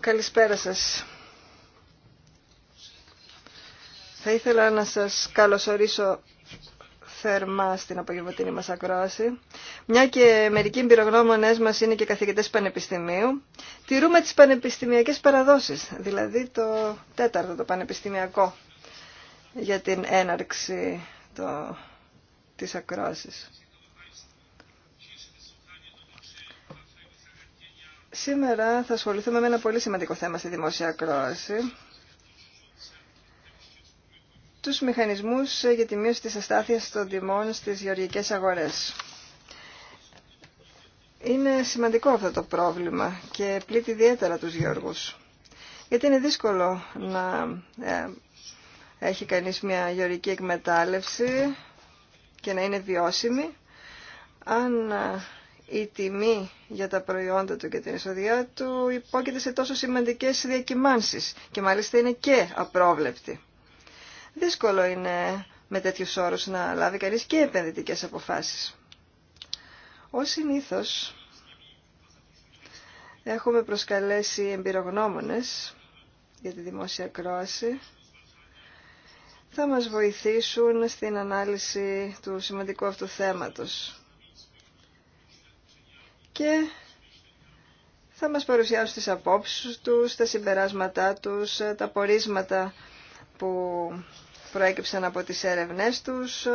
Καλησπέρα σας. Θα ήθελα να σας καλωσορίσω θερμά στην απογευματινή μα ακρόαση. Μια και μερικοί εμπειρογνώμονε μας είναι και καθηγητές πανεπιστημίου, τηρούμε τις πανεπιστημιακές παραδόσεις, δηλαδή το τέταρτο το πανεπιστημιακό για την έναρξη το... της ακρόασης. Σήμερα θα ασχοληθούμε με ένα πολύ σημαντικό θέμα στη δημόσια ακρόαση. Τους μηχανισμούς για τη μείωση της αστάθειας των τιμών στις γεωργικές αγορές. Είναι σημαντικό αυτό το πρόβλημα και πλήττει ιδιαίτερα τους γεωργούς. Γιατί είναι δύσκολο να ε, έχει κανείς μια γεωργική εκμετάλλευση και να είναι βιώσιμη αν ε, η τιμή για τα προϊόντα του και την εισοδιά του υπόκειται σε τόσο σημαντικές διακυμάνσεις και μάλιστα είναι και απρόβλεπτη. Δύσκολο είναι με τέτοιους όρους να λάβει κανείς και επενδυτικές αποφάσεις. Ως συνήθως έχουμε προσκαλέσει εμπειρογνώμονες για τη δημόσια κρόαση θα μας βοηθήσουν στην ανάλυση του σημαντικού αυτού θέματος και θα μας παρουσιάσουν τις απόψεις τους, τα συμπεράσματά τους, τα πορίσματα που προέκυψαν από τις έρευνές τους,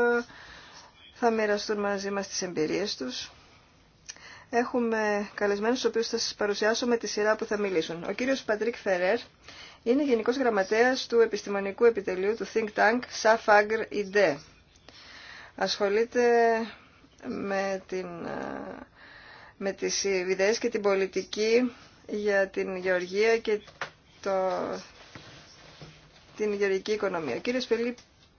θα μοιραστούν μαζί μας τις εμπειρίες τους. Έχουμε καλεσμένους τους οποίους θα σας παρουσιάσω με τη σειρά που θα μιλήσουν. Ο κύριος Πατρίκ Φερέρ είναι Γενικός Γραμματέας του Επιστημονικού Επιτελείου του Think Tank safagr id Ασχολείται με την ε, με τις ιδέες και την πολιτική για την γεωργία και το... την γεωργική οικονομία. Ο κύριος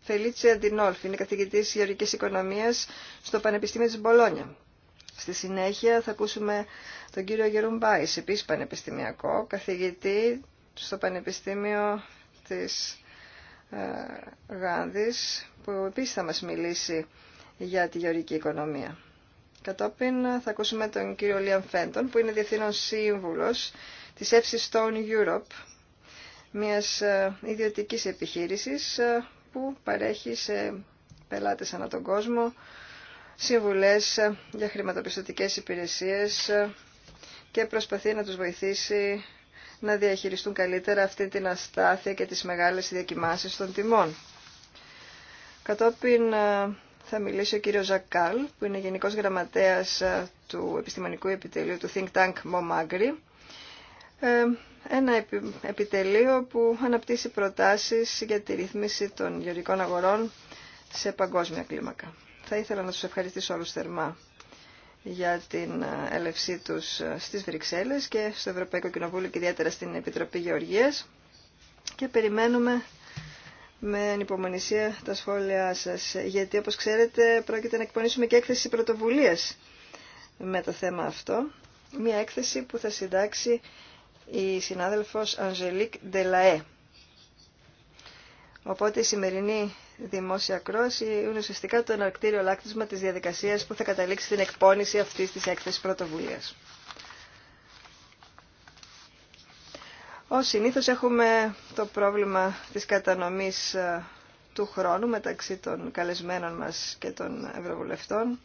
Φελίτσε Αντινόλφ είναι καθηγητής γεωργικής οικονομίας στο Πανεπιστήμιο της Μπολόνια. Στη συνέχεια θα ακούσουμε τον κύριο Γερούν επίσης πανεπιστημιακό, καθηγητή στο Πανεπιστήμιο της ε, Γάνδης, που επίσης θα μας μιλήσει για τη γεωργική οικονομία. Κατόπιν θα ακούσουμε τον κύριο Λίαν Φέντον, που είναι διευθύνων σύμβουλος της FC Stone Europe, μιας ε, ιδιωτικής επιχείρησης ε, που παρέχει σε πελάτες ανά τον κόσμο συμβουλές ε, για χρηματοπιστωτικές υπηρεσίες και προσπαθεί να τους βοηθήσει να διαχειριστούν καλύτερα αυτή την αστάθεια και τις μεγάλες διακοιμάνσεις των τιμών. Κατόπιν θα μιλήσει ο κύριο Ζακάλ, που είναι Γενικό Γραμματέα ε, του Επιστημονικού Επιτελείου του Think Tank Momagri. Ε, ένα επιτελείο που αναπτύσσει προτάσεις για τη ρύθμιση των γεωργικών αγορών σε παγκόσμια κλίμακα. Θα ήθελα να του ευχαριστήσω όλους θερμά για την ε, έλευσή τους στις Βρυξέλλες και στο Ευρωπαϊκό Κοινοβούλιο και ιδιαίτερα στην Επιτροπή Γεωργίας και περιμένουμε με ανυπομονησία τα σχόλιά σας, γιατί όπως ξέρετε πρόκειται να εκπονήσουμε και έκθεση πρωτοβουλίας με το θέμα αυτό. Μια έκθεση που θα συντάξει η συνάδελφος Ανζελίκ Ντελαέ. Οπότε η σημερινή δημόσια κρόση είναι ουσιαστικά το εναρκτήριο λάκτισμα της διαδικασίας που θα καταλήξει στην εκπόνηση αυτής της έκθεσης πρωτοβουλίας. Ως συνήθως έχουμε το πρόβλημα της κατανομής ε, του χρόνου μεταξύ των καλεσμένων μας και των ευρωβουλευτών.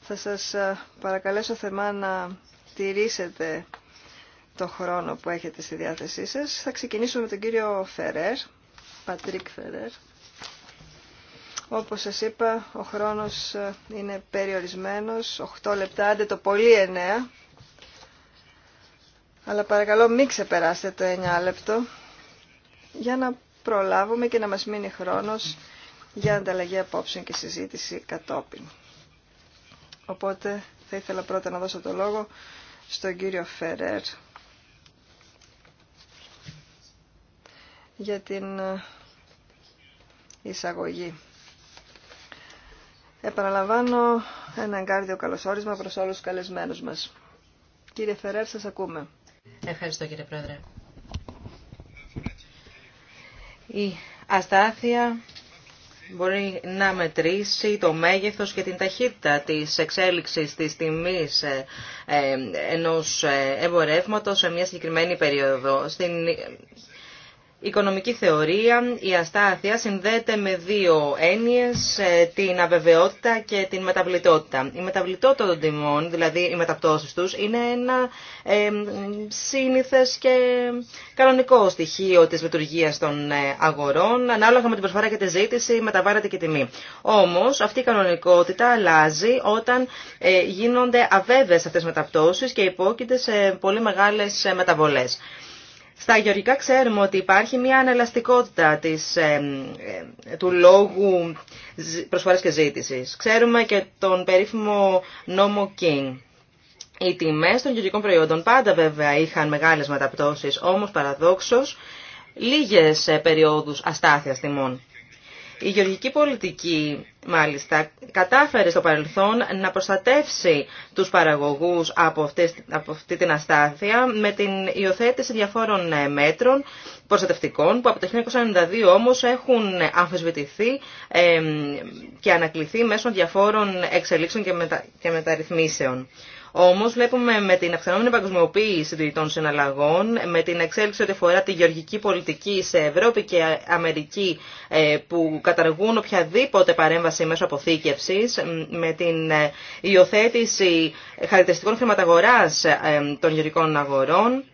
Θα σας ε, παρακαλέσω θεμά να τηρήσετε το χρόνο που έχετε στη διάθεσή σας. Θα ξεκινήσουμε με τον κύριο Φερέρ, Πατρίκ Φερέρ. Όπως σας είπα, ο χρόνος ε, είναι περιορισμένος, 8 λεπτά, άντε το πολύ εννέα. Αλλά παρακαλώ μην ξεπεράσετε το 9 λεπτό για να προλάβουμε και να μας μείνει χρόνος για ανταλλαγή απόψεων και συζήτηση κατόπιν. Οπότε θα ήθελα πρώτα να δώσω το λόγο στον κύριο Φερέρ για την εισαγωγή. Επαναλαμβάνω ένα εγκάρδιο καλωσόρισμα προς όλους τους καλεσμένους μας. Κύριε Φερέρ, σας ακούμε. Ευχαριστώ κύριε Πρόεδρε. Η αστάθεια μπορεί να μετρήσει το μέγεθος και την ταχύτητα της εξέλιξης της τιμής ε, ε, ενός ε, εμπορεύματος σε μια συγκεκριμένη περίοδο. Στην οικονομική θεωρία, η αστάθεια συνδέεται με δύο έννοιες, ε, την αβεβαιότητα και την μεταβλητότητα. Η μεταβλητότητα των τιμών, δηλαδή οι μεταπτώσεις τους, είναι ένα ε, σύνηθες και κανονικό στοιχείο της λειτουργίας των ε, αγορών. Ανάλογα με την προσφορά και τη ζήτηση μεταβάλλεται και η τιμή. Όμως αυτή η κανονικότητα αλλάζει όταν ε, γίνονται αβέβαιες αυτές οι μεταπτώσεις και υπόκειται σε πολύ μεγάλες μεταβολές. Στα γεωργικά ξέρουμε ότι υπάρχει μια ανελαστικότητα της, ε, ε, του λόγου προσφοράς και ζήτησης. Ξέρουμε και τον περίφημο νόμο King. Οι τιμές των γεωργικών προϊόντων πάντα βέβαια είχαν μεγάλες μεταπτώσεις, όμως παραδόξως λίγες ε, περιόδους αστάθειας τιμών. Η γεωργική πολιτική, μάλιστα, κατάφερε στο παρελθόν να προστατεύσει τους παραγωγούς από, αυτή την αστάθεια με την υιοθέτηση διαφόρων ε, μέτρων προστατευτικών που από το 1992 όμως έχουν αμφισβητηθεί ε, και ανακληθεί μέσω διαφόρων εξελίξεων και, μετα, και μεταρρυθμίσεων. Όμω βλέπουμε με την αυξανόμενη παγκοσμιοποίηση των συναλλαγών, με την εξέλιξη ότι αφορά τη γεωργική πολιτική σε Ευρώπη και Αμερική ε, που καταργούν οποιαδήποτε παρέμβαση μέσω αποθήκευση, με την ε, υιοθέτηση χαρακτηριστικών χρηματαγοράς ε, των γεωργικών αγορών,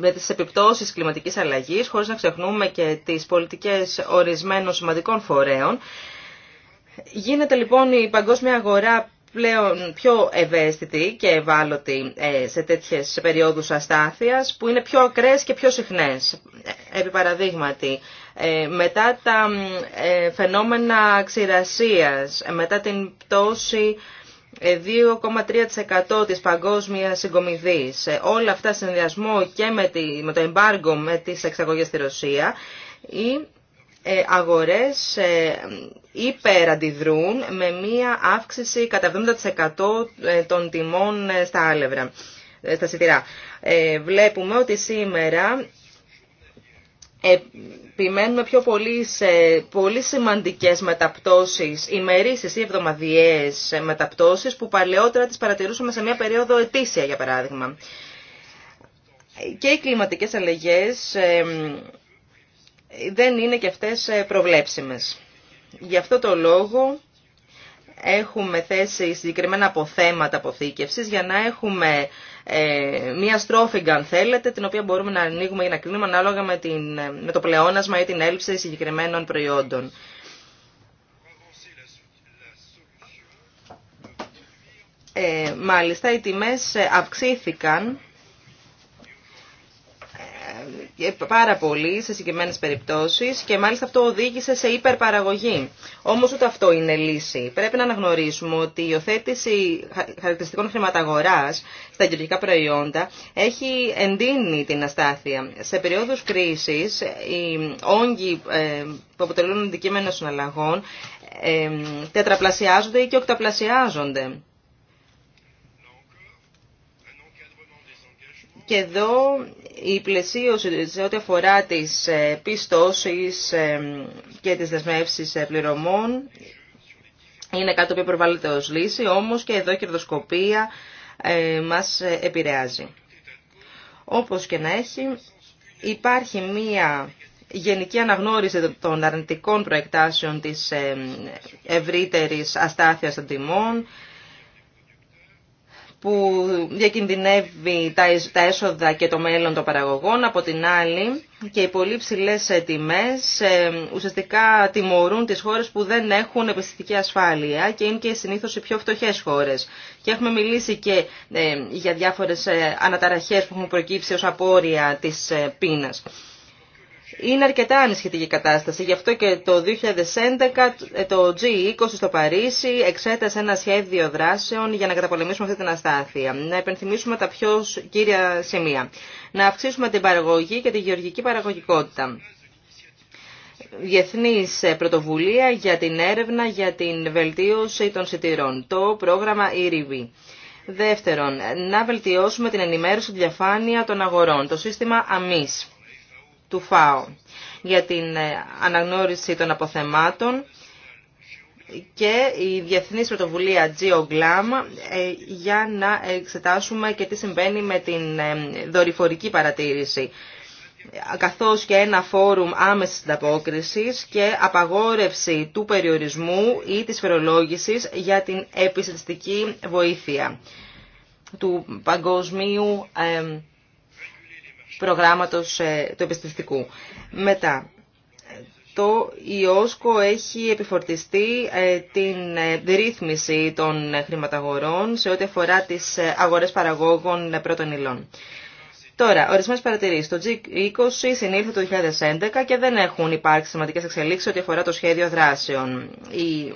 με τις επιπτώσεις κλιματικής αλλαγής, χωρίς να ξεχνούμε και τις πολιτικές ορισμένων σημαντικών φορέων. Γίνεται λοιπόν η παγκόσμια αγορά πλέον πιο ευαίσθητοι και ευάλωτοι ε, σε τέτοιες περιόδους αστάθειας που είναι πιο ακραίες και πιο συχνές. Ε, επί παραδείγματι, ε, μετά τα φαινόμενα ξηρασίας, μετά την πτώση 2,3% της παγκόσμιας συγκομιδής, όλα αυτά συνδυασμό και με το εμπάργκο με τις εξαγωγές στη Ρωσία ή ε, αγορές ε, υπεραντιδρούν με μία αύξηση κατά 70% ε, των τιμών στα άλευρα, στα σιτηρά. Βλέπουμε ότι σήμερα επιμένουμε πιο πολύ σε πολύ σημαντικές μεταπτώσεις, ημερήσεις ή εβδομαδιαίες μεταπτώσεις που παλαιότερα τις παρατηρούσαμε σε μια περίοδο ετήσια για παράδειγμα. Και οι κλιματικές αλλαγές δεν είναι και αυτές ε, προβλέψιμες. Γι' αυτό το λόγο έχουμε θέσει συγκεκριμένα αποθέματα αποθήκευσης για να έχουμε ε, μία στρόφιγγα αν θέλετε την οποία μπορούμε να ανοίγουμε ή να κλείνουμε ανάλογα με, το πλεόνασμα ή την έλλειψη συγκεκριμένων προϊόντων. Ε, μάλιστα οι τιμές αυξήθηκαν ε, πάρα πολύ σε συγκεκριμένες περιπτώσεις και μάλιστα αυτό οδήγησε σε υπερπαραγωγή. Όμως ούτε αυτό είναι λύση. Πρέπει να αναγνωρίσουμε ότι η υιοθέτηση χαρακτηριστικών χρηματαγοράς στα γεωργικά προϊόντα έχει εντείνει την αστάθεια. Σε περίοδους κρίσης οι όγκοι ε, που αποτελούν αντικείμενο συναλλαγών ε, τετραπλασιάζονται ή και οκταπλασιάζονται. Και εδώ η πλαισίωση σε ό,τι αφορά τις ε, πιστώσεις ε, και τις δεσμεύσεις ε, πληρωμών είναι κάτι που προβάλλεται ως λύση, όμως και εδώ η κερδοσκοπία μας επηρεάζει. Όπως και να έχει, υπάρχει μία γενική αναγνώριση των αρνητικών προεκτάσεων της ευρύτερης αστάθειας των τιμών, που διακινδυνεύει τα έσοδα και το μέλλον των παραγωγών. Από την άλλη και οι πολύ ψηλέ ε, τιμέ ε, ουσιαστικά τιμωρούν τις χώρες που δεν έχουν επιστημική ασφάλεια και είναι και συνήθω οι πιο φτωχές χώρες. Και έχουμε μιλήσει και ε, για διάφορες αναταραχές που έχουν προκύψει ως απόρρια της πείνας. Είναι αρκετά η κατάσταση. Γι' αυτό και το 2011 ε, το G20 στο Παρίσι εξέτασε ένα σχέδιο δράσεων για να καταπολεμήσουμε αυτή την αστάθεια. Να επενθυμίσουμε τα πιο κύρια σημεία. Να αυξήσουμε την παραγωγή και τη γεωργική παραγωγικότητα. Διεθνής ε, πρωτοβουλία για την έρευνα για την βελτίωση των σιτήρων. Το πρόγραμμα ERV. Δεύτερον, να βελτιώσουμε την ενημέρωση διαφάνεια των αγορών. Το σύστημα AMIS του για την ε, αναγνώριση των αποθεμάτων και η Διεθνής Πρωτοβουλία GeoGlam ε, για να εξετάσουμε και τι συμβαίνει με την ε, δορυφορική παρατήρηση καθώς και ένα φόρουμ άμεσης ανταπόκρισης και απαγόρευση του περιορισμού ή της φερολόγησης για την επιστημιστική βοήθεια του Παγκοσμίου προγράμματος ε, του επιστηστικού. Μετά, το ΙΟΣΚΟ έχει επιφορτιστεί ε, την ε, ρύθμιση των χρηματαγορών σε ό,τι αφορά τις αγορές παραγόγων πρώτων υλών. Τώρα, ορισμένε παρατηρήσει. Το G20 συνήλθε το 2011 και δεν έχουν υπάρξει σημαντικέ εξελίξει ό,τι αφορά το σχέδιο δράσεων. Η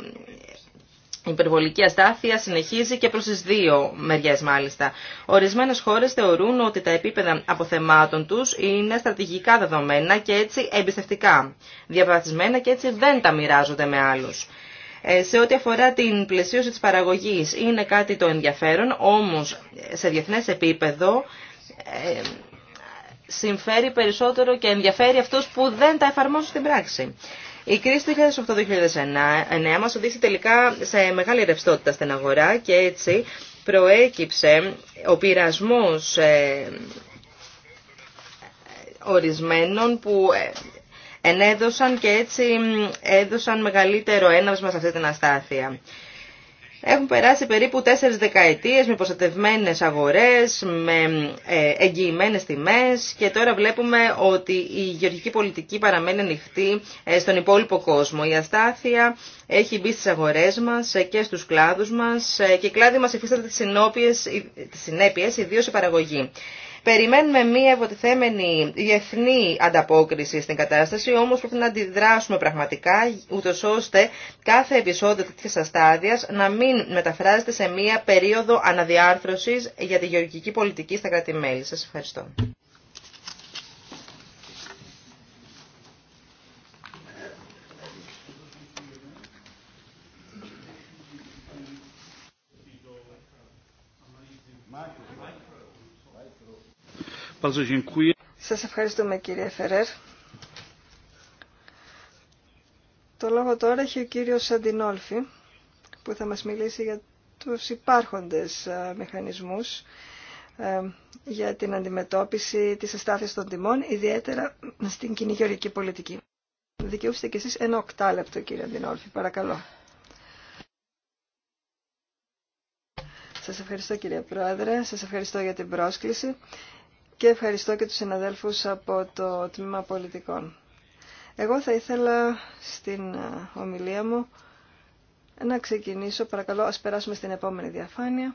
η υπερβολική αστάθεια συνεχίζει και προς τις δύο μεριές μάλιστα. Ορισμένες χώρες θεωρούν ότι τα επίπεδα αποθεμάτων τους είναι στρατηγικά δεδομένα και έτσι εμπιστευτικά διαπραγματισμένα και έτσι δεν τα μοιράζονται με άλλους. Ε, σε ό,τι αφορά την πλαισίωση της παραγωγής είναι κάτι το ενδιαφέρον, όμως σε διεθνές επίπεδο ε, συμφέρει περισσότερο και ενδιαφέρει αυτούς που δεν τα εφαρμόζουν στην πράξη. Η κρίση του 2008-2009 μας οδήγησε τελικά σε μεγάλη ρευστότητα στην αγορά και έτσι προέκυψε ο πειρασμός ε, ορισμένων που ε, ενέδωσαν και έτσι έδωσαν μεγαλύτερο έναυσμα σε αυτή την αστάθεια. Έχουν περάσει περίπου τέσσερι δεκαετίες με προστατευμένε αγορές, με ε, εγγυημένες τιμέ. και τώρα βλέπουμε ότι η γεωργική πολιτική παραμένει ανοιχτή ε, στον υπόλοιπο κόσμο. Η αστάθεια έχει μπει στι αγορές μας ε, και στου κλάδους μας και οι κλάδοι μας υφίστανται τι συνέπειε, ιδίω σε παραγωγή. Περιμένουμε μία ευωτιθέμενη διεθνή ανταπόκριση στην κατάσταση, όμως πρέπει να αντιδράσουμε πραγματικά, ούτω ώστε κάθε επεισόδιο τέτοια αστάδειας να μην μεταφράζεται σε μία περίοδο αναδιάρθρωσης για τη γεωργική πολιτική στα κράτη-μέλη. Σα ευχαριστώ. Σας ευχαριστούμε κύριε Φερέρ. Το λόγο τώρα έχει ο κύριος Σαντινόλφη που θα μας μιλήσει για τους υπάρχοντες ε, μηχανισμούς ε, για την αντιμετώπιση της αστάθειας των τιμών, ιδιαίτερα στην κοινή γεωργική πολιτική. Δικαιούστε και εσείς ένα οκτάλεπτο κύριε Αντινόλφη, παρακαλώ. Σας ευχαριστώ κύριε Πρόεδρε, σας ευχαριστώ για την πρόσκληση και ευχαριστώ και τους συναδέλφους από το Τμήμα Πολιτικών. Εγώ θα ήθελα στην ε, ομιλία μου να ξεκινήσω. Παρακαλώ, ας περάσουμε στην επόμενη διαφάνεια.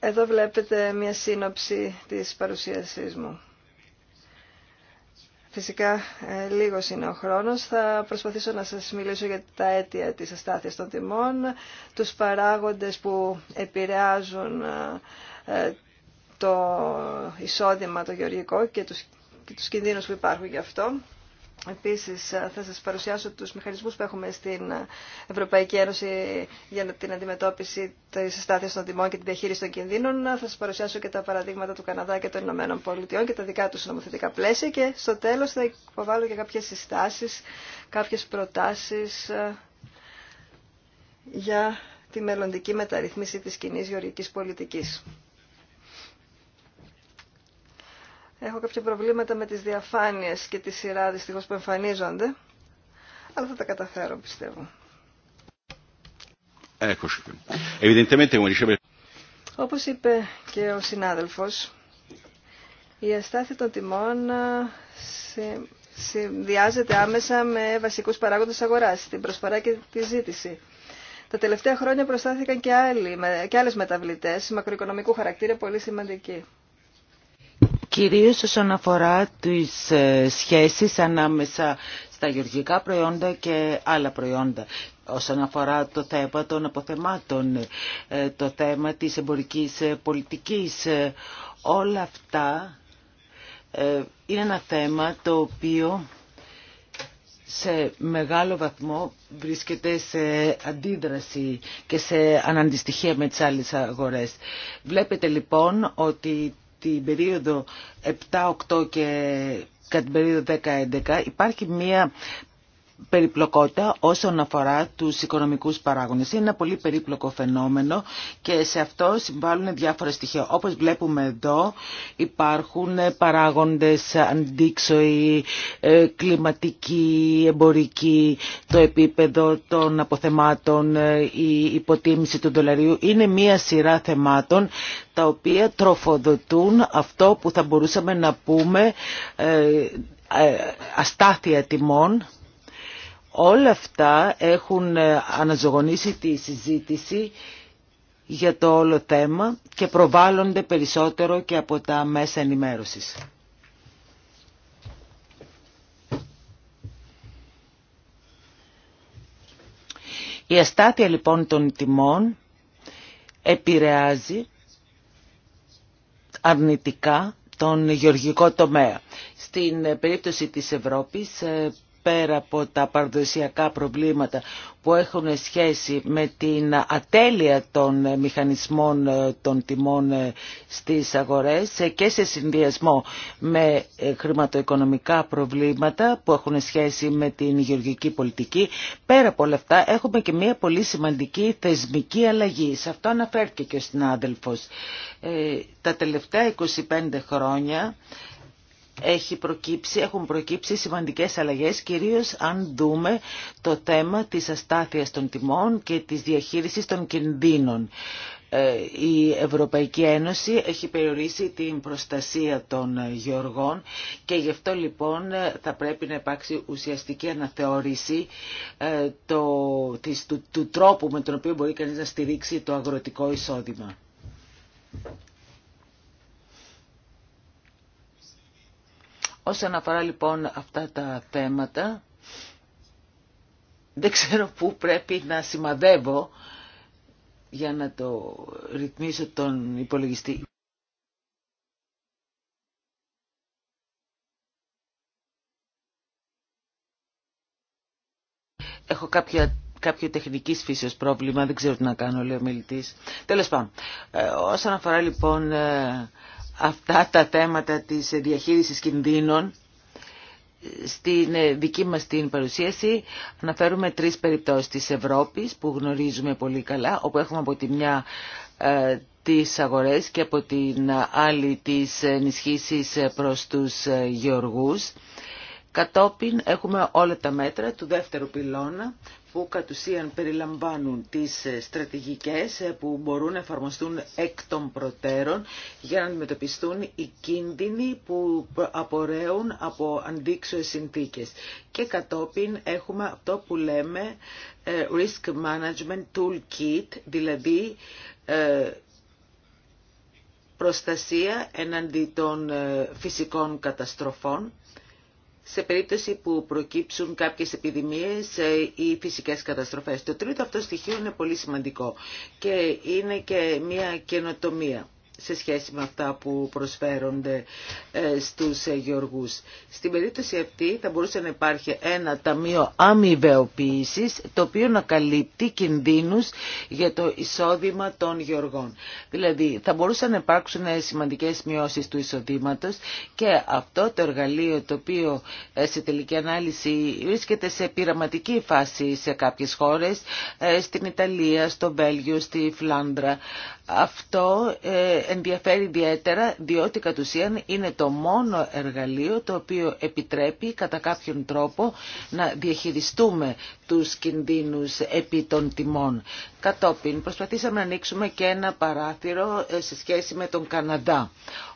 Εδώ βλέπετε μια σύνοψη της παρουσίασής μου. Φυσικά ε, λίγο είναι ο χρόνος. Θα προσπαθήσω να σας μιλήσω για τα αίτια της αστάθειας των τιμών, τους παράγοντες που επηρεάζουν ε, ε, το εισόδημα το γεωργικό και τους, κινδύνου κινδύνους που υπάρχουν γι' αυτό Επίσης ε, θα σας παρουσιάσω τους μηχανισμούς που έχουμε στην Ευρωπαϊκή Ένωση για την αντιμετώπιση της στάθειας των τιμών και την διαχείριση των κινδύνων. Θα σας παρουσιάσω και τα παραδείγματα του Καναδά και των Ηνωμένων Πολιτειών και τα δικά τους νομοθετικά πλαίσια και στο τέλος θα υποβάλω και κάποιες συστάσεις, κάποιες προτάσεις ε, για τη μελλοντική μεταρρυθμίση της κοινή γεωργικής πολιτικής. Έχω κάποια προβλήματα με τις διαφάνειες και τη σειρά δυστυχώς που εμφανίζονται, αλλά θα τα καταφέρω πιστεύω. Όπως είπε και ο συνάδελφος, η αστάθεια των τιμών ε, συνδυάζεται άμεσα με βασικούς παράγοντες αγοράς, την προσφορά και τη ζήτηση. Τα τελευταία χρόνια προστάθηκαν και, άλλοι, και άλλες μεταβλητές μακροοικονομικού χαρακτήρα πολύ σημαντικοί κυρίως όσον αφορά τις ε, σχέσεις ανάμεσα στα γεωργικά προϊόντα και άλλα προϊόντα. Όσον αφορά το θέμα των αποθεμάτων, ε, το θέμα της εμπορικής ε, πολιτικής, όλα αυτά είναι ένα θέμα το οποίο σε μεγάλο βαθμό βρίσκεται σε αντίδραση και σε αναντιστοιχεία με τις άλλες αγορές. Βλέπετε λοιπόν ότι την περίοδο 7, 8 και κατά την περίοδο 10-11 υπάρχει μια περιπλοκότητα όσον αφορά τους οικονομικούς παράγοντες. Είναι ένα πολύ περίπλοκο φαινόμενο και σε αυτό συμβάλλουν διάφορα στοιχεία. Όπως βλέπουμε εδώ υπάρχουν παράγοντες αντίξωοι, ε, κλιματικοί, εμπορικοί, το επίπεδο των αποθεμάτων, ε, η υποτίμηση του δολαρίου. Είναι μία σειρά θεμάτων τα οποία τροφοδοτούν αυτό που θα μπορούσαμε να πούμε ε, αστάθεια τιμών Όλα αυτά έχουν ε, αναζωογονήσει τη συζήτηση για το όλο θέμα και προβάλλονται περισσότερο και από τα μέσα ενημέρωσης. Η αστάθεια λοιπόν των τιμών επηρεάζει αρνητικά τον γεωργικό τομέα. Στην ε, περίπτωση της Ευρώπης ε, πέρα από τα παραδοσιακά προβλήματα που έχουν σχέση με την ατέλεια των μηχανισμών ε, των τιμών ε, στις αγορές ε, και σε συνδυασμό με χρηματοοικονομικά προβλήματα που έχουν σχέση με την γεωργική πολιτική. Πέρα από όλα αυτά έχουμε και μια πολύ σημαντική θεσμική αλλαγή. Σε αυτό αναφέρθηκε και ο συνάδελφος. Τα τελευταία 25 χρόνια έχει προκύψει, έχουν προκύψει σημαντικές αλλαγές, κυρίως αν δούμε το θέμα της αστάθειας των τιμών και της διαχείρισης των κινδύνων. Ε, η Ευρωπαϊκή Ένωση έχει περιορίσει την προστασία των γεωργών και γι' αυτό λοιπόν θα πρέπει να υπάρξει ουσιαστική αναθεώρηση ε, του, του, του τρόπου με τον οποίο μπορεί κανείς να στηρίξει το αγροτικό εισόδημα. Όσον αφορά λοιπόν αυτά τα θέματα, δεν ξέρω πού πρέπει να σημαδεύω για να το ρυθμίσω τον υπολογιστή. Έχω κάποια, κάποιο τεχνικής φύσεως πρόβλημα, δεν ξέρω τι να κάνω, λέει ο μιλητής. Τέλος πάντων, ε, όσον αφορά λοιπόν ε, αυτά τα θέματα της διαχείρισης κινδύνων στην ε, δική μας την παρουσίαση αναφέρουμε τρεις περιπτώσεις της Ευρώπης που γνωρίζουμε πολύ καλά, όπου έχουμε από τη μια ε, τις αγορές και από την άλλη τις ενισχύσεις προς τους ε, γεωργούς. Κατόπιν έχουμε όλα τα μέτρα του δεύτερου πυλώνα που κατ' ουσίαν περιλαμβάνουν τις ε, στρατηγικές ε, που μπορούν να εφαρμοστούν εκ των προτέρων για να αντιμετωπιστούν οι κίνδυνοι που απορρέουν από αντίξωες συνθήκες. Και κατόπιν έχουμε αυτό που λέμε ε, Risk Management Toolkit, δηλαδή προστασία εναντί των φυσικών καταστροφών σε περίπτωση που προκύψουν κάποιες επιδημίες ε, ή φυσικές καταστροφές. Το τρίτο αυτό στοιχείο είναι πολύ σημαντικό και είναι και μια καινοτομία σε σχέση με αυτά που προσφέρονται ε, στους ε, γεωργούς. Στην περίπτωση αυτή θα μπορούσε να υπάρχει ένα ταμείο αμοιβεοποίησης το οποίο να καλύπτει κινδύνους για το εισόδημα των γεωργών. Δηλαδή θα μπορούσαν να υπάρξουν ε, σημαντικές μειώσεις του εισοδήματος και αυτό το εργαλείο το οποίο σε τελική ανάλυση βρίσκεται σε πειραματική φάση σε κάποιες χώρες, στην Ιταλία, στο Βέλγιο, στη Φλάνδρα. Αυτό ε, ενδιαφέρει ιδιαίτερα διότι κατ' ουσίαν είναι το μόνο εργαλείο το οποίο επιτρέπει κατά κάποιον τρόπο να διαχειριστούμε τους κινδύνους επί των τιμών. Κατόπιν προσπαθήσαμε να ανοίξουμε και ένα παράθυρο ε, σε σχέση με τον Καναδά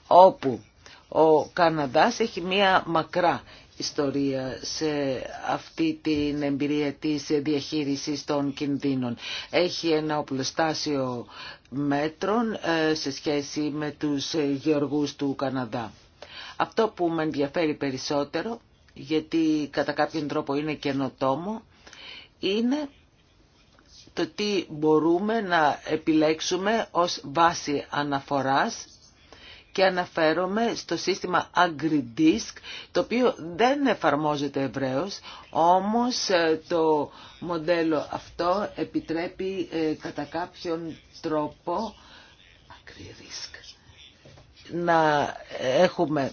όπου ο Καναδάς έχει μία μακρά ιστορία, σε αυτή την εμπειρία της διαχείρισης των κινδύνων. Έχει ένα οπλοστάσιο μέτρων ε, σε σχέση με τους γεωργούς του Καναδά. Αυτό που με ενδιαφέρει περισσότερο, γιατί κατά κάποιον τρόπο είναι καινοτόμο, είναι το τι μπορούμε να επιλέξουμε ως βάση αναφοράς και αναφέρομαι στο σύστημα AgriDisk, το οποίο δεν εφαρμόζεται ευρέως, όμως ε, το μοντέλο αυτό επιτρέπει ε, κατά κάποιον τρόπο AgriRisk να έχουμε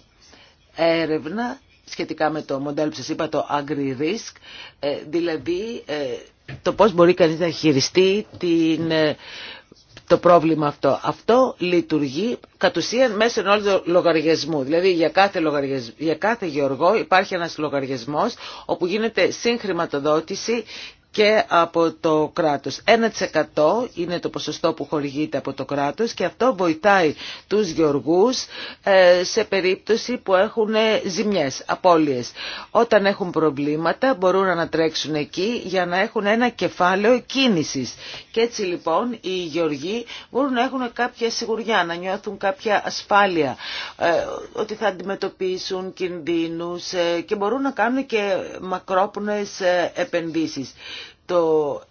έρευνα σχετικά με το μοντέλο που σας είπα, το AgriRisk, ε, δηλαδή το πώς μπορεί κανείς να χειριστεί την το πρόβλημα αυτό. Αυτό λειτουργεί κατ' ουσίαν μέσω ενό λογαριασμού. Δηλαδή για κάθε, για κάθε γεωργό υπάρχει ένας λογαριασμός όπου γίνεται συγχρηματοδότηση και από το κράτος. 1% είναι το ποσοστό που χορηγείται από το κράτος και αυτό βοηθάει τους γεωργούς ε, σε περίπτωση που έχουν ε, ζημιές, απώλειες. Όταν έχουν προβλήματα μπορούν να τρέξουν εκεί για να έχουν ένα κεφάλαιο κίνησης. Και έτσι λοιπόν οι γεωργοί μπορούν να έχουν κάποια σιγουριά, να νιώθουν κάποια ασφάλεια, ε, ότι θα αντιμετωπίσουν κινδύνους και μπορούν να κάνουν και μακρόπνοες επενδύσεις το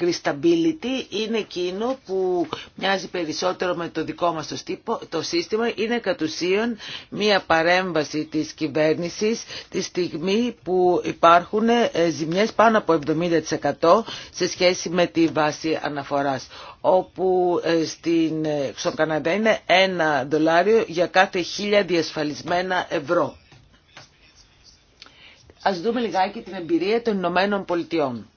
ε, Stability είναι εκείνο που μοιάζει περισσότερο με το δικό μας το, σύστημα είναι κατ' ουσίον μία παρέμβαση της κυβέρνησης τη στιγμή που υπάρχουν ε, ζημιές πάνω από 70% σε σχέση με τη βάση αναφοράς όπου ε, στην, στον Καναδά είναι ένα δολάριο για κάθε χίλια διασφαλισμένα ευρώ. Ας δούμε λιγάκι την εμπειρία των Ηνωμένων Πολιτειών.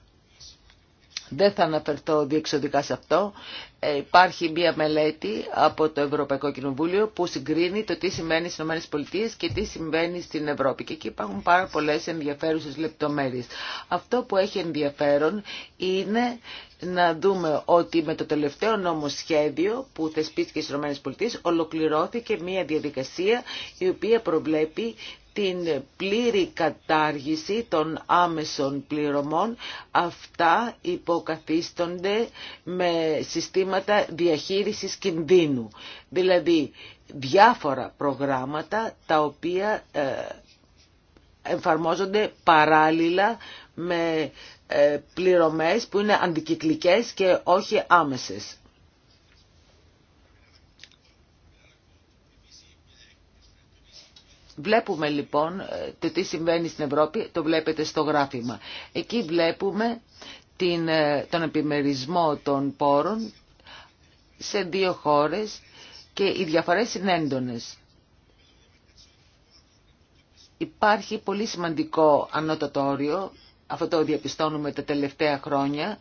Δεν θα αναφερθώ διεξοδικά σε αυτό. Ε, υπάρχει μία μελέτη από το Ευρωπαϊκό Κοινοβούλιο που συγκρίνει το τι συμβαίνει στι ΗΠΑ και τι συμβαίνει στην Ευρώπη. Και εκεί υπάρχουν πάρα πολλέ ενδιαφέρουσε λεπτομέρειε. Αυτό που έχει ενδιαφέρον είναι να δούμε ότι με το τελευταίο νόμο σχέδιο που θεσπίστηκε στι ΗΠΑ ολοκληρώθηκε μία διαδικασία η οποία προβλέπει την πλήρη κατάργηση των άμεσων πληρωμών. Αυτά υποκαθίστονται με συστήματα διαχείρισης κινδύνου. Δηλαδή διάφορα προγράμματα τα οποία ε, εμφαρμόζονται παράλληλα με ε, πληρωμές που είναι αντικυκλικές και όχι άμεσες. Βλέπουμε λοιπόν ε, το τι συμβαίνει στην Ευρώπη, το βλέπετε στο γράφημα. Εκεί βλέπουμε την, ε, τον επιμερισμό των πόρων σε δύο χώρες και οι διαφορές είναι έντονες. Υπάρχει πολύ σημαντικό ανώτατο όριο, αυτό το διαπιστώνουμε τα τελευταία χρόνια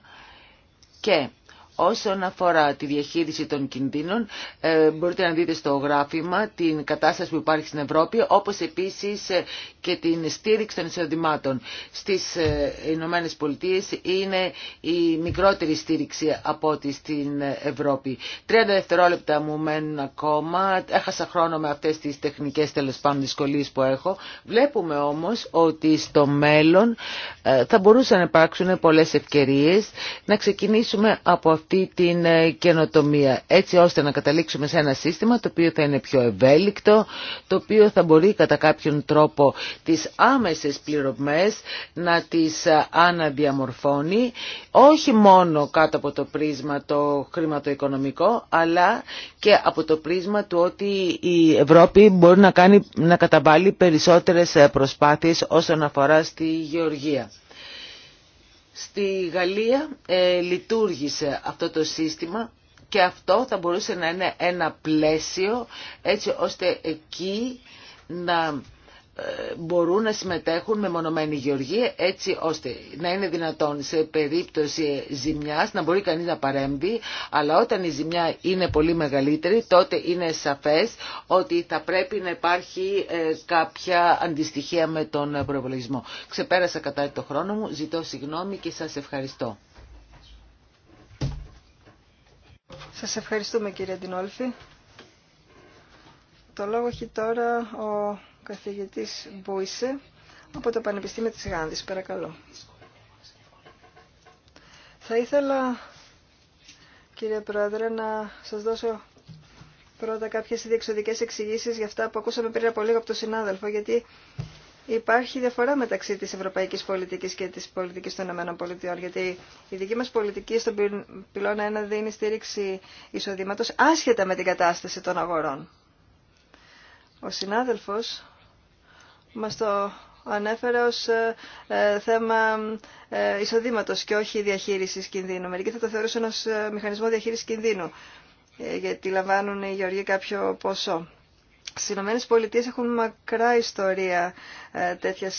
και Όσον αφορά τη διαχείριση των κινδύνων, ε, μπορείτε να δείτε στο γράφημα την κατάσταση που υπάρχει στην Ευρώπη, όπως επίσης ε, και την στήριξη των εισοδημάτων. Στις ε, Ηνωμένε Πολιτείε είναι η μικρότερη στήριξη από ό,τι στην Ευρώπη. 30 δευτερόλεπτα μου μένουν ακόμα. Έχασα χρόνο με αυτές τις τεχνικές τέλος πάντων δυσκολίες που έχω. Βλέπουμε όμως ότι στο μέλλον θα μπορούσαν να υπάρξουν πολλές ευκαιρίες να ξεκινήσουμε από αυτή την ε, καινοτομία έτσι ώστε να καταλήξουμε σε ένα σύστημα το οποίο θα είναι πιο ευέλικτο, το οποίο θα μπορεί κατά κάποιον τρόπο τις άμεσες πληρωμές να τις ε, αναδιαμορφώνει όχι μόνο κάτω από το πρίσμα το χρηματοοικονομικό αλλά και από το πρίσμα του ότι η Ευρώπη μπορεί να, κάνει, να καταβάλει περισσότερες ε, προσπάθειες όσον αφορά στη γεωργία. Στη Γαλλία ε, λειτουργήσε αυτό το σύστημα και αυτό θα μπορούσε να είναι ένα πλαίσιο έτσι ώστε εκεί να μπορούν να συμμετέχουν με μονομένη γεωργία έτσι ώστε να είναι δυνατόν σε περίπτωση ζημιάς να μπορεί κανείς να παρέμβει αλλά όταν η ζημιά είναι πολύ μεγαλύτερη τότε είναι σαφές ότι θα πρέπει να υπάρχει ε, κάποια αντιστοιχεία με τον προβολισμό. Ξεπέρασα κατά το χρόνο μου, ζητώ συγγνώμη και σας ευχαριστώ. Σας ευχαριστούμε κύριε Αντινόλφη. Το λόγο έχει τώρα ο καθηγητής Μπούισε από το Πανεπιστήμιο της Γάνδης. Παρακαλώ. Θα ήθελα, κύριε Πρόεδρε, να σας δώσω πρώτα κάποιες διεξοδικές εξηγήσεις για αυτά που ακούσαμε πριν από λίγο από τον συνάδελφο, γιατί υπάρχει διαφορά μεταξύ της ευρωπαϊκής πολιτικής και της πολιτικής των ΗΠΑ, γιατί η δική μας πολιτική στον πυλώνα 1 δίνει στήριξη εισοδήματος άσχετα με την κατάσταση των αγορών. Ο συνάδελφος μας το ανέφερε ως ε, ε, θέμα ε, εισοδήματος και όχι διαχείρισης κινδύνου. Μερικοί θα το θεωρούσαν ως ε, μηχανισμό διαχείρισης κινδύνου, γιατί λαμβάνουν οι γεωργοί κάποιο ποσό. Στι Ηνωμένε Πολιτείε έχουν μακρά ιστορία ε, τέτοια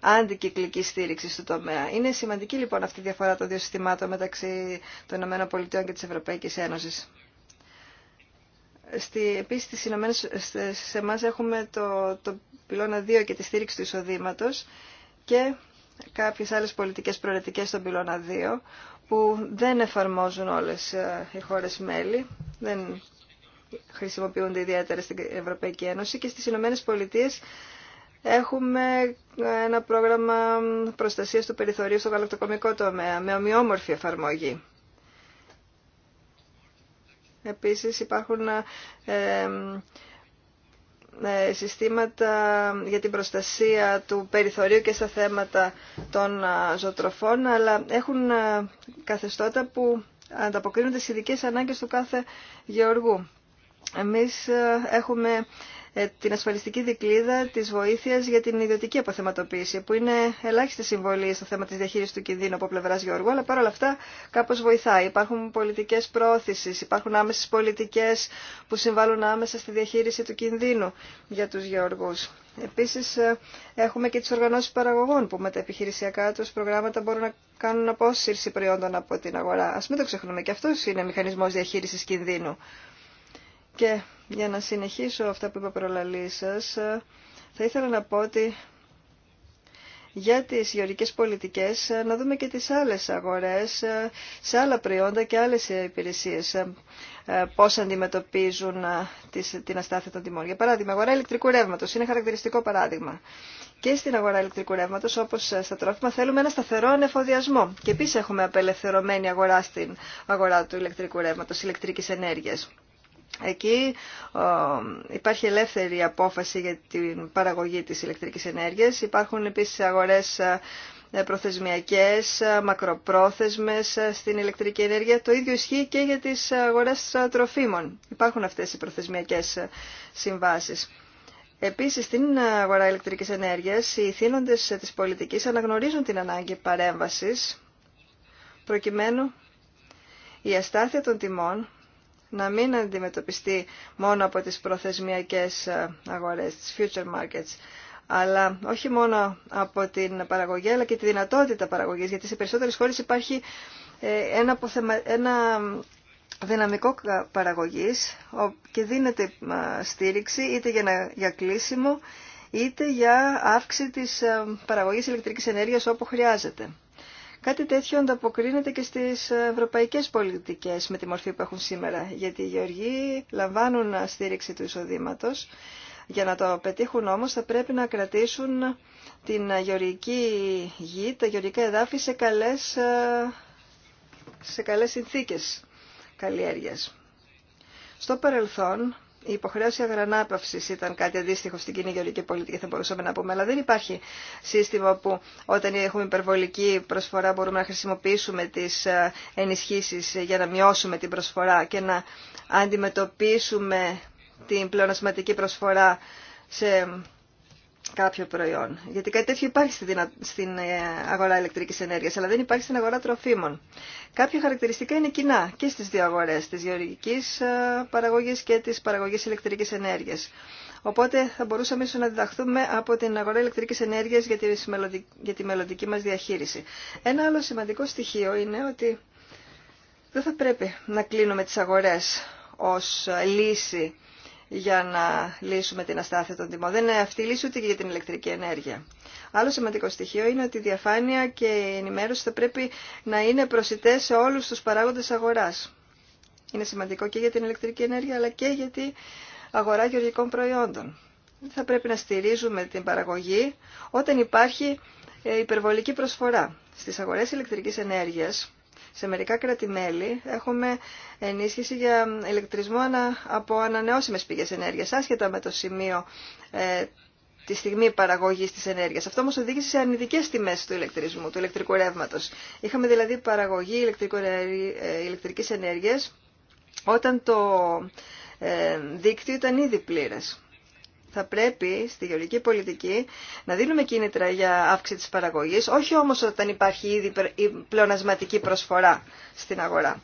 αντικυκλική στήριξη του τομέα. Είναι σημαντική λοιπόν αυτή η διαφορά των δύο συστημάτων μεταξύ των Ηνωμένων Πολιτείων και τη Ευρωπαϊκή Ένωση. Στη, επίσης στις σε εμά έχουμε το, το πυλώνα 2 και τη στήριξη του εισοδήματο και κάποιες άλλες πολιτικές προαιρετικές στον πυλώνα 2 που δεν εφαρμόζουν όλες ε, οι χώρες μέλη, δεν χρησιμοποιούνται ιδιαίτερα στην Ευρωπαϊκή Ένωση και στις Ηνωμένες Πολιτείες έχουμε ένα πρόγραμμα προστασίας του περιθωρίου στο γαλακτοκομικό τομέα με ομοιόμορφη εφαρμογή. Επίσης υπάρχουν ε, ε, συστήματα για την προστασία του περιθωρίου και στα θέματα των ε, ζωοτροφών, αλλά έχουν καθεστώτα που ανταποκρίνονται στις ειδικές ανάγκες του κάθε γεωργού. Εμείς έχουμε ε, την ασφαλιστική δικλίδα τη βοήθεια για την ιδιωτική αποθεματοποίηση, που είναι ελάχιστη συμβολή στο θέμα τη διαχείριση του κινδύνου από πλευρά Γιώργου, αλλά παρόλα αυτά κάπω βοηθάει. Υπάρχουν πολιτικέ πρόθεσεις, υπάρχουν άμεσε πολιτικέ που συμβάλλουν άμεσα στη διαχείριση του κινδύνου για του γεωργού. Επίση, ε, έχουμε και τι οργανώσει παραγωγών που με τα επιχειρησιακά του προγράμματα μπορούν να κάνουν απόσυρση προϊόντων από την αγορά. Α μην το ξεχνούμε και αυτό είναι μηχανισμός διαχείρισης κινδύνου. Και για να συνεχίσω αυτά που είπα προλαλή σας, ε, θα ήθελα να πω ότι για τις γεωρικές πολιτικές ε, να δούμε και τις άλλες αγορές ε, σε άλλα προϊόντα και άλλες υπηρεσίες πώς αντιμετωπίζουν την αστάθεια των τιμών. Για παράδειγμα, αγορά ηλεκτρικού ρεύματος είναι χαρακτηριστικό παράδειγμα. Και στην αγορά ηλεκτρικού ρεύματος, όπως στα τρόφιμα, θέλουμε ένα σταθερό ανεφοδιασμό. Και επίσης έχουμε απελευθερωμένη αγορά στην αγορά του ηλεκτρικού ρεύματος, ηλεκτρικής ενέργειας. Εκεί ε, υπάρχει ελεύθερη απόφαση για την παραγωγή της ηλεκτρικής ενέργειας. Υπάρχουν επίσης αγορές ε, ε, προθεσμιακές, μακροπρόθεσμες στην ηλεκτρική ενέργεια. Το ίδιο ισχύει και για τις αγορές τροφίμων. Υπάρχουν αυτές οι προθεσμιακές συμβάσεις. Επίσης, στην αγορά ηλεκτρικής ενέργειας, οι θύνοντες της πολιτικής αναγνωρίζουν την ανάγκη παρέμβασης, προκειμένου η αστάθεια των τιμών να μην αντιμετωπιστεί μόνο από τις προθεσμιακές ε, αγορές, τις future markets, αλλά όχι μόνο από την παραγωγή, αλλά και τη δυνατότητα παραγωγής, γιατί σε περισσότερες χώρες υπάρχει ε, ένα, ένα δυναμικό παραγωγής και δίνεται ε, στήριξη είτε για, για κλείσιμο, είτε για αύξηση της παραγωγής ηλεκτρικής ενέργειας όπου χρειάζεται. Κάτι τέτοιο ανταποκρίνεται και στις ευρωπαϊκές πολιτικές με τη μορφή που έχουν σήμερα, γιατί οι γεωργοί λαμβάνουν στήριξη του εισοδήματο. Για να το πετύχουν όμως θα πρέπει να κρατήσουν την γεωργική γη, τα γεωργικά εδάφη σε καλές, σε καλές συνθήκες καλλιέργειας. Στο παρελθόν η υποχρέωση αγρανάπαυση ήταν κάτι αντίστοιχο στην κοινή γεωργική πολιτική, θα μπορούσαμε να πούμε. Αλλά δεν υπάρχει σύστημα που όταν έχουμε υπερβολική προσφορά μπορούμε να χρησιμοποιήσουμε τι ε, ενισχύσει για να μειώσουμε την προσφορά και να αντιμετωπίσουμε την πλεονασματική προσφορά σε κάποιο προϊόν. Γιατί κάτι τέτοιο υπάρχει στην ε, αγορά ηλεκτρική ενέργεια, αλλά δεν υπάρχει στην αγορά τροφίμων. Κάποια χαρακτηριστικά είναι κοινά και στι δύο αγορές, τη γεωργικής ε, παραγωγή και τη παραγωγή ηλεκτρική ενέργεια. Οπότε θα μπορούσαμε ίσω να διδαχθούμε από την αγορά ηλεκτρική ενέργεια για τη μελλοντική μα διαχείριση. Ένα άλλο σημαντικό στοιχείο είναι ότι δεν θα πρέπει να κλείνουμε τι αγορέ ω λύση για να λύσουμε την αστάθεια των τιμών. Δεν είναι αυτή η λύση ούτε και για την ηλεκτρική ενέργεια. Άλλο σημαντικό στοιχείο είναι ότι η διαφάνεια και η ενημέρωση θα πρέπει να είναι προσιτέ σε όλου του παράγοντε αγορά. Είναι σημαντικό και για την ηλεκτρική ενέργεια αλλά και για την αγορά γεωργικών προϊόντων. Δεν θα πρέπει να στηρίζουμε την παραγωγή όταν υπάρχει ε, υπερβολική προσφορά. Στις αγορές ηλεκτρικής ενέργειας σε μερικά κράτη-μέλη έχουμε ενίσχυση για ηλεκτρισμό από ανανεώσιμες πηγές ενέργειας, άσχετα με το σημείο ε, τη στιγμή παραγωγή τη ενέργεια. Αυτό όμω οδήγησε σε αρνητικές τιμέ του ηλεκτρισμού, του ηλεκτρικού ρεύματο. Είχαμε δηλαδή παραγωγή ε, ηλεκτρική ενέργεια όταν το ε, δίκτυο ήταν ήδη πλήρες θα πρέπει στη γεωργική πολιτική να δίνουμε κίνητρα για αύξηση της παραγωγής, όχι όμως όταν υπάρχει ήδη η πλεονασματική προσφορά στην αγορά.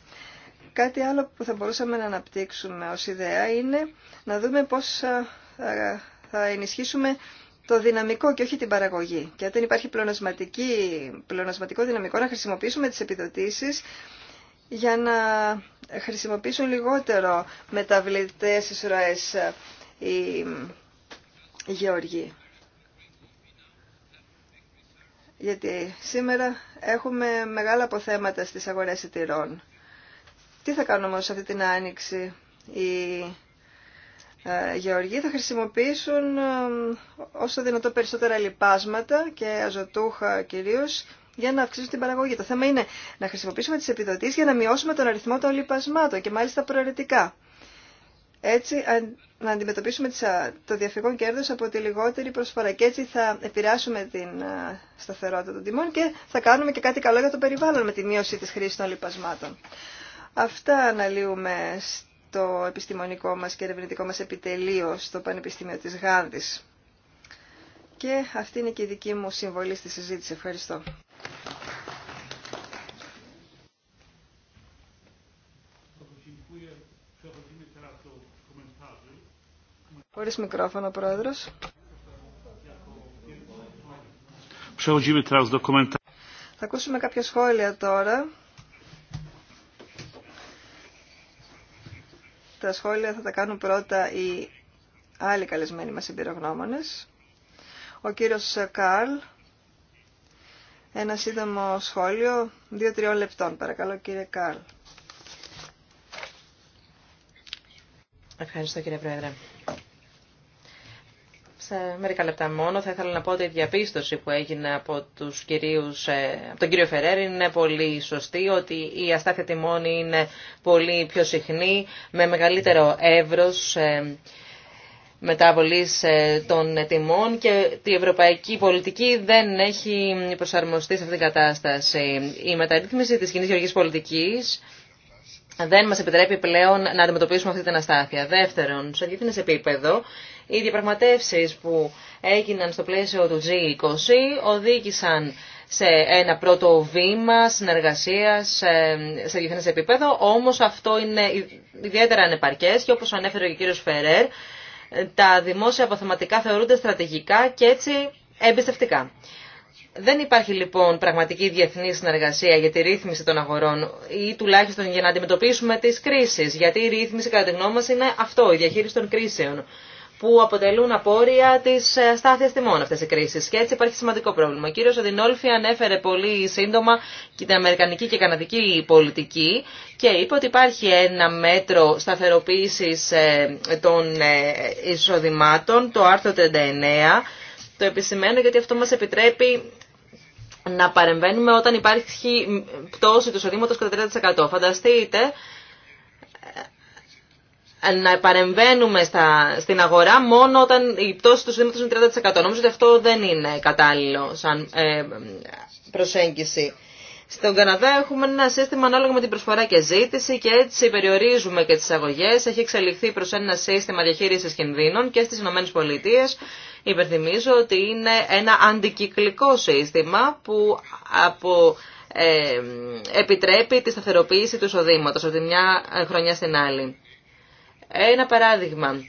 Κάτι άλλο που θα μπορούσαμε να αναπτύξουμε ως ιδέα είναι να δούμε πώς ε, θα ενισχύσουμε το δυναμικό και όχι την παραγωγή. Και όταν υπάρχει πλεονασματικό δυναμικό να χρησιμοποιήσουμε τις επιδοτήσεις για να χρησιμοποιήσουν λιγότερο μεταβλητές εισρωές οι Γεωργή. Γιατί σήμερα έχουμε μεγάλα αποθέματα στις αγορές ετηρών. Τι θα κάνουμε όμως αυτή την άνοιξη. Οι ε, γεωργοί θα χρησιμοποιήσουν ε, όσο δυνατό περισσότερα λιπάσματα και αζωτούχα κυρίως για να αυξήσουν την παραγωγή. Το θέμα είναι να χρησιμοποιήσουμε τις επιδοτήσεις για να μειώσουμε τον αριθμό των λιπασμάτων και μάλιστα προαιρετικά. Έτσι να αντιμετωπίσουμε το διαφυγό κέρδος από τη λιγότερη προσφορά. Και έτσι θα επηρεάσουμε την σταθερότητα των τιμών και θα κάνουμε και κάτι καλό για το περιβάλλον με τη μείωση της χρήσης των λοιπασμάτων. Αυτά αναλύουμε στο επιστημονικό μας και ερευνητικό μας επιτελείο στο Πανεπιστήμιο της Γάνδης. Και αυτή είναι και η δική μου συμβολή στη συζήτηση. Ευχαριστώ. Χωρίς μικρόφωνο, Πρόεδρος. Θα ακούσουμε κάποια σχόλια τώρα. Τα σχόλια θα τα κάνουν πρώτα οι άλλοι καλεσμένοι μας εμπειρογνώμονες. Ο κύριος Καρλ, ένα σύντομο σχόλιο. Δύο-τριών λεπτών. Παρακαλώ κύριε Καρλ. Ευχαριστώ κύριε Πρόεδρε. Ε, μερικά λεπτά μόνο. Θα ήθελα να πω ότι η διαπίστωση που έγινε από, τους κυρίους, ε, από τον κύριο Φερέρι είναι πολύ σωστή, ότι η αστάθεια τιμών είναι πολύ πιο συχνή, με μεγαλύτερο εύρος ε, μεταβολής των τιμών και η ευρωπαϊκή πολιτική δεν έχει προσαρμοστεί σε αυτήν την κατάσταση. Η μεταρρύθμιση της κοινή γεωργικής πολιτικής δεν μας επιτρέπει πλέον να αντιμετωπίσουμε αυτή την αστάθεια. Δεύτερον, σε διεθνές επίπεδο, οι διαπραγματεύσεις που έγιναν στο πλαίσιο του G20 οδήγησαν σε ένα πρώτο βήμα συνεργασίας ε, σε διεθνές επίπεδο, όμως αυτό είναι ιδιαίτερα ανεπαρκές και όπως ανέφερε και ο κύριος Φερέρ, τα δημόσια αποθεματικά θεωρούνται στρατηγικά και έτσι εμπιστευτικά. Δεν υπάρχει λοιπόν πραγματική διεθνή συνεργασία για τη ρύθμιση των αγορών ή τουλάχιστον για να αντιμετωπίσουμε τις κρίσεις, γιατί η ρύθμιση κατά τη γνώμη μας είναι αυτό, η διαχείριση των κρίσεων που αποτελούν απόρρια τη ε, στάθεια τιμών αυτέ οι κρίσει. Και έτσι υπάρχει σημαντικό πρόβλημα. Ο κύριο Οδυνόλφη ανέφερε πολύ σύντομα και την Αμερικανική και Καναδική πολιτική και είπε ότι υπάρχει ένα μέτρο σταθεροποίηση ε, των ε, εισοδημάτων, το άρθρο 39. Το επισημαίνω γιατί αυτό μας επιτρέπει να παρεμβαίνουμε όταν υπάρχει πτώση του εισοδήματο κατά 30%. Φανταστείτε να παρεμβαίνουμε στα, στην αγορά μόνο όταν η πτώση του συστήματος είναι 30%. Νομίζω ότι αυτό δεν είναι κατάλληλο σαν ε, προσέγγιση. Στον Καναδά έχουμε ένα σύστημα ανάλογα με την προσφορά και ζήτηση και έτσι περιορίζουμε και τις αγωγές. Έχει εξελιχθεί προς ένα σύστημα διαχείρισης κινδύνων και στις ΗΠΑ Πολιτείες. Υπενθυμίζω ότι είναι ένα αντικυκλικό σύστημα που από ε, επιτρέπει τη σταθεροποίηση του εισοδήματο από τη μια χρονιά στην άλλη. Ένα παράδειγμα.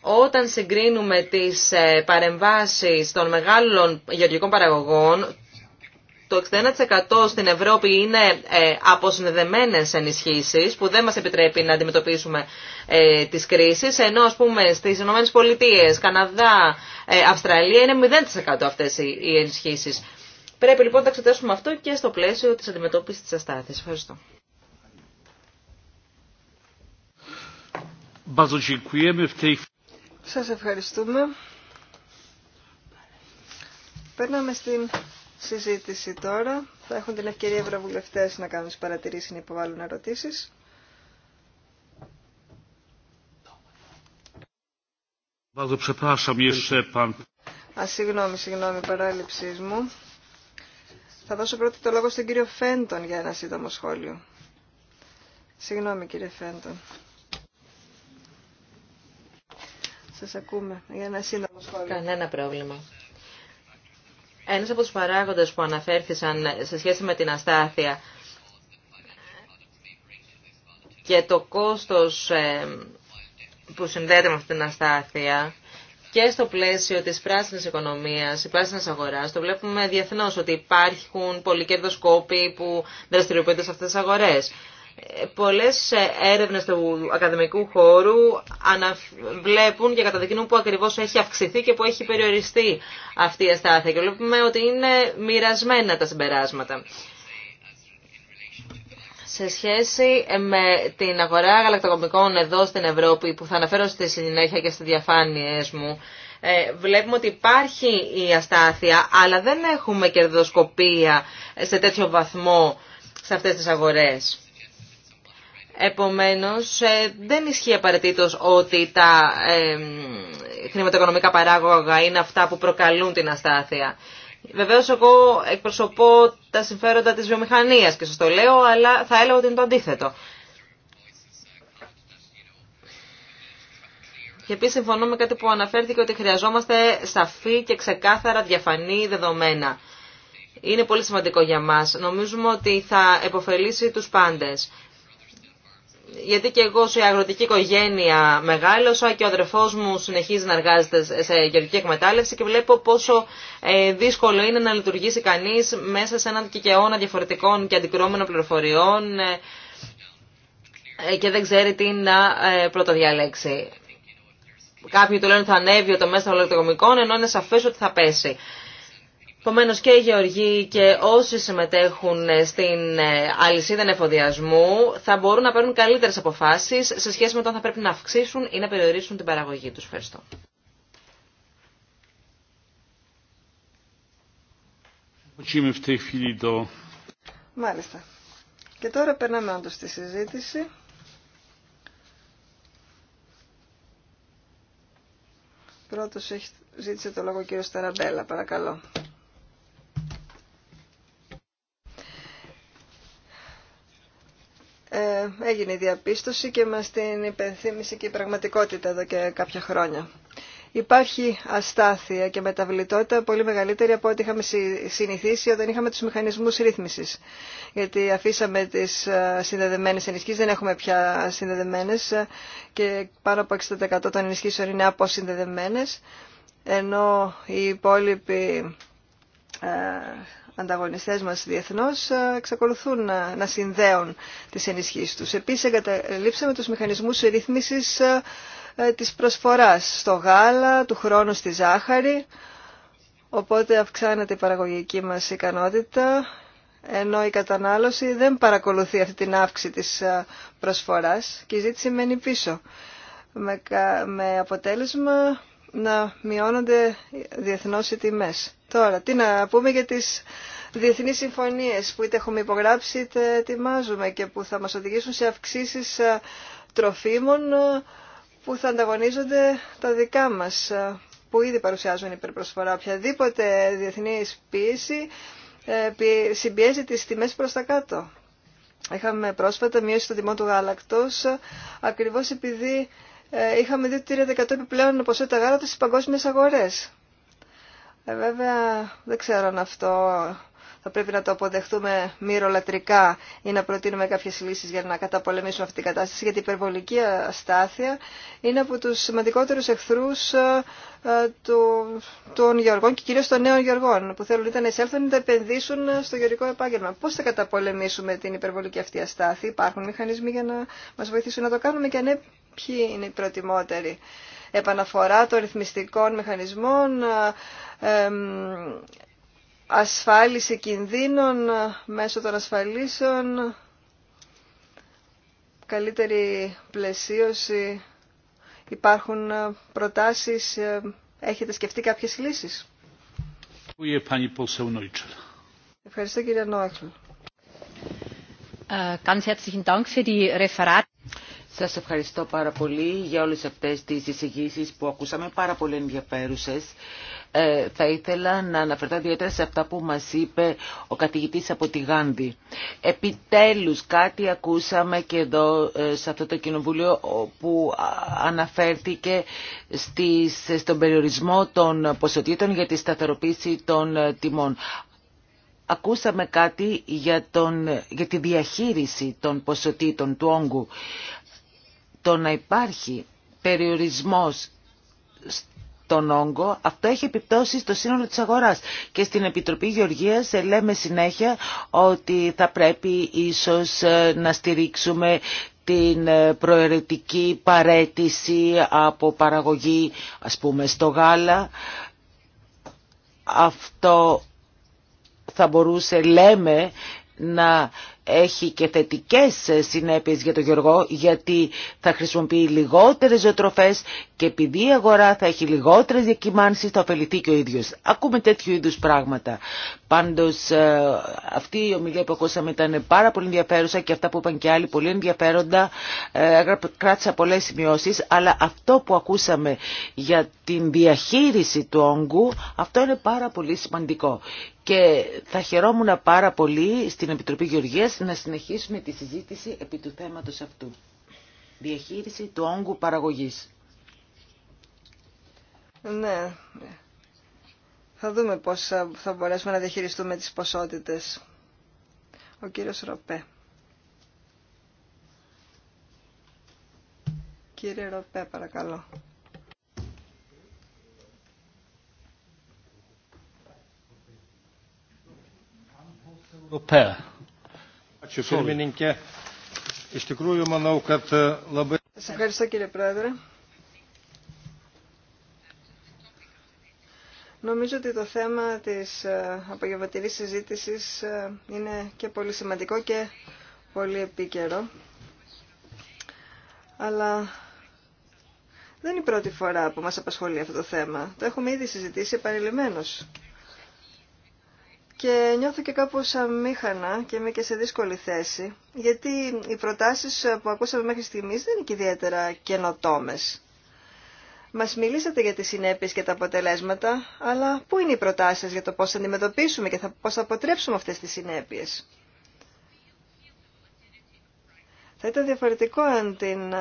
Όταν συγκρίνουμε τις ε, παρεμβάσεις των μεγάλων γεωργικών παραγωγών, το 61% στην Ευρώπη είναι ε, αποσυνδεμένες ενισχύσεις που δεν μας επιτρέπει να αντιμετωπίσουμε ε, τις κρίσεις, ενώ ας πούμε στις ΗΠΑ, Πολιτείες, Καναδά, Αυστραλία είναι 0% αυτές οι ενισχύσεις. Πρέπει λοιπόν να εξετάσουμε αυτό και στο πλαίσιο της αντιμετώπισης της αστάθειας. Ευχαριστώ. Σας ευχαριστούμε. Περνάμε στην συζήτηση τώρα. Θα έχουν την ευκαιρία ευρωβουλευτέ να κάνουν τις παρατηρήσεις να υποβάλουν ερωτήσεις. Α, συγγνώμη, συγγνώμη, παράληψή μου. Θα δώσω πρώτα το λόγο στον κύριο Φέντον για ένα σύντομο σχόλιο. Συγγνώμη κύριε Φέντον. Σας ακούμε για ένα σύντομο σχόλιο. Κανένα πρόβλημα. Ένα από του παράγοντε που αναφέρθησαν σε σχέση με την αστάθεια και το κόστος ε, που συνδέεται με αυτήν την αστάθεια και στο πλαίσιο της πράσινης οικονομίας, η πράσινης αγοράς, το βλέπουμε διεθνώς ότι υπάρχουν πολλοί κερδοσκόποι που δραστηριοποιούνται σε αυτές τις αγορές πολλές ε, έρευνες του ακαδημικού χώρου βλέπουν και καταδεικνύουν που ακριβώς έχει αυξηθεί και που έχει περιοριστεί αυτή η αστάθεια και βλέπουμε ότι είναι μοιρασμένα τα συμπεράσματα. Σε σχέση με την αγορά γαλακτοκομικών εδώ στην Ευρώπη που θα αναφέρω στη συνέχεια και στις διαφάνειές μου ε, βλέπουμε ότι υπάρχει η αστάθεια αλλά δεν έχουμε κερδοσκοπία σε τέτοιο βαθμό σε αυτές τις αγορές. Επομένως, ε, δεν ισχύει απαραίτητο ότι τα ε, χρηματοοικονομικά παράγωγα είναι αυτά που προκαλούν την αστάθεια. Βεβαίως, εγώ εκπροσωπώ τα συμφέροντα της βιομηχανίας και σας το λέω, αλλά θα έλεγα ότι είναι το αντίθετο. Και επίση συμφωνώ με κάτι που αναφέρθηκε ότι χρειαζόμαστε σαφή και ξεκάθαρα διαφανή δεδομένα. Είναι πολύ σημαντικό για μας. Νομίζουμε ότι θα επωφελήσει τους πάντες γιατί και εγώ σε αγροτική οικογένεια μεγάλωσα και ο αδερφός μου συνεχίζει να εργάζεται σε γεωργική εκμετάλλευση και βλέπω πόσο ε, δύσκολο είναι να λειτουργήσει κανείς μέσα σε έναν κικαιώνα διαφορετικών και αντικρώμενων πληροφοριών ε, και δεν ξέρει τι να ε, πρωτοδιαλέξει. Κάποιοι του λένε ότι θα ανέβει ο τομέα των ενώ είναι σαφές ότι θα πέσει. Επομένω και οι γεωργοί και όσοι συμμετέχουν στην ε, αλυσίδα εφοδιασμού θα μπορούν να παίρνουν καλύτερε αποφάσει σε σχέση με το αν θα πρέπει να αυξήσουν ή να περιορίσουν την παραγωγή του. Ευχαριστώ. Μάλιστα. Και τώρα περνάμε όντω στη συζήτηση. Πρώτος έχει, ζήτησε το λόγο ο κύριος Ταραμπέλα, παρακαλώ. Ε, έγινε η διαπίστωση και μας την υπενθύμησε και η πραγματικότητα εδώ και κάποια χρόνια. Υπάρχει αστάθεια και μεταβλητότητα πολύ μεγαλύτερη από ό,τι είχαμε συνηθίσει όταν είχαμε τους μηχανισμούς ρύθμισης. Γιατί αφήσαμε τις ε, συνδεδεμένες ενισχύσεις, δεν έχουμε πια συνδεδεμένες ε, και πάνω από 60% των ενισχύσεων είναι αποσυνδεδεμένες, ενώ οι υπόλοιποι ανταγωνιστές μας διεθνώς ε, εξακολουθούν να, συνδέουν τις ενισχύσεις τους. Επίσης εγκαταλείψαμε τους μηχανισμούς ρύθμισης ε, ε, της προσφοράς στο γάλα, του χρόνου στη ζάχαρη, οπότε αυξάνεται η παραγωγική μας ικανότητα, ενώ η κατανάλωση δεν παρακολουθεί αυτή την αύξηση της προσφοράς και η ζήτηση μένει πίσω. Με, αποτέλεσμα να μειώνονται διεθνώ οι τιμές. Τώρα, τι να πούμε για τι διεθνεί συμφωνίε που είτε έχουμε υπογράψει είτε ετοιμάζουμε και που θα μα οδηγήσουν σε αυξήσει ε, τροφίμων ε, που θα ανταγωνίζονται τα δικά μας, ε, που ήδη παρουσιάζουν υπερπροσφορά. Οποιαδήποτε διεθνή πίεση συμπιέζει τις τιμές προς τα κάτω. Είχαμε πρόσφατα μείωση το τιμών του γάλακτος, ακριβώς επειδή ειχαμε δει είναι δεκατό επιπλέον ποσότητα γάλακτο στις παγκόσμιες αγορές. Ε, βέβαια δεν ξέρω αν αυτό θα πρέπει να το αποδεχτούμε μυρολατρικά ή να προτείνουμε κάποιες λύσεις για να καταπολεμήσουμε αυτή την κατάσταση, γιατί η υπερβολική αστάθεια είναι από τους σημαντικότερους εχθρούς ε, ε, των γεωργών και κυρίως των νέων γεωργών που θέλουν είτε να εισέλθουν είτε να επενδύσουν στο γεωργικό επάγγελμα. Πώς θα καταπολεμήσουμε την υπερβολική αυτή αστάθεια, υπάρχουν μηχανισμοί για να μας βοηθήσουν να το κάνουμε και αν ποιοι είναι οι προτιμότεροι. Επαναφορά των ρυθμιστικών μηχανισμών, ασφάλιση κινδύνων μέσω των ασφαλίσεων, καλύτερη πλαισίωση. Υπάρχουν προτάσεις, ε, έχετε σκεφτεί κάποιες λύσεις. Ευχαριστώ κύριε Referate. Σας ευχαριστώ πάρα πολύ για όλες αυτές τις εισηγήσει που ακούσαμε, πάρα πολύ ενδιαφέρουσες. Ε, θα ήθελα να αναφερθώ ιδιαίτερα σε αυτά που μας είπε ο καθηγητής από τη Γάνδη. Επιτέλους κάτι ακούσαμε και εδώ ε, σε αυτό το κοινοβούλιο που αναφέρθηκε στον περιορισμό των ποσοτήτων για τη σταθεροποίηση των ε, τιμών. Ακούσαμε κάτι για, τον, για τη διαχείριση των ποσοτήτων του όγκου το να υπάρχει περιορισμός τον όγκο, αυτό έχει επιπτώσει στο σύνολο της αγοράς. Και στην Επιτροπή Γεωργίας ε, λέμε συνέχεια ότι θα πρέπει ίσως ε, να στηρίξουμε την ε, προαιρετική παρέτηση από παραγωγή, ας πούμε, στο γάλα. Αυτό θα μπορούσε, λέμε, να έχει και θετικές συνέπειες για τον Γιώργο γιατί θα χρησιμοποιεί λιγότερες ζωοτροφές και επειδή η αγορά θα έχει λιγότερες διακυμάνσεις θα ωφεληθεί και ο ίδιος. Ακούμε τέτοιου είδους πράγματα. Πάντως ε, αυτή η ομιλία που ακούσαμε ήταν πάρα πολύ ενδιαφέρουσα και αυτά που είπαν και άλλοι πολύ ενδιαφέροντα. Ε, κράτησα πολλές σημειώσεις αλλά αυτό που ακούσαμε για την διαχείριση του όγκου αυτό είναι πάρα πολύ σημαντικό και θα χαιρόμουν πάρα πολύ στην Επιτροπή Γεωργίας να συνεχίσουμε τη συζήτηση επί του θέματος αυτού. Διαχείριση του όγκου παραγωγής. Ναι. Θα δούμε πώς θα μπορέσουμε να διαχειριστούμε τις ποσότητες. Ο κύριος Ροπέ. Κύριε Ροπέ, παρακαλώ. Σας ευχαριστώ κύριε Πρόεδρε. Νομίζω ότι το θέμα της ε, απογευματινής συζήτησης ε, είναι και πολύ σημαντικό και πολύ επίκαιρο. Αλλά δεν είναι η πρώτη φορά που μας απασχολεί αυτό το θέμα. Το έχουμε ήδη συζητήσει επανειλημμένως και νιώθω και κάπως αμήχανα και είμαι και σε δύσκολη θέση, γιατί οι προτάσεις που ακούσαμε μέχρι στιγμής δεν είναι και ιδιαίτερα καινοτόμες. Μας μιλήσατε για τις συνέπειες και τα αποτελέσματα, αλλά πού είναι οι προτάσεις για το πώς θα αντιμετωπίσουμε και θα, πώς θα αποτρέψουμε αυτές τις συνέπειες. Θα ήταν διαφορετικό αν την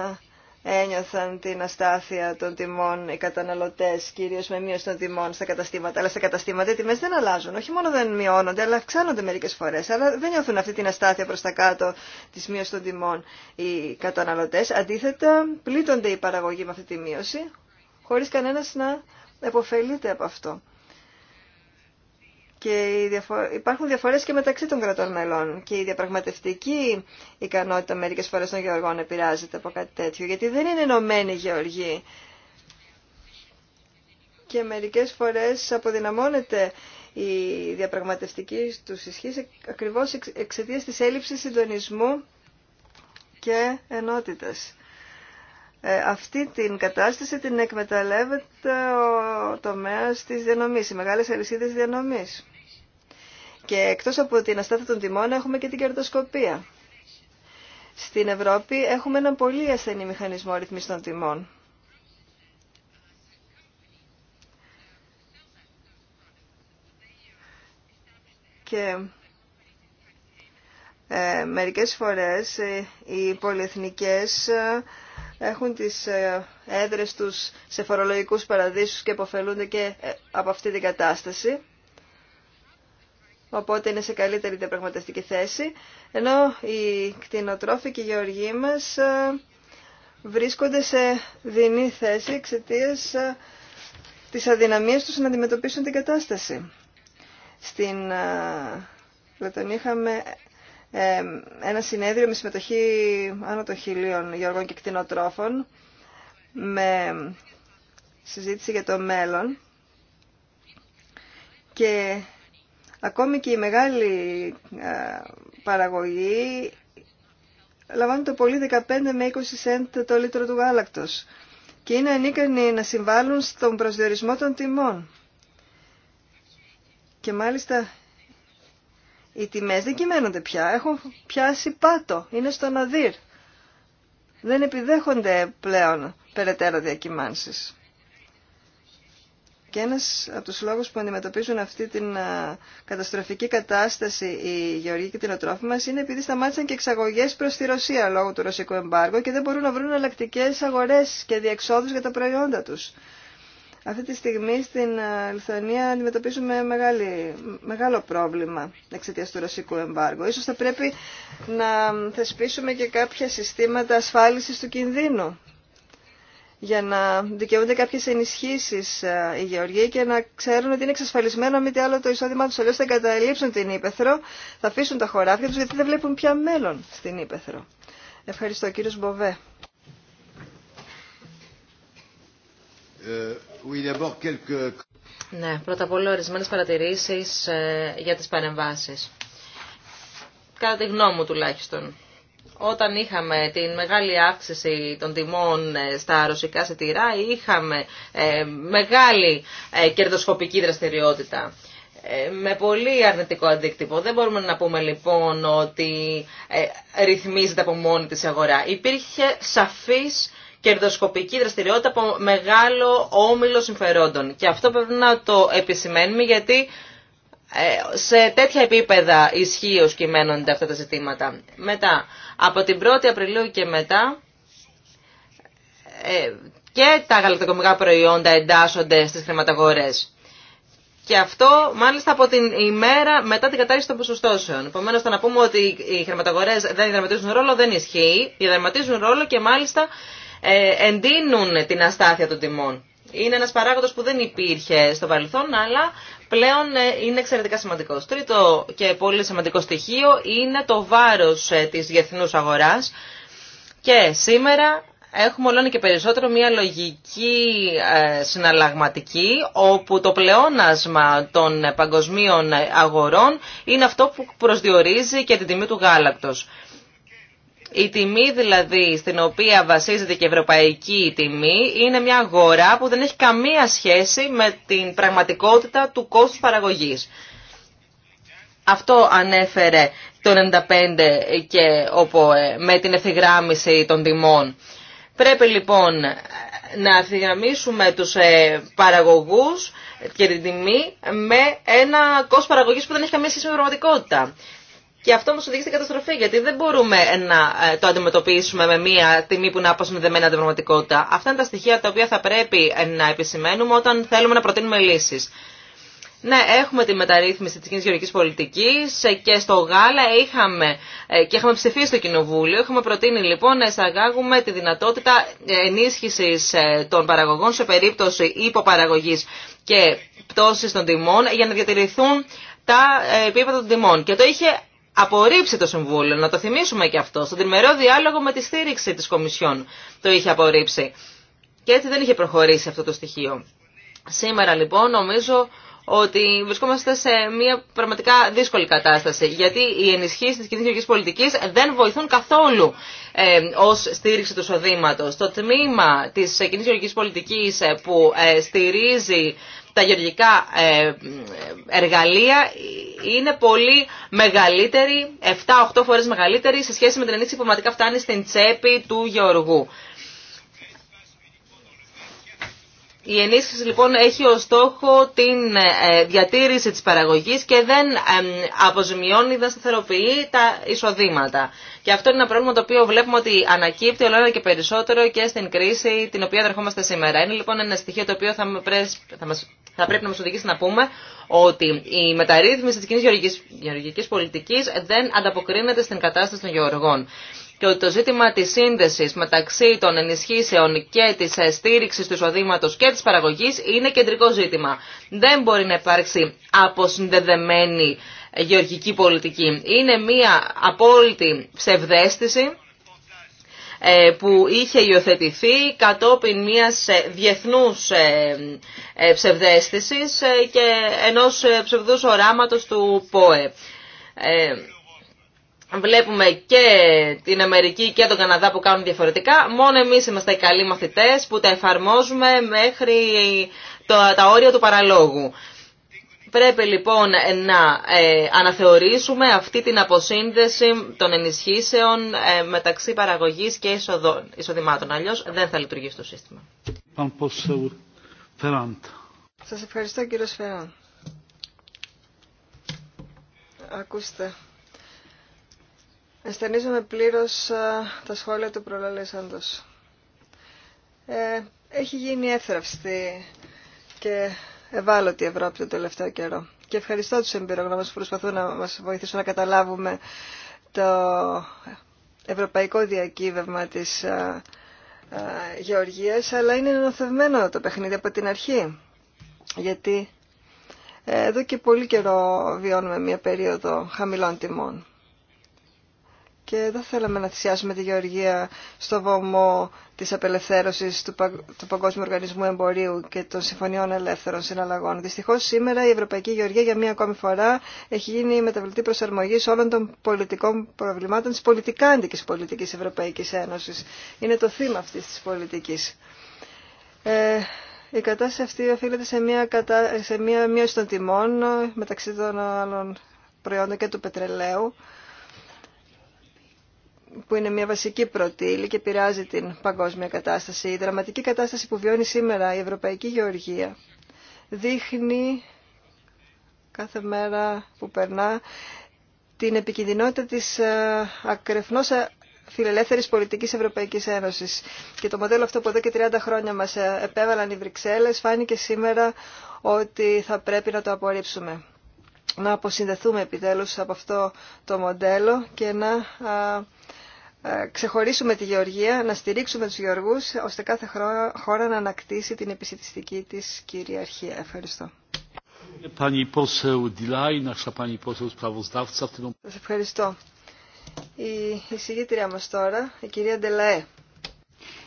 ένιωθαν την αστάθεια των τιμών οι καταναλωτές, κυρίω με μείωση των τιμών στα καταστήματα. Αλλά στα καταστήματα οι τιμέ δεν αλλάζουν. Όχι μόνο δεν μειώνονται, αλλά αυξάνονται μερικέ φορές. Αλλά δεν νιώθουν αυτή την αστάθεια προς τα κάτω της μείωση των τιμών οι καταναλωτές. Αντίθετα, πλήττονται οι παραγωγοί με αυτή τη μείωση, χωρί κανένα να επωφελείται από αυτό. Και υπάρχουν διαφορές και μεταξύ των κρατών μελών και η διαπραγματευτική ικανότητα μερικές φορές των γεωργών επηρεάζεται από κάτι τέτοιο, γιατί δεν είναι ενωμένοι οι γεωργοί. Και μερικές φορές αποδυναμώνεται η διαπραγματευτική τους ισχύ ακριβώς εξαιτίας της έλλειψης συντονισμού και ενότητας. Ε, αυτή την κατάσταση την εκμεταλλεύεται ο τομέας της διανομής, οι μεγάλες αλυσίδες διανομής. Και εκτός από την αστάθεια των τιμών έχουμε και την κερδοσκοπία. Στην Ευρώπη έχουμε έναν πολύ ασθενή μηχανισμό ρυθμής των τιμών. Και ε, μερικές φορές ε, οι πολυεθνικές έχουν τις ε, έδρες τους σε φορολογικούς παραδείσους και υποφελούνται και ε, από αυτή την κατάσταση. Οπότε είναι σε καλύτερη διαπραγματευτική θέση. Ενώ οι κτηνοτρόφοι και οι γεωργοί μας ε, βρίσκονται σε δινή θέση εξαιτία της αδυναμίας τους να αντιμετωπίσουν την κατάσταση. Στην Λετωνία ένα συνέδριο με συμμετοχή άνω των χιλίων γεωργών και κτηνοτρόφων με συζήτηση για το μέλλον και ακόμη και η μεγάλη παραγωγή λαμβάνει το πολύ 15 με 20 σέντ το λίτρο του γάλακτος και είναι ανίκανοι να συμβάλλουν στον προσδιορισμό των τιμών. Και μάλιστα οι τιμές δεν κυμαίνονται πια, έχουν πιάσει πάτο, είναι στο ναδίρ. Δεν επιδέχονται πλέον περαιτέρω διακυμάνσεις. Και ένας από τους λόγους που αντιμετωπίζουν αυτή την καταστροφική κατάσταση οι γεωργοί και κτηνοτρόφοι μας είναι επειδή σταμάτησαν και εξαγωγές προς τη Ρωσία λόγω του ρωσικού εμπάργου και δεν μπορούν να βρουν εναλλακτικέ αγορές και διεξόδους για τα προϊόντα τους. Αυτή τη στιγμή στην ε, Λιθουανία αντιμετωπίζουμε μεγάλη, μεγάλο πρόβλημα εξαιτία του ρωσικού εμπάργου. Ίσως θα πρέπει να θεσπίσουμε και κάποια συστήματα ασφάλισης του κινδύνου για να δικαιούνται κάποιες ενισχύσεις ε, οι γεωργοί και να ξέρουν ότι είναι εξασφαλισμένο με άλλο το εισόδημά τους. Αλλιώς θα εγκαταλείψουν την Ήπεθρο, θα αφήσουν τα χωράφια τους γιατί δεν βλέπουν πια μέλλον στην Ήπεθρο. Ευχαριστώ κύριος Μποβέ. Ε, ναι, πρώτα απ' όλα ορισμένε παρατηρήσει ε, για τι παρεμβάσει. Κατά τη γνώμη μου τουλάχιστον. Όταν είχαμε την μεγάλη αύξηση των τιμών ε, στα ρωσικά σιτηρά, είχαμε ε, μεγάλη κερδοσκοπική δραστηριότητα με πολύ αρνητικό αντίκτυπο. Δεν μπορούμε να πούμε λοιπόν ότι ρυθμίζεται από μόνη της αγορά. Υπήρχε σαφής κερδοσκοπική δραστηριότητα από μεγάλο όμιλο συμφερόντων. Και αυτό πρέπει να το επισημαίνουμε γιατί ε, σε τέτοια επίπεδα ισχύω κειμένονται αυτά τα ζητήματα. Μετά, από την 1η Απριλίου και μετά, ε, και τα γαλακτοκομικά προϊόντα εντάσσονται στις χρηματαγορές. Και αυτό μάλιστα από την ημέρα μετά την κατάρριξη των ποσοστώσεων. Επομένω, το να πούμε ότι οι χρηματαγορέ δεν διαδραματίζουν ρόλο δεν ισχύει. Διαδραματίζουν ρόλο και μάλιστα ε, εντείνουν την αστάθεια των τιμών. Είναι ένας παράγοντας που δεν υπήρχε στο παρελθόν, αλλά πλέον ε, είναι εξαιρετικά σημαντικός. Τρίτο και πολύ σημαντικό στοιχείο είναι το βάρος ε, της διεθνούς αγοράς. Και σήμερα έχουμε όλο και περισσότερο μια λογική συναλλαγματική, όπου το πλεόνασμα των παγκοσμίων αγορών είναι αυτό που προσδιορίζει και την τιμή του γάλακτος. Η τιμή δηλαδή στην οποία βασίζεται και η ευρωπαϊκή τιμή είναι μια αγορά που δεν έχει καμία σχέση με την πραγματικότητα του κόστους παραγωγής. Αυτό ανέφερε το 95 και όπου, ε, με την ευθυγράμμιση των τιμών. Πρέπει λοιπόν να ευθυγραμμίσουμε τους ε, παραγωγούς και την τιμή με ένα κόστος παραγωγής που δεν έχει καμία σχέση με την πραγματικότητα. Και αυτό μας οδηγεί στην καταστροφή, γιατί δεν μπορούμε ε, να ε, το αντιμετωπίσουμε με μία τιμή που να αποσυνδεμένη από Αυτά είναι τα στοιχεία τα οποία θα πρέπει ε, να επισημαίνουμε όταν θέλουμε να προτείνουμε λύσεις. Ναι, έχουμε τη μεταρρύθμιση της κοινής γεωργικής πολιτικής και στο Γάλα είχαμε και είχαμε ψηφίσει στο Κοινοβούλιο. Είχαμε προτείνει λοιπόν να εισαγάγουμε τη δυνατότητα ενίσχυσης των παραγωγών σε περίπτωση υποπαραγωγής και πτώσης των τιμών για να διατηρηθούν τα επίπεδα των τιμών. Και το είχε απορρίψει το Συμβούλιο, να το θυμίσουμε και αυτό, στον τριμερό διάλογο με τη στήριξη της Κομισιόν το είχε απορρίψει. Και έτσι δεν είχε προχωρήσει αυτό το στοιχείο. Σήμερα λοιπόν νομίζω ότι βρισκόμαστε σε μια πραγματικά δύσκολη κατάσταση. Γιατί οι ενισχύσει τη κοινή γεωργική πολιτική δεν βοηθούν καθόλου ε, ω στήριξη του εισοδήματο. Το τμήμα τη κοινή γεωργική πολιτική ε, που ε, στηρίζει τα γεωργικά ε, εργαλεία είναι πολύ μεγαλύτερη, 7-8 φορές μεγαλύτερη σε σχέση με την ενίσχυση που πραγματικά φτάνει στην τσέπη του γεωργού. Η ενίσχυση λοιπόν έχει ως στόχο την ε, διατήρηση της παραγωγής και δεν αποζημιώνει, δεν σταθεροποιεί τα εισοδήματα. Και αυτό είναι ένα πρόβλημα το οποίο βλέπουμε ότι ανακύπτει όλο ένα και περισσότερο και στην κρίση την οποία δερχόμαστε σήμερα. Είναι λοιπόν ένα στοιχείο το οποίο θα, μας... θα πρέπει να μας οδηγήσει να πούμε ότι η μεταρρύθμιση της κοινής γεωργικής, γεωργικής πολιτικής δεν ανταποκρίνεται στην κατάσταση των γεωργών και ότι το ζήτημα της σύνδεσης μεταξύ των ενισχύσεων και της στήριξη του εισοδήματο και της παραγωγής είναι κεντρικό ζήτημα. Δεν μπορεί να υπάρξει αποσυνδεδεμένη γεωργική πολιτική. Είναι μία απόλυτη ψευδέστηση ε, που είχε υιοθετηθεί κατόπιν μιας ε, διεθνούς ε, ψευδέστησης και ενός ψευδούς οράματος του ΠΟΕ βλέπουμε και την Αμερική και τον Καναδά που κάνουν διαφορετικά. Μόνο εμείς είμαστε οι καλοί μαθητές που τα εφαρμόζουμε μέχρι το, τα όρια του παραλόγου. Πρέπει λοιπόν να ε, αναθεωρήσουμε αυτή την αποσύνδεση των ενισχύσεων ε, μεταξύ παραγωγής και εισοδών, εισοδημάτων. Αλλιώς δεν θα λειτουργήσει το σύστημα. Σας ευχαριστώ κύριο Σφεράν. Ακούστε. Ασθενίζομαι πλήρως τα σχόλια του προλαλήσαντος. Ε, έχει γίνει έθραυστη και ευάλωτη η Ευρώπη το τελευταίο καιρό. Και ευχαριστώ τους εμπειρογνώμους που προσπαθούν να μας βοηθήσουν να καταλάβουμε το ευρωπαϊκό διακύβευμα της γεωργίας, αλλά είναι νοθευμένο το παιχνίδι από την αρχή. Γιατί ε, εδώ και πολύ καιρό βιώνουμε μια περίοδο χαμηλών τιμών και δεν θέλαμε να θυσιάσουμε τη Γεωργία στο βωμό της απελευθέρωσης του, του Παγκόσμιου Οργανισμού Εμπορίου και των Συμφωνιών Ελεύθερων Συναλλαγών. Δυστυχώς σήμερα η Ευρωπαϊκή Γεωργία για μία ακόμη φορά έχει γίνει η μεταβλητή προσαρμογή όλων των πολιτικών προβλημάτων της πολιτικάντικης πολιτικής Ευρωπαϊκής Ένωσης. Είναι το θύμα αυτής της πολιτικής. Ε, η κατάσταση αυτή οφείλεται σε μία, κατα... σε μία μείωση των τιμών μεταξύ των άλλων προϊόντων και του πετρελαίου που είναι μια βασική πρωτήλη και επηρεάζει την παγκόσμια κατάσταση. Η δραματική κατάσταση που βιώνει σήμερα η Ευρωπαϊκή Γεωργία δείχνει κάθε μέρα που περνά την επικινδυνότητα της ε, ακρεφνώς ε, φιλελεύθερης πολιτικής Ευρωπαϊκής Ένωσης. Και το μοντέλο αυτό που εδώ και 30 χρόνια μας ε, επέβαλαν οι Βρυξέλλες φάνηκε σήμερα ότι θα πρέπει να το απορρίψουμε. Να αποσυνδεθούμε επιτέλους από αυτό το μοντέλο και να ε, ξεχωρίσουμε τη γεωργία, να στηρίξουμε τους γεωργούς, ώστε κάθε χώρα να ανακτήσει την επισητιστική της κυριαρχία. Ευχαριστώ. Σας ευχαριστώ. Η εισηγήτρια μας τώρα, η κυρία Ντελαέ.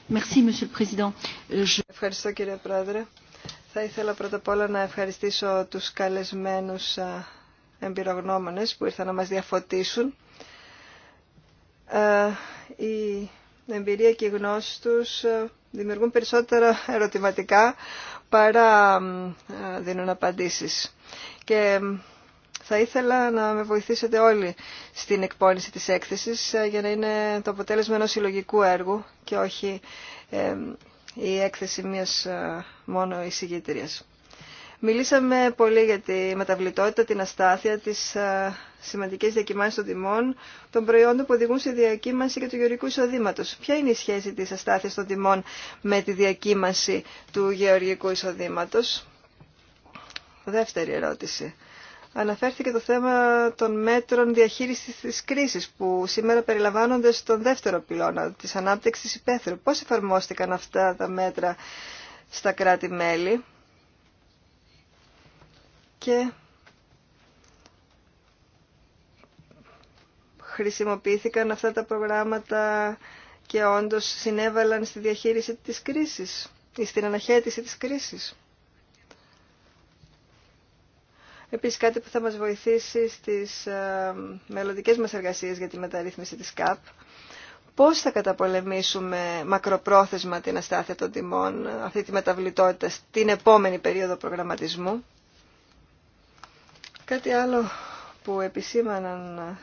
Ε, ευχαριστώ κύριε Πρόεδρε. Θα ήθελα πρώτα απ' όλα να ευχαριστήσω τους καλεσμένους ε, εμπειρογνώμονες που ήρθαν να μας διαφωτίσουν ε, η εμπειρία και οι γνώση τους ε, δημιουργούν περισσότερα ερωτηματικά παρά ε, δίνουν απαντήσεις. Και θα ήθελα να με βοηθήσετε όλοι στην εκπόνηση της έκθεσης για να είναι το αποτέλεσμα ενός συλλογικού έργου και όχι η έκθεση μιας μόνο εισηγητήριας. Μιλήσαμε πολύ για τη μεταβλητότητα, την αστάθεια, τι ε, σημαντικές διακυμάνσεις των τιμών των προϊόντων που οδηγούν στη διακύμανση και του γεωργικού εισοδήματο. Ποια είναι η σχέση τη αστάθειας των τιμών με τη διακύμανση του γεωργικού εισοδήματο. Δεύτερη ερώτηση. Αναφέρθηκε το θέμα των μέτρων διαχείρισης της κρίσης που σήμερα περιλαμβάνονται στον δεύτερο πυλώνα της ανάπτυξης υπαίθρου. Πώς εφαρμόστηκαν αυτά τα μέτρα στα κράτη-μέλη και χρησιμοποιήθηκαν αυτά τα προγράμματα και όντως συνέβαλαν στη διαχείριση της κρίσης ή στην αναχέτηση της κρίσης. Επίσης κάτι που θα μας βοηθήσει στις ε, μελλοντικές μας εργασίες για τη μεταρρύθμιση της ΚΑΠ, πώς θα καταπολεμήσουμε μακροπρόθεσμα την αστάθεια των τιμών, αυτή τη μεταβλητότητα στην επόμενη περίοδο προγραμματισμού. Κάτι άλλο που επισήμαναν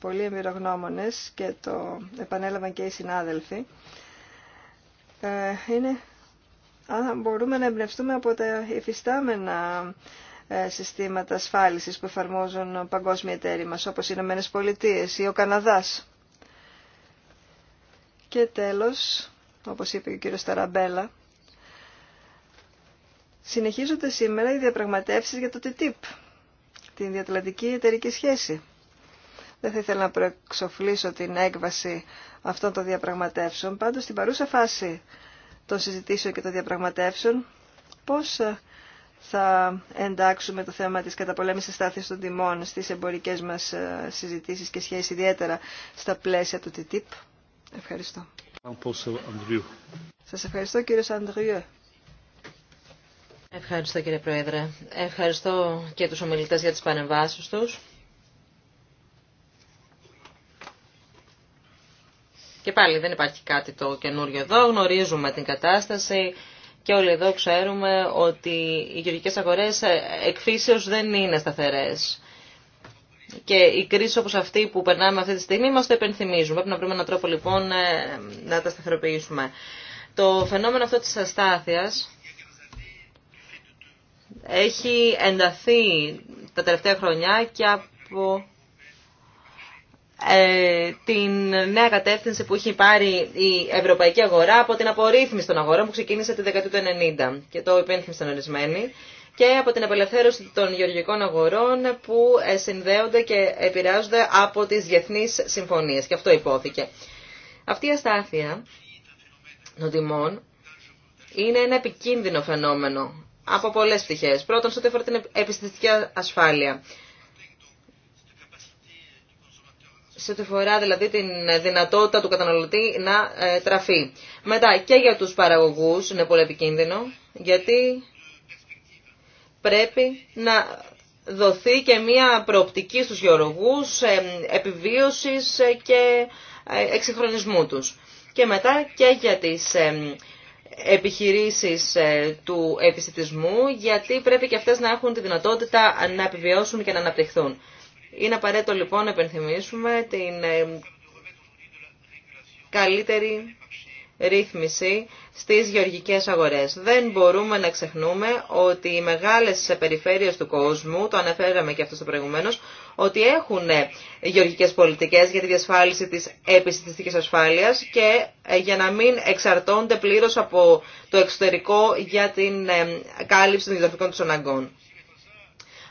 πολλοί εμπειρογνώμονες και το επανέλαβαν και οι συνάδελφοι ε, είναι αν μπορούμε να εμπνευστούμε από τα υφιστάμενα ε, συστήματα ασφάλισης που εφαρμόζουν παγκόσμια εταίροι μας όπως οι Ηνωμένες Πολιτείες ή ο Καναδάς. Και τέλος, όπως είπε και ο κύριος Ταραμπέλα, συνεχίζονται σήμερα οι διαπραγματεύσεις για το TTIP την διατλαντική εταιρική σχέση. Δεν θα ήθελα να προεξοφλήσω την έκβαση αυτών των διαπραγματεύσεων. Πάντως, στην παρούσα φάση των συζητήσεων και των διαπραγματεύσεων, πώς ε, θα εντάξουμε το θέμα της καταπολέμησης στάθειας των τιμών στις εμπορικές μας ε, συζητήσεις και σχέσεις ιδιαίτερα στα πλαίσια του TTIP. Ευχαριστώ. Σας ευχαριστώ κύριε Ανδριού. Ευχαριστώ κύριε Πρόεδρε. Ευχαριστώ και τους ομιλητές για τις παρεμβάσεις τους. Και πάλι δεν υπάρχει κάτι το καινούριο εδώ, γνωρίζουμε την κατάσταση και όλοι εδώ ξέρουμε ότι οι γεωργικές αγορές εκφύσεως δεν είναι σταθερές. Και η κρίση όπως αυτή που περνάμε αυτή τη στιγμή μας το υπενθυμίζουμε. Πρέπει να βρούμε έναν τρόπο λοιπόν ε, να τα σταθεροποιήσουμε. Το φαινόμενο αυτό της αστάθειας έχει ενταθεί τα τελευταία χρονιά και από ε, την νέα κατεύθυνση που έχει πάρει η ευρωπαϊκή αγορά από την απορρίθμιση των αγορών που ξεκίνησε τη δεκαετία του και το υπένθυμισαν ορισμένοι και από την απελευθέρωση των γεωργικών αγορών που ε, συνδέονται και επηρεάζονται από τις διεθνείς συμφωνίες και αυτό υπόθηκε. Αυτή η αστάθεια των τιμών είναι ένα επικίνδυνο φαινόμενο από πολλέ πτυχές. Πρώτον, σε ό,τι αφορά την επιστημιστική ασφάλεια. σε ό,τι φορά δηλαδή την δυνατότητα του καταναλωτή να ε, τραφεί. Μετά και για τους παραγωγούς είναι πολύ επικίνδυνο, γιατί πρέπει να δοθεί και μία προοπτική στους γεωργούς ε, επιβίωσης ε, και εξυγχρονισμού τους. Και μετά και για τις επιχειρήσεις ε, του επιστημισμού γιατί πρέπει και αυτές να έχουν τη δυνατότητα να επιβιώσουν και να αναπτυχθούν. Είναι απαραίτητο λοιπόν να επενθυμίσουμε την ε, καλύτερη ρύθμιση στις γεωργικές αγορές. Δεν μπορούμε να ξεχνούμε ότι οι μεγάλες περιφέρειες του κόσμου, το αναφέραμε και αυτό στο προηγουμένως, ότι έχουν ε, γεωργικές πολιτικές για τη διασφάλιση της επιστημιστικής ασφάλειας και ε, για να μην εξαρτώνται πλήρως από το εξωτερικό για την ε, κάλυψη των γεωγραφικών του αναγκών.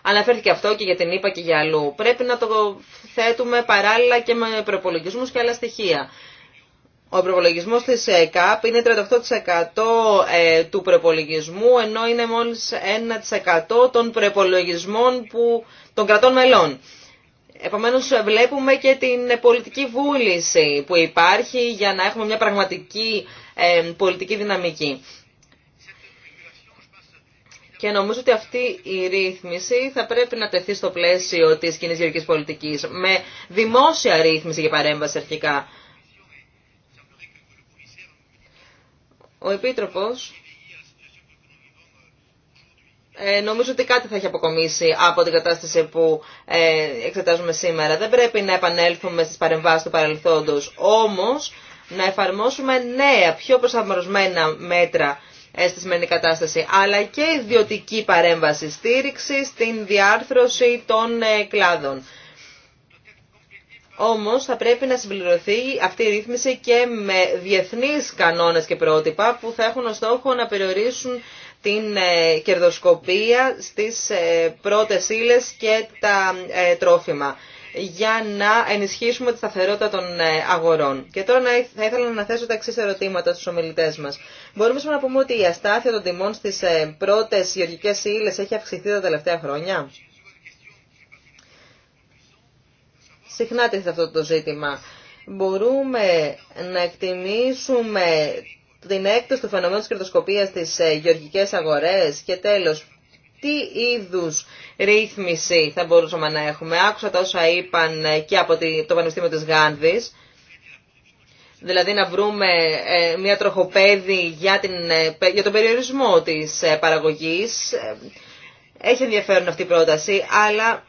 Αναφέρθηκε αυτό και για την ΕΠΑ και για αλλού. Πρέπει να το θέτουμε παράλληλα και με προπολογισμού και άλλα στοιχεία. Ο προπολογισμό τη ΕΚΑΠ είναι 38% ε, του προπολογισμού, ενώ είναι μόλις 1% των προπολογισμών που, των κρατών μελών. Επομένως βλέπουμε και την πολιτική βούληση που υπάρχει για να έχουμε μια πραγματική ε, πολιτική δυναμική. Και νομίζω ότι αυτή η ρύθμιση θα πρέπει να τεθεί στο πλαίσιο της κοινή γεωργικής πολιτικής με δημόσια ρύθμιση για παρέμβαση αρχικά Ο Επίτροπος ε, νομίζω ότι κάτι θα έχει αποκομίσει από την κατάσταση που ε, εξετάζουμε σήμερα. Δεν πρέπει να επανέλθουμε στις παρεμβάσεις του παρελθόντος, όμως να εφαρμόσουμε νέα, πιο προσαρμοσμένα μέτρα ε, στη σημερινή κατάσταση, αλλά και ιδιωτική παρέμβαση στήριξη στην διάρθρωση των ε, κλάδων. Όμως θα πρέπει να συμπληρωθεί αυτή η ρύθμιση και με διεθνείς κανόνες και πρότυπα που θα έχουν ως στόχο να περιορίσουν την ε, κερδοσκοπία στις ε, πρώτες ύλε και τα ε, τρόφιμα για να ενισχύσουμε τη σταθερότητα των αγορών. Και τώρα θα ήθελα να θέσω τα εξή ερωτήματα στους ομιλητές μας. Μπορούμε να πούμε ότι η αστάθεια των τιμών στις πρώτες γεωργικές ύλε έχει αυξηθεί τα τελευταία χρόνια. συχνά τίθεται αυτό το ζήτημα. Μπορούμε να εκτιμήσουμε την έκταση του φαινομένου της κερδοσκοπίας στις ε, γεωργικές αγορές και τέλος τι είδους ρύθμιση θα μπορούσαμε να έχουμε. Άκουσα τα όσα είπαν ε, και από το Πανεπιστήμιο της Γάνδης. Δηλαδή να βρούμε ε, μια τροχοπέδη για, την, για τον περιορισμό της παραγωγής. Έχει ενδιαφέρον αυτή η πρόταση, αλλά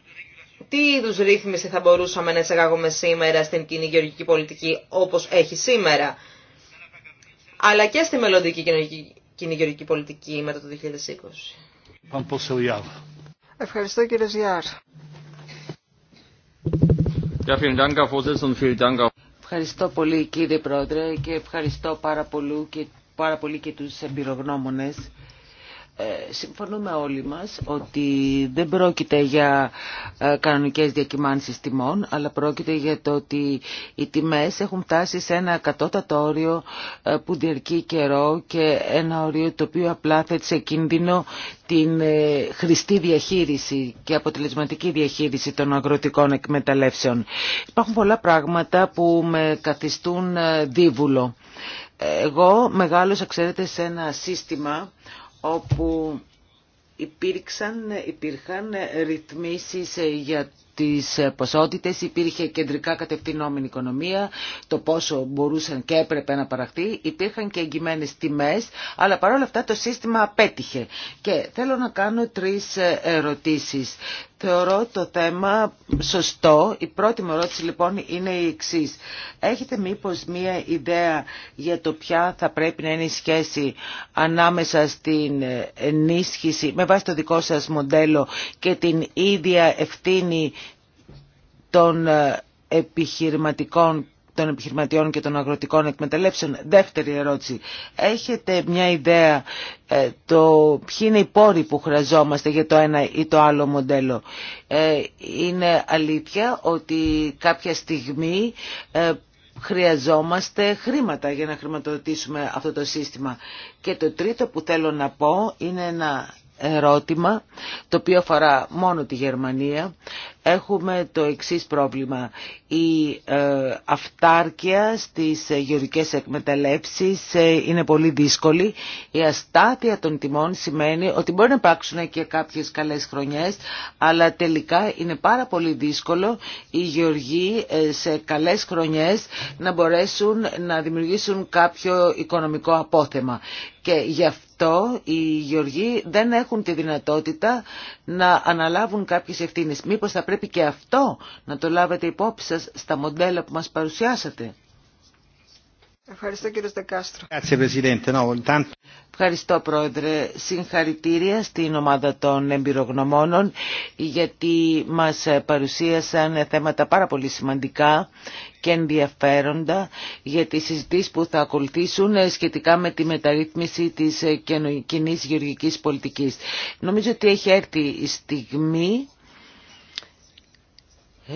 τι είδου ρύθμιση θα μπορούσαμε να εισαγάγουμε σήμερα στην κοινή γεωργική πολιτική όπως έχει σήμερα, αλλά και στη μελλοντική κοινή γεωργική πολιτική μετά το 2020. Ευχαριστώ κύριε Ζιάρ. Ευχαριστώ πολύ κύριε Πρόεδρε και ευχαριστώ πάρα πολύ και, πάρα πολύ και τους εμπειρογνώμονες ε, συμφωνούμε όλοι μας ότι δεν πρόκειται για ε, κανονικές διακυμάνσεις τιμών, αλλά πρόκειται για το ότι οι τιμές έχουν φτάσει σε ένα κατώτατο όριο ε, που διαρκεί καιρό και ένα όριο το οποίο απλά θέτει σε κίνδυνο την χρηστή διαχείριση και αποτελεσματική διαχείριση των αγροτικών εκμεταλλεύσεων. Υπάρχουν πολλά πράγματα που με καθιστούν δίβουλο. Εγώ μεγάλωσα, ξέρετε, σε ένα σύστημα όπου υπήρξαν, υπήρχαν ρυθμίσεις για τις ποσότητες, υπήρχε κεντρικά κατευθυνόμενη οικονομία, το πόσο μπορούσαν και έπρεπε να παραχθεί, υπήρχαν και εγγυμένες τιμές, αλλά παρόλα αυτά το σύστημα απέτυχε. Και θέλω να κάνω τρεις ερωτήσεις. Θεωρώ το θέμα σωστό. Η πρώτη μου ερώτηση λοιπόν είναι η εξή. Έχετε μήπως μία ιδέα για το ποια θα πρέπει να είναι η σχέση ανάμεσα στην ενίσχυση με βάση το δικό σας μοντέλο και την ίδια ευθύνη των επιχειρηματικών των επιχειρηματιών και των αγροτικών εκμεταλλεύσεων. Δεύτερη ερώτηση. Έχετε μια ιδέα ε, το ποιοι είναι οι πόροι που χρειαζόμαστε για το ένα ή το άλλο μοντέλο. Ε, είναι αλήθεια ότι κάποια στιγμή ε, χρειαζόμαστε χρήματα για να χρηματοδοτήσουμε αυτό το σύστημα. Και το τρίτο που θέλω να πω είναι ένα ερώτημα το οποίο αφορά μόνο τη Γερμανία έχουμε το εξής πρόβλημα. Η ε, αυτάρκεια στις γεωργικές εκμεταλλεύσεις ε, είναι πολύ δύσκολη. Η αστάθεια των τιμών σημαίνει ότι μπορεί να υπάρξουν και κάποιες καλές χρονιές, αλλά τελικά είναι πάρα πολύ δύσκολο οι γεωργοί ε, σε καλές χρονιές να μπορέσουν να δημιουργήσουν κάποιο οικονομικό απόθεμα. Και γι' αυτό οι γεωργοί δεν έχουν τη δυνατότητα να αναλάβουν κάποιες ευθύνες. Μήπως θα πρέπει και αυτό να το λάβετε υπόψη σας στα μοντέλα που μας παρουσιάσατε. Ευχαριστώ κύριε Στεκάστρο. Ευχαριστώ πρόεδρε. Συγχαρητήρια στην ομάδα των εμπειρογνωμόνων γιατί μας παρουσίασαν θέματα πάρα πολύ σημαντικά και ενδιαφέροντα για τις συζητήσεις που θα ακολουθήσουν σχετικά με τη μεταρρύθμιση της κοινή γεωργικής πολιτικής. Νομίζω ότι έχει έρθει η στιγμή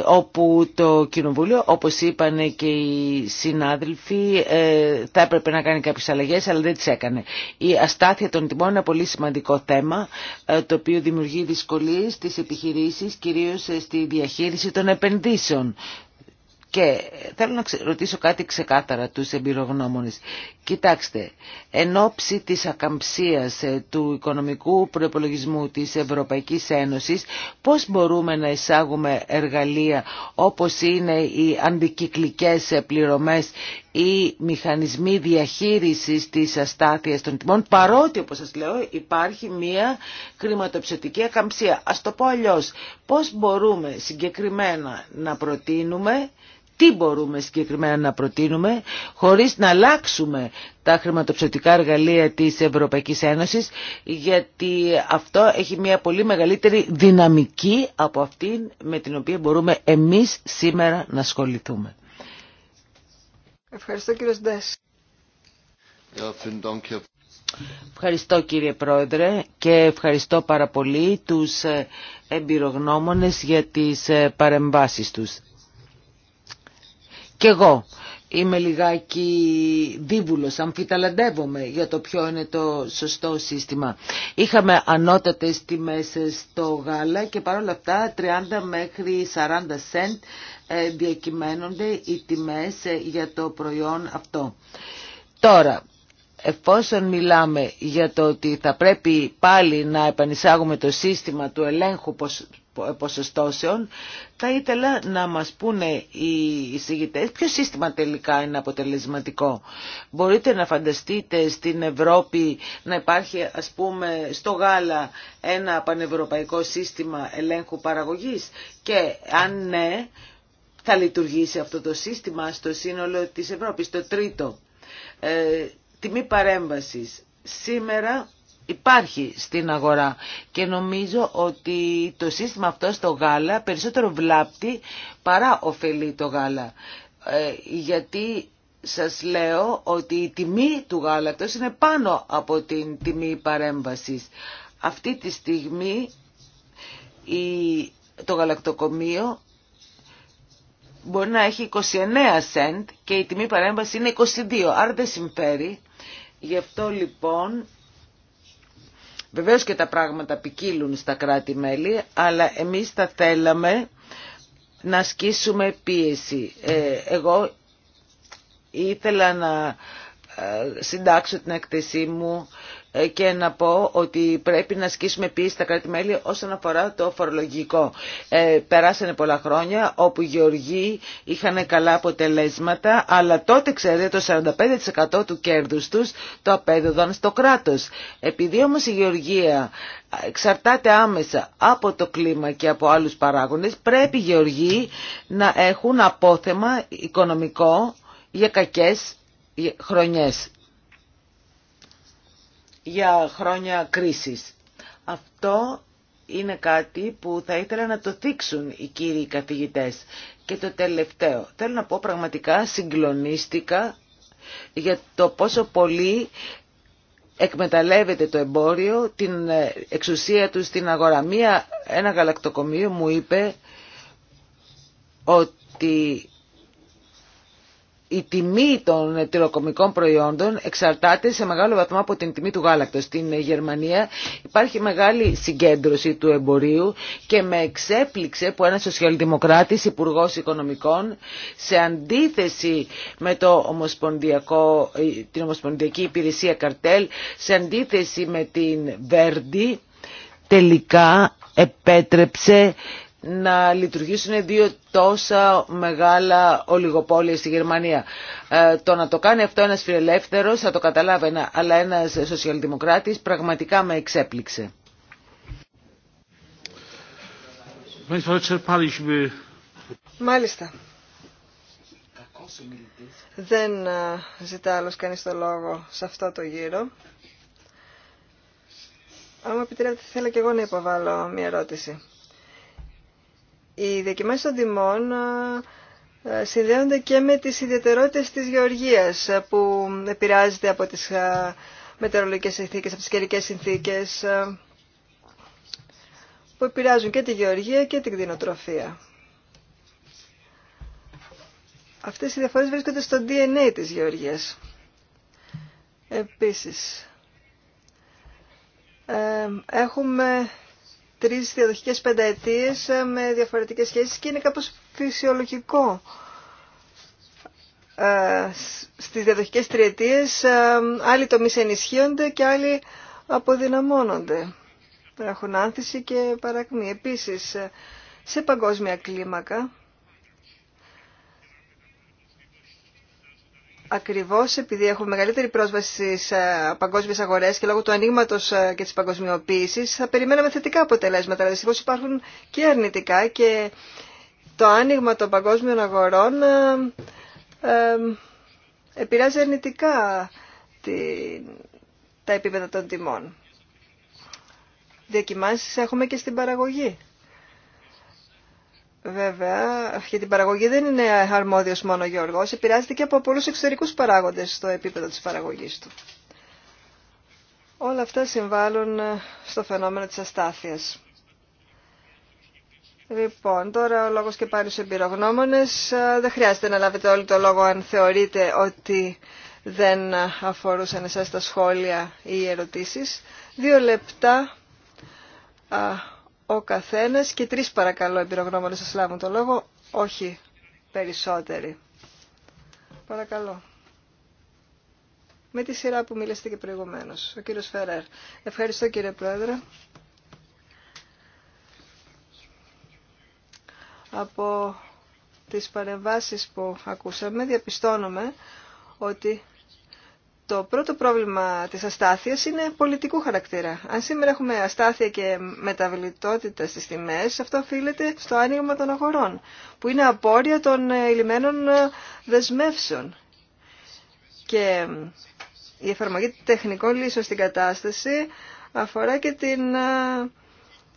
όπου το Κοινοβούλιο, όπως είπαν και οι συνάδελφοι, ε, θα έπρεπε να κάνει κάποιες αλλαγές, αλλά δεν τις έκανε. Η αστάθεια των τιμών είναι ένα πολύ σημαντικό θέμα, ε, το οποίο δημιουργεί δυσκολίες στις επιχειρήσεις, κυρίως ε, στη διαχείριση των επενδύσεων και θέλω να ρωτήσω κάτι ξεκάθαρα τους εμπειρογνώμονες. Κοιτάξτε, εν ώψη της ακαμψίας ε, του οικονομικού προπολογισμού της Ευρωπαϊκής Ένωσης, πώς μπορούμε να εισάγουμε εργαλεία όπως είναι οι αντικυκλικές ε, πληρωμές ή μηχανισμοί διαχείρισης της αστάθειας των τιμών, παρότι όπως σας λέω υπάρχει μια χρηματοψηφιακή ακαμψία. Ας το πω αλλιώς, πώς μπορούμε συγκεκριμένα να προτείνουμε τι μπορούμε συγκεκριμένα να προτείνουμε χωρίς να αλλάξουμε τα χρηματοψηφιακά εργαλεία της Ευρωπαϊκής Ένωσης γιατί αυτό έχει μια πολύ μεγαλύτερη δυναμική από αυτήν με την οποία μπορούμε εμείς σήμερα να ασχοληθούμε. Ευχαριστώ κύριε Ευχαριστώ κύριε Πρόεδρε και ευχαριστώ πάρα πολύ τους εμπειρογνώμονες για τις παρεμβάσεις τους. Και εγώ είμαι λιγάκι δίβουλος, αμφιταλαντεύομαι για το ποιο είναι το σωστό σύστημα. Είχαμε ανώτατες τιμές στο γάλα και παρόλα αυτά 30 μέχρι 40 σεντ ε, διακυμένονται οι τιμές ε, για το προϊόν αυτό. Τώρα, εφόσον μιλάμε για το ότι θα πρέπει πάλι να επανεισάγουμε το σύστημα του ελέγχου ποσοστώσεων, θα ήθελα να μας πούνε οι εισηγητές ποιο σύστημα τελικά είναι αποτελεσματικό. Μπορείτε να φανταστείτε στην Ευρώπη να υπάρχει ας πούμε στο γάλα ένα πανευρωπαϊκό σύστημα ελέγχου παραγωγής και αν ναι θα λειτουργήσει αυτό το σύστημα στο σύνολο της Ευρώπης. Το τρίτο, ε, τιμή παρέμβασης. Σήμερα υπάρχει στην αγορά και νομίζω ότι το σύστημα αυτό στο γάλα περισσότερο βλάπτει παρά ωφελεί το γάλα. Ε, γιατί σας λέω ότι η τιμή του γάλακτος είναι πάνω από την τιμή παρέμβασης. Αυτή τη στιγμή το γαλακτοκομείο μπορεί να έχει 29 σεντ και η τιμή παρέμβαση είναι 22, άρα δεν συμφέρει. Γι' αυτό λοιπόν Βεβαίως και τα πράγματα ποικίλουν στα κράτη-μέλη, αλλά εμείς θα θέλαμε να ασκήσουμε πίεση. Ε, εγώ ήθελα να ε, συντάξω την έκθεσή μου και να πω ότι πρέπει να ασκήσουμε πίεση τα κράτη-μέλη όσον αφορά το φορολογικό. Ε, περάσανε πολλά χρόνια όπου οι γεωργοί είχαν καλά αποτελέσματα, αλλά τότε ξέρετε το 45% του κέρδους τους το απέδωδαν στο κράτος. Επειδή όμως η γεωργία εξαρτάται άμεσα από το κλίμα και από άλλους παράγοντες, πρέπει οι γεωργοί να έχουν απόθεμα οικονομικό για κακές χρονιές για χρόνια κρίσης. Αυτό είναι κάτι που θα ήθελα να το θίξουν οι κύριοι καθηγητές. Και το τελευταίο, θέλω να πω πραγματικά συγκλονίστηκα για το πόσο πολύ εκμεταλλεύεται το εμπόριο, την ε, εξουσία του στην αγορά. Μία, ένα γαλακτοκομείο μου είπε ότι η τιμή των τηλεκομικών προϊόντων εξαρτάται σε μεγάλο βαθμό από την τιμή του γάλακτος. Στην Γερμανία υπάρχει μεγάλη συγκέντρωση του εμπορίου και με εξέπληξε που ένας σοσιαλδημοκράτης υπουργό Οικονομικών σε αντίθεση με το ομοσπονδιακό, ε, την Ομοσπονδιακή Υπηρεσία Καρτέλ, σε αντίθεση με την Βέρντι τελικά επέτρεψε να λειτουργήσουν δύο τόσα μεγάλα ολιγοπόλια στη Γερμανία. Ε, το να το κάνει αυτό ένας φιλελεύθερος θα το καταλάβαινα, αλλά ένας σοσιαλδημοκράτης πραγματικά με εξέπληξε. Μάλιστα. Δεν ε, ζητά άλλος κανείς το λόγο σε αυτό το γύρο. Αν μου επιτρέπετε, θέλω και εγώ να υποβάλω μια ερώτηση οι δοκιμάσεις των τιμών συνδέονται και με τις ιδιαιτερότητες της γεωργίας που επηρεάζεται από τις μετεωρολογικές συνθήκες, από τις καιρικέ συνθήκες που επηρεάζουν και τη γεωργία και την κτηνοτροφία. Αυτές οι διαφορές βρίσκονται στο DNA της γεωργίας. Επίσης, ε, έχουμε τρεις διαδοχικές πενταετίες ε, με διαφορετικές σχέσεις και είναι κάπως φυσιολογικό. Ε, στις διαδοχικές τριετίες ε, άλλοι τομείς ενισχύονται και άλλοι αποδυναμώνονται. Έχουν άνθηση και παρακμή. Επίσης, σε παγκόσμια κλίμακα ακριβώς επειδή έχουμε μεγαλύτερη πρόσβαση στις ε, παγκόσμιες αγορές και λόγω του ανοίγματο ε, και της παγκοσμιοποίησης θα περιμέναμε θετικά αποτελέσματα. Αλλά δυστυχώς υπάρχουν και αρνητικά και το άνοιγμα των παγκόσμιων αγορών ε, επηρεάζει αρνητικά τα επίπεδα των τιμών. Διακοιμάνσεις έχουμε και στην παραγωγή. Βέβαια, για την παραγωγή δεν είναι αρμόδιος μόνο ο Γιώργος. επηρεάζεται και από πολλούς εξωτερικούς παράγοντες στο επίπεδο της παραγωγής του. Όλα αυτά συμβάλλουν ε, στο φαινόμενο της αστάθειας. Λοιπόν, τώρα ο λόγος και πάλι στους εμπειρογνώμονες. Ε, δεν χρειάζεται να λάβετε όλο το λόγο αν θεωρείτε ότι δεν αφορούσαν εσάς τα σχόλια ή οι ερωτήσεις. Δύο λεπτά ο καθένας και τρεις παρακαλώ εμπειρογνώμονες σας λάβουν το λόγο, όχι περισσότεροι. Παρακαλώ. Με τη σειρά που μιλήσατε και προηγουμένως, ο κύριος Φερέρ. Ευχαριστώ κύριε Πρόεδρε. Από τις παρεμβάσεις που ακούσαμε διαπιστώνουμε ότι το πρώτο πρόβλημα της αστάθειας είναι πολιτικού χαρακτήρα. Αν σήμερα έχουμε αστάθεια και μεταβλητότητα στις τιμές, αυτό οφείλεται στο άνοιγμα των αγορών, που είναι απόρρια των ε, ηλιμένων ε, δεσμεύσεων. Και η εφαρμογή τεχνικών λύσεων στην κατάσταση αφορά και, την, ε,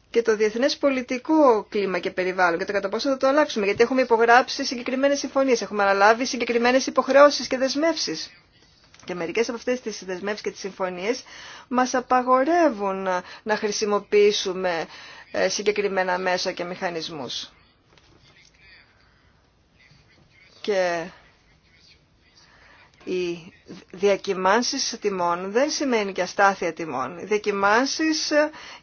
και το διεθνές πολιτικό κλίμα και περιβάλλον και το κατά πόσο θα το αλλάξουμε, γιατί έχουμε υπογράψει συγκεκριμένες συμφωνίες, έχουμε αναλάβει συγκεκριμένες υποχρεώσεις και δεσμεύσεις. Και μερικές από αυτές τις δεσμεύσεις και τις συμφωνίες μας απαγορεύουν να χρησιμοποιήσουμε ε, συγκεκριμένα μέσα και μηχανισμούς. Οι διακυμάνσεις τιμών δεν σημαίνει και αστάθεια τιμών. Οι διακυμάνσεις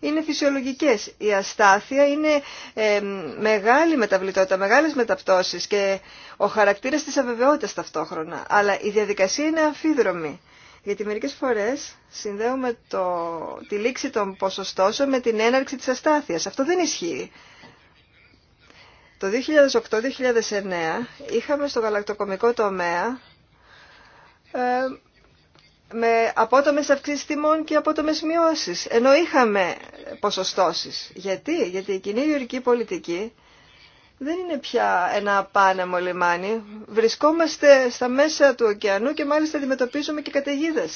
είναι φυσιολογικές. Η αστάθεια είναι ε, μεγάλη μεταβλητότητα, μεγάλες μεταπτώσεις και ο χαρακτήρας της αβεβαιότητας ταυτόχρονα. Αλλά η διαδικασία είναι αμφίδρομη. Γιατί μερικές φορές συνδέουμε το, τη λήξη των ποσοστώσεων με την έναρξη της αστάθειας. Αυτό δεν ισχύει. Το 2008-2009 είχαμε στο γαλακτοκομικό τομέα ε, με απότομες αυξήσεις τιμών και απότομες μειώσεις. Ενώ είχαμε ποσοστώσεις. Γιατί, γιατί η κοινή γεωργική πολιτική δεν είναι πια ένα πάνεμο λιμάνι. Βρισκόμαστε στα μέσα του ωκεανού και μάλιστα αντιμετωπίζουμε και καταιγίδε.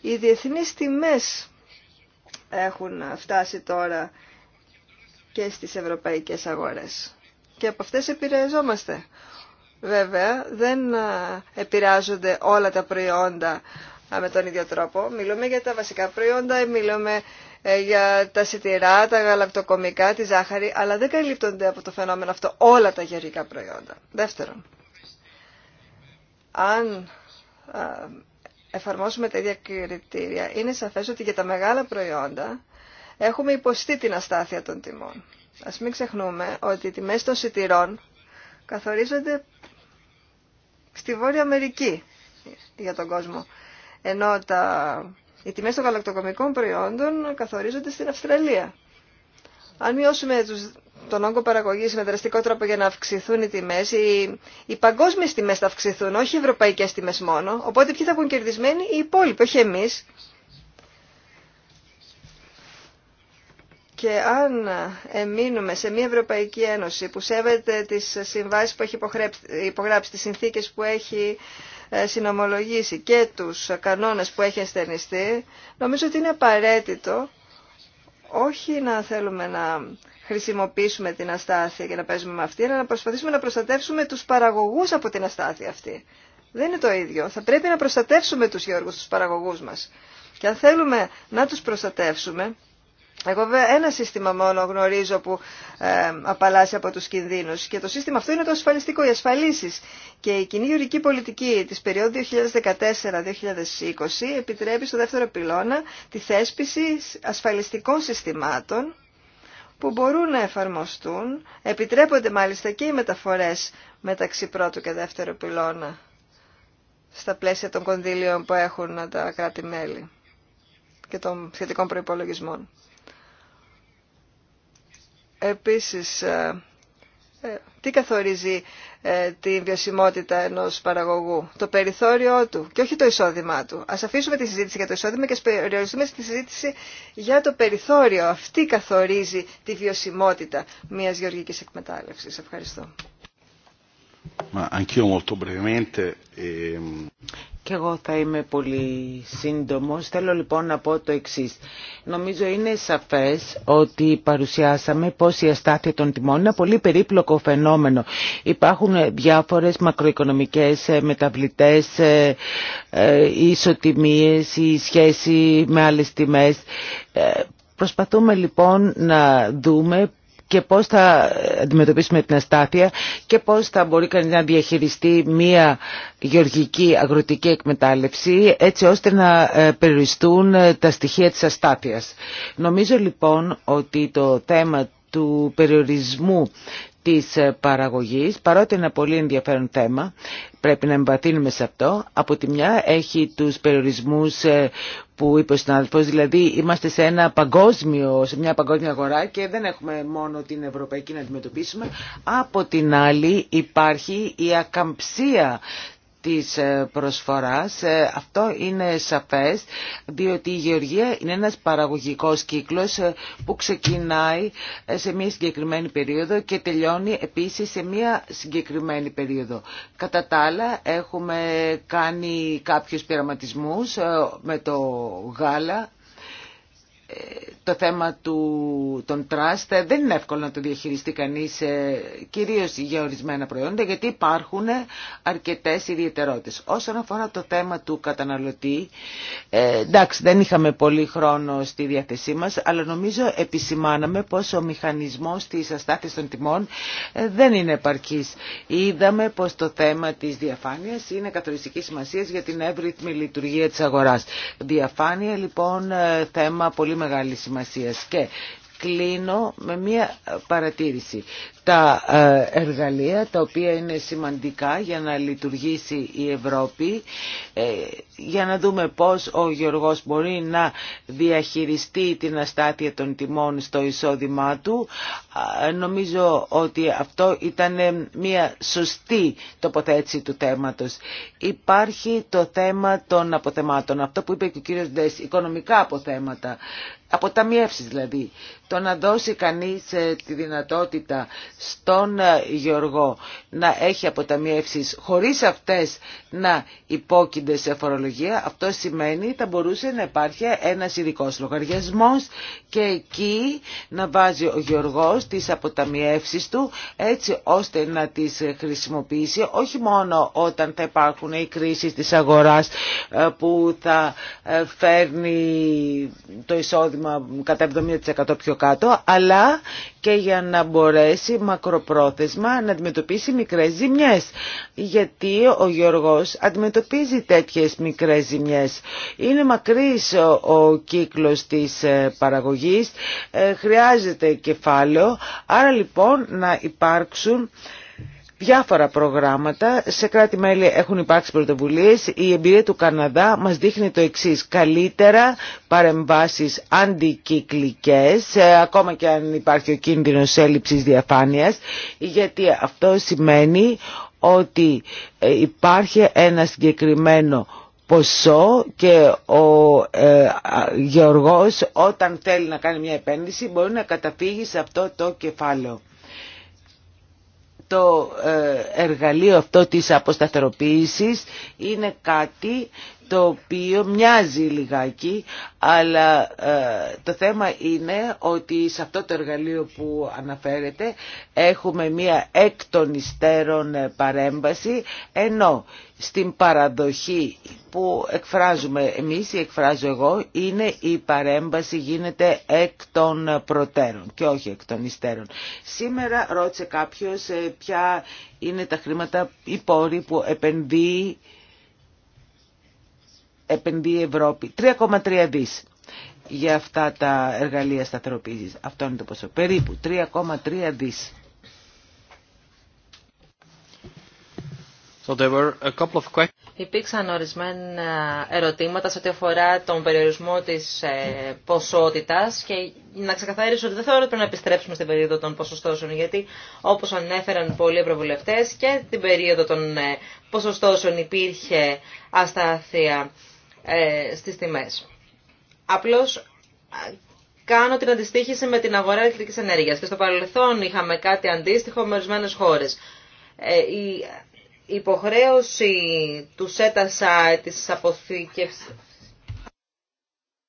Οι διεθνείς τιμές έχουν φτάσει τώρα και στις ευρωπαϊκές αγορές. Και από αυτές επηρεαζόμαστε. Βέβαια, δεν επηρεάζονται όλα τα προϊόντα με τον ίδιο τρόπο. Μιλούμε για τα βασικά προϊόντα, μιλούμε ε, για τα σιτηρά, τα γαλακτοκομικά, τη ζάχαρη, αλλά δεν καλύπτονται από το φαινόμενο αυτό όλα τα γεωργικά προϊόντα. Δεύτερον, αν εφαρμόσουμε τα ίδια κριτήρια, είναι σαφές ότι για τα μεγάλα προϊόντα έχουμε υποστεί την αστάθεια των τιμών. Ας μην ξεχνούμε ότι οι τιμές των σιτηρών καθορίζονται στη Βόρεια Αμερική για τον κόσμο. Ενώ τα... οι τιμές των γαλακτοκομικών προϊόντων καθορίζονται στην Αυστραλία. Αν μειώσουμε τον όγκο παραγωγής με δραστικό τρόπο για να αυξηθούν οι τιμές, οι, οι παγκόσμιες τιμές θα αυξηθούν, όχι οι ευρωπαϊκές τιμές μόνο. Οπότε ποιοι θα έχουν κερδισμένοι, οι υπόλοιποι, όχι εμείς. Και αν εμείνουμε σε μια Ευρωπαϊκή Ένωση που σέβεται τις συμβάσεις που έχει υπογράψει, τις συνθήκες που έχει ε, συνομολογήσει και τους κανόνες που έχει ασθενιστεί, νομίζω ότι είναι απαραίτητο όχι να θέλουμε να χρησιμοποιήσουμε την αστάθεια και να παίζουμε με αυτή, αλλά να προσπαθήσουμε να προστατεύσουμε τους παραγωγούς από την αστάθεια αυτή. Δεν είναι το ίδιο. Θα πρέπει να προστατεύσουμε τους γεωργούς, τους παραγωγούς μας. Και αν θέλουμε να τους προστατεύσουμε, εγώ βέβαια ένα σύστημα μόνο γνωρίζω που ε, απαλλάσσει από τους κινδύνους και το σύστημα αυτό είναι το ασφαλιστικό, οι ασφαλίσεις. Και η κοινή γεωρική πολιτική της περίοδου 2014-2020 επιτρέπει στο δεύτερο πυλώνα τη θέσπιση ασφαλιστικών συστημάτων που μπορούν να εφαρμοστούν, επιτρέπονται μάλιστα και οι μεταφορές μεταξύ πρώτου και δεύτερου πυλώνα στα πλαίσια των κονδύλιων που έχουν τα κράτη-μέλη και των σχετικών προϋπολογισμών. Επίσης, ε, ε, τι καθορίζει ε, τη βιωσιμότητα ενός παραγωγού, το περιθώριό του και όχι το εισόδημά του. Ας αφήσουμε τη συζήτηση για το εισόδημα και περιοριστούμε στη συζήτηση για το περιθώριο. Αυτή καθορίζει τη βιωσιμότητα μιας γεωργικής εκμετάλλευσης. Ευχαριστώ. Ehm, και εγώ θα είμαι πολύ σύντομος. Θέλω λοιπόν να πω το εξής. Νομίζω είναι σαφές ότι παρουσιάσαμε πως η αστάθεια των τιμών είναι ένα πολύ περίπλοκο φαινόμενο. Υπάρχουν ε, διάφορες μακροοικονομικές ε, μεταβλητές, ε, ισοτιμίες, η σχέση με άλλες τιμές. Προσπαθούμε λοιπόν να δούμε και πώς θα αντιμετωπίσουμε την αστάθεια και πώς θα μπορεί κανείς να διαχειριστεί μία γεωργική αγροτική εκμετάλλευση έτσι ώστε να ε, περιοριστούν ε, τα στοιχεία της αστάθειας. Νομίζω λοιπόν ότι το θέμα του περιορισμού της ε, παραγωγής, παρότι είναι ένα πολύ ενδιαφέρον θέμα, πρέπει να εμβαθύνουμε σε αυτό. Από τη μια έχει τους περιορισμούς ε, που είπε ο συνάδελφος, δηλαδή είμαστε σε ένα παγκόσμιο, σε μια παγκόσμια αγορά και δεν έχουμε μόνο την ευρωπαϊκή να αντιμετωπίσουμε. Από την άλλη υπάρχει η ακαμψία της ε, προσφοράς. Ε, αυτό είναι σαφές, διότι η γεωργία είναι ένας παραγωγικός κύκλος ε, που ξεκινάει σε μια συγκεκριμένη περίοδο και τελειώνει επίσης σε μια συγκεκριμένη περίοδο. Κατά τα άλλα έχουμε κάνει κάποιους πειραματισμούς με το γάλα, το θέμα του, των τραστ ε, δεν είναι εύκολο να το διαχειριστεί κανείς ε, κυρίως για ορισμένα προϊόντα γιατί υπάρχουν αρκετές ιδιαιτερότητες. Όσον αφορά το θέμα του καταναλωτή, ε, εντάξει δεν είχαμε πολύ χρόνο στη διάθεσή μας αλλά νομίζω επισημάναμε πως ο μηχανισμός της αστάθειας των τιμών δεν είναι επαρκής. Είδαμε πως το θέμα της διαφάνειας είναι καθοριστική σημασία για την εύρυθμη λειτουργία της αγοράς. Διαφάνεια λοιπόν θέμα πολύ μεγάλη σημασία και κλείνω με μία παρατήρηση. Τα ε, εργαλεία τα οποία είναι σημαντικά για να λειτουργήσει η Ευρώπη, ε, για να δούμε πώς ο Γεωργός μπορεί να διαχειριστεί την αστάθεια των τιμών στο εισόδημά του, νομίζω ότι αυτό ήταν μία σωστή τοποθέτηση του θέματος. Υπάρχει το θέμα των αποθεμάτων, αυτό που είπε και ο κύριος Δες, οικονομικά αποθέματα αποταμιεύσεις δηλαδή, το να δώσει κανείς ε, τη δυνατότητα στον ε, Γιώργο να έχει αποταμιεύσεις χωρίς αυτές να υπόκεινται σε φορολογία, αυτό σημαίνει θα μπορούσε να υπάρχει ένας ειδικό λογαριασμός και εκεί να βάζει ο Γεωργός τις αποταμιεύσεις του έτσι ώστε να τις χρησιμοποιήσει όχι μόνο όταν θα υπάρχουν οι κρίσεις της αγοράς ε, που θα φέρνει το εισόδημα κατά 70% πιο κάτω, αλλά και για να μπορέσει μακροπρόθεσμα να αντιμετωπίσει μικρές ζημιές. Γιατί ο Γιώργος αντιμετωπίζει τέτοιες μικρές ζημιές. Είναι μακρύς ο κύκλος της ε, παραγωγής, ε, χρειάζεται κεφάλαιο, άρα λοιπόν να υπάρξουν διάφορα προγράμματα. Σε κράτη-μέλη έχουν υπάρξει πρωτοβουλίες. Η εμπειρία του Καναδά μας δείχνει το εξής. Καλύτερα παρεμβάσεις αντικυκλικές, ε, ακόμα και αν υπάρχει ο κίνδυνος έλλειψης διαφάνειας, γιατί αυτό σημαίνει ότι ε, υπάρχει ένα συγκεκριμένο ποσό και ο ε, γεωργός όταν θέλει να κάνει μια επένδυση μπορεί να καταφύγει σε αυτό το κεφάλαιο το ε, εργαλείο αυτό της αποσταθεροποίησης είναι κάτι το οποίο μοιάζει λιγάκι, αλλά ε, το θέμα είναι ότι σε αυτό το εργαλείο που αναφέρεται έχουμε μία εκ των υστέρων ε, παρέμβαση, ενώ στην παραδοχή που εκφράζουμε εμείς ή εκφράζω εγώ είναι η παρέμβαση γίνεται εκ των προτέρων και όχι εκ των υστέρων. Σήμερα ρώτησε κάποιος ε, ποια είναι τα χρήματα, οι πόροι που επενδύει επενδύει η Ευρώπη. 3,3 δις για αυτά τα εργαλεία σταθεροποίησης. Αυτό είναι το ποσό. Περίπου 3,3 δις. So there a couple of Υπήρξαν ορισμένα ερωτήματα σε ό,τι αφορά τον περιορισμό της ε, ποσότητας και να ξεκαθαρίσω ότι δεν θεωρώ ότι πρέπει να επιστρέψουμε στην περίοδο των ποσοστώσεων γιατί όπως ανέφεραν πολλοί ευρωβουλευτές και την περίοδο των ε, ποσοστώσεων υπήρχε αστάθεια ε, στις τιμές. Απλώς κάνω την αντιστοίχηση με την αγορά ηλεκτρικής ενέργειας και στο παρελθόν είχαμε κάτι αντίστοιχο με ορισμένε χώρες. Ε, η υποχρέωση του ΣΕΤΑΣΑ της αποθήκευσης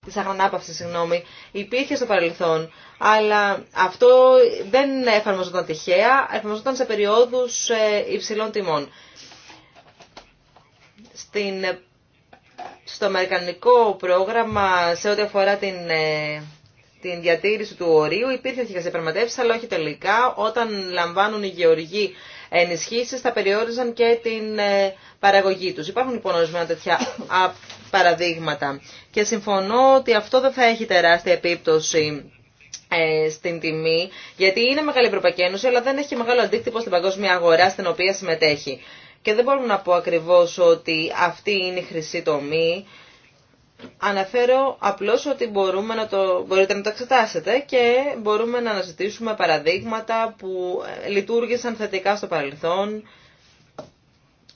της αγανάπαυσης, συγγνώμη, υπήρχε στο παρελθόν, αλλά αυτό δεν εφαρμοζόταν τυχαία, εφαρμοζόταν σε περιόδους ε, υψηλών τιμών. Στην στο Αμερικανικό πρόγραμμα σε ό,τι αφορά την, ε, την διατήρηση του ορίου υπήρχε αρχικά σε πραγματεύσεις, αλλά όχι τελικά. Όταν λαμβάνουν οι γεωργοί ενισχύσεις θα περιόριζαν και την ε, παραγωγή τους. Υπάρχουν λοιπόν ορισμένα τέτοια παραδείγματα. Και συμφωνώ ότι αυτό δεν θα έχει τεράστια επίπτωση ε, στην τιμή, γιατί είναι μεγάλη η Ευρωπαϊκή Ένωση, αλλά δεν έχει μεγάλο αντίκτυπο στην παγκόσμια αγορά στην οποία συμμετέχει και δεν μπορούμε να πω ακριβώς ότι αυτή είναι η χρυσή τομή. Αναφέρω απλώς ότι μπορούμε να το, μπορείτε να το εξετάσετε και μπορούμε να αναζητήσουμε παραδείγματα που ε, λειτουργήσαν θετικά στο παρελθόν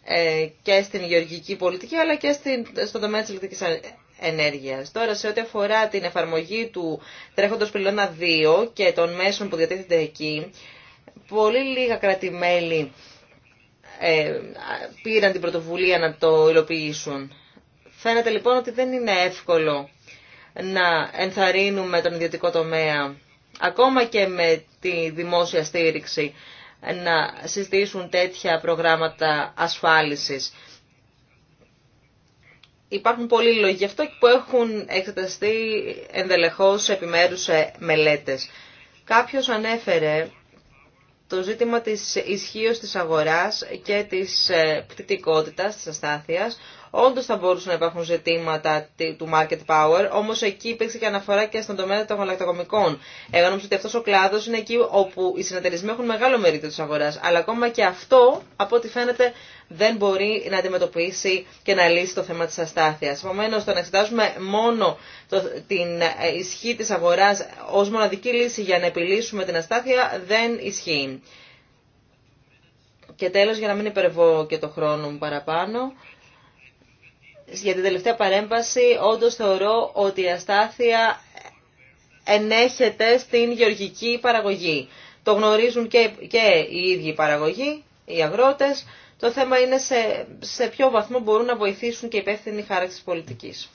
ε, και στην γεωργική πολιτική αλλά και στην, στον τομέα της ηλεκτρικής ε, ενέργειας. Τώρα σε ό,τι αφορά την εφαρμογή του τρέχοντος πυλώνα 2 και των μέσων που διατίθεται εκεί, πολύ λίγα κρατημέλη ε, πήραν την πρωτοβουλία να το υλοποιήσουν. Φαίνεται λοιπόν ότι δεν είναι εύκολο να ενθαρρύνουμε τον ιδιωτικό τομέα, ακόμα και με τη δημόσια στήριξη, να συστήσουν τέτοια προγράμματα ασφάλισης. Υπάρχουν πολλοί λόγοι γι' αυτό που έχουν εξεταστεί ενδελεχώς επιμέρους ε, μελέτες. Κάποιος ανέφερε το ζήτημα της ισχύω της αγοράς και της ε, πτυτικότητας, της αστάθειας, Όντω θα μπορούσαν να υπάρχουν ζητήματα του market power, όμω εκεί υπήρξε και αναφορά και στον τομέα των γαλακτοκομικών. Εγώ νομίζω ότι αυτό ο κλάδο είναι εκεί όπου οι συνεταιρισμοί έχουν μεγάλο μερίδιο τη αγορά. Αλλά ακόμα και αυτό, από ό,τι φαίνεται, δεν μπορεί να αντιμετωπίσει και να λύσει το θέμα τη αστάθεια. Επομένω, το να εξετάσουμε μόνο την ε, ισχύ τη αγορά ω μοναδική λύση για να επιλύσουμε την αστάθεια δεν ισχύει. Και τέλος, για να μην υπερβώ και το χρόνο μου παραπάνω, για την τελευταία παρέμβαση, όντως θεωρώ ότι η αστάθεια ενέχεται στην γεωργική παραγωγή. Το γνωρίζουν και, και οι ίδιοι οι παραγωγοί, οι αγρότες. Το θέμα είναι σε, σε ποιο βαθμό μπορούν να βοηθήσουν και οι υπεύθυνοι χάραξη πολιτικής.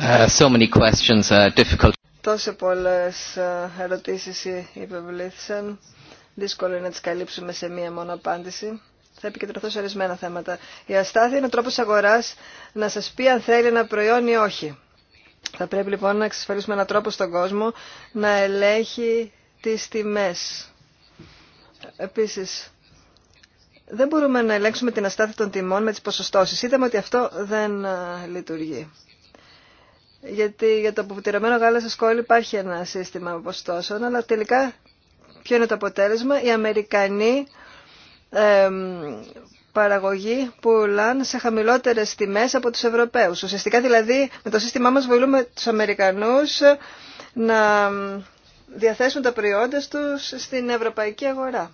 Uh, so many uh, πολλές ε, ερωτήσεις υπευλήθησαν. Δύσκολο είναι να τις καλύψουμε σε μία μόνο απάντηση θα επικεντρωθώ σε ορισμένα θέματα. Η αστάθεια είναι ο τρόπος αγοράς να σας πει αν θέλει ένα προϊόν ή όχι. Θα πρέπει λοιπόν να εξασφαλίσουμε έναν τρόπο στον κόσμο να ελέγχει τις τιμές. Επίσης, δεν μπορούμε να ελέγξουμε την αστάθεια των τιμών με τις ποσοστώσεις. Είδαμε ότι αυτό δεν λειτουργεί. Γιατί για το αποπτυρωμένο γάλα σε σχόλιο υπάρχει ένα σύστημα ποσοστώσεων, αλλά τελικά ποιο είναι το αποτέλεσμα. Οι Αμερικανοί παραγωγή πουλάν σε χαμηλότερες τιμές από τους Ευρωπαίους. Ουσιαστικά δηλαδή με το σύστημά μας βοηθούμε τους Αμερικανούς να διαθέσουν τα προϊόντα τους στην ευρωπαϊκή αγορά.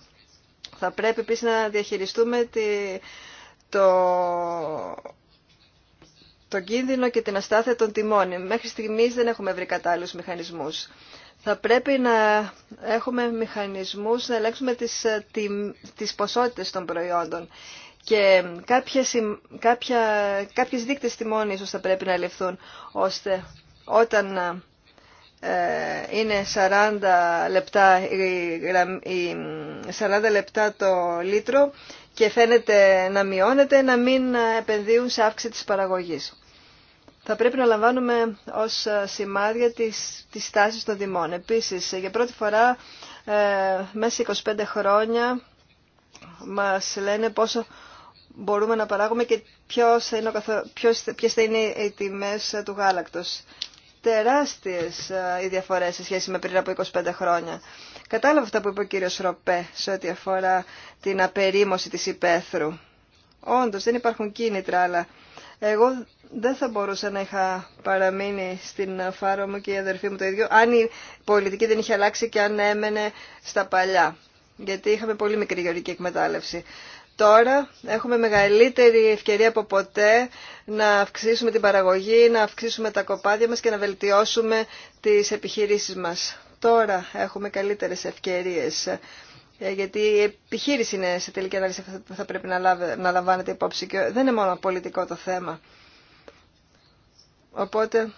Θα πρέπει επίσης να διαχειριστούμε τη, το, το κίνδυνο και την αστάθεια των τιμών. Μέχρι στιγμής δεν έχουμε βρει κατάλληλους μηχανισμούς θα πρέπει να έχουμε μηχανισμούς να ελέγξουμε τις, ε, τις ποσότητες των προϊόντων και κάποιες, κάποια, κάποιες δείκτες τιμών ίσως θα πρέπει να ληφθούν ώστε όταν ε, είναι 40 λεπτά, 40 λεπτά το λίτρο και φαίνεται να μειώνεται να μην ε, επενδύουν σε αύξηση της παραγωγής θα πρέπει να λαμβάνουμε ως ε, σημάδια τις, τις τάσεις των δημών. Επίσης, ε, για πρώτη φορά ε, μέσα 25 χρόνια μας λένε πόσο μπορούμε να παράγουμε και ποιος θα είναι ο ποιος, ποιες θα είναι οι τιμές του γάλακτος. Τεράστιες οι διαφορές σε σχέση με πριν από 25 χρόνια. Κατάλαβα αυτά που είπε ο κύριος Ροπέ σε ό,τι αφορά την απερίμωση της υπαίθρου. Όντως δεν υπάρχουν κίνητρα, αλλά εγώ δεν θα μπορούσα να είχα παραμείνει στην φάρο μου και η αδερφή μου το ίδιο, αν η πολιτική δεν είχε αλλάξει και αν έμενε στα παλιά. Γιατί είχαμε πολύ μικρή γεωρική εκμετάλλευση. Τώρα έχουμε μεγαλύτερη ευκαιρία από ποτέ να αυξήσουμε την παραγωγή, να αυξήσουμε τα κοπάδια μας και να βελτιώσουμε τις επιχειρήσεις μας. Τώρα έχουμε καλύτερες ευκαιρίες ε, γιατί η επιχείρηση είναι σε τελική ανάλυση που θα πρέπει να, λάβε, να λαμβάνετε υπόψη και δεν είναι μόνο πολιτικό το θέμα. Οπότε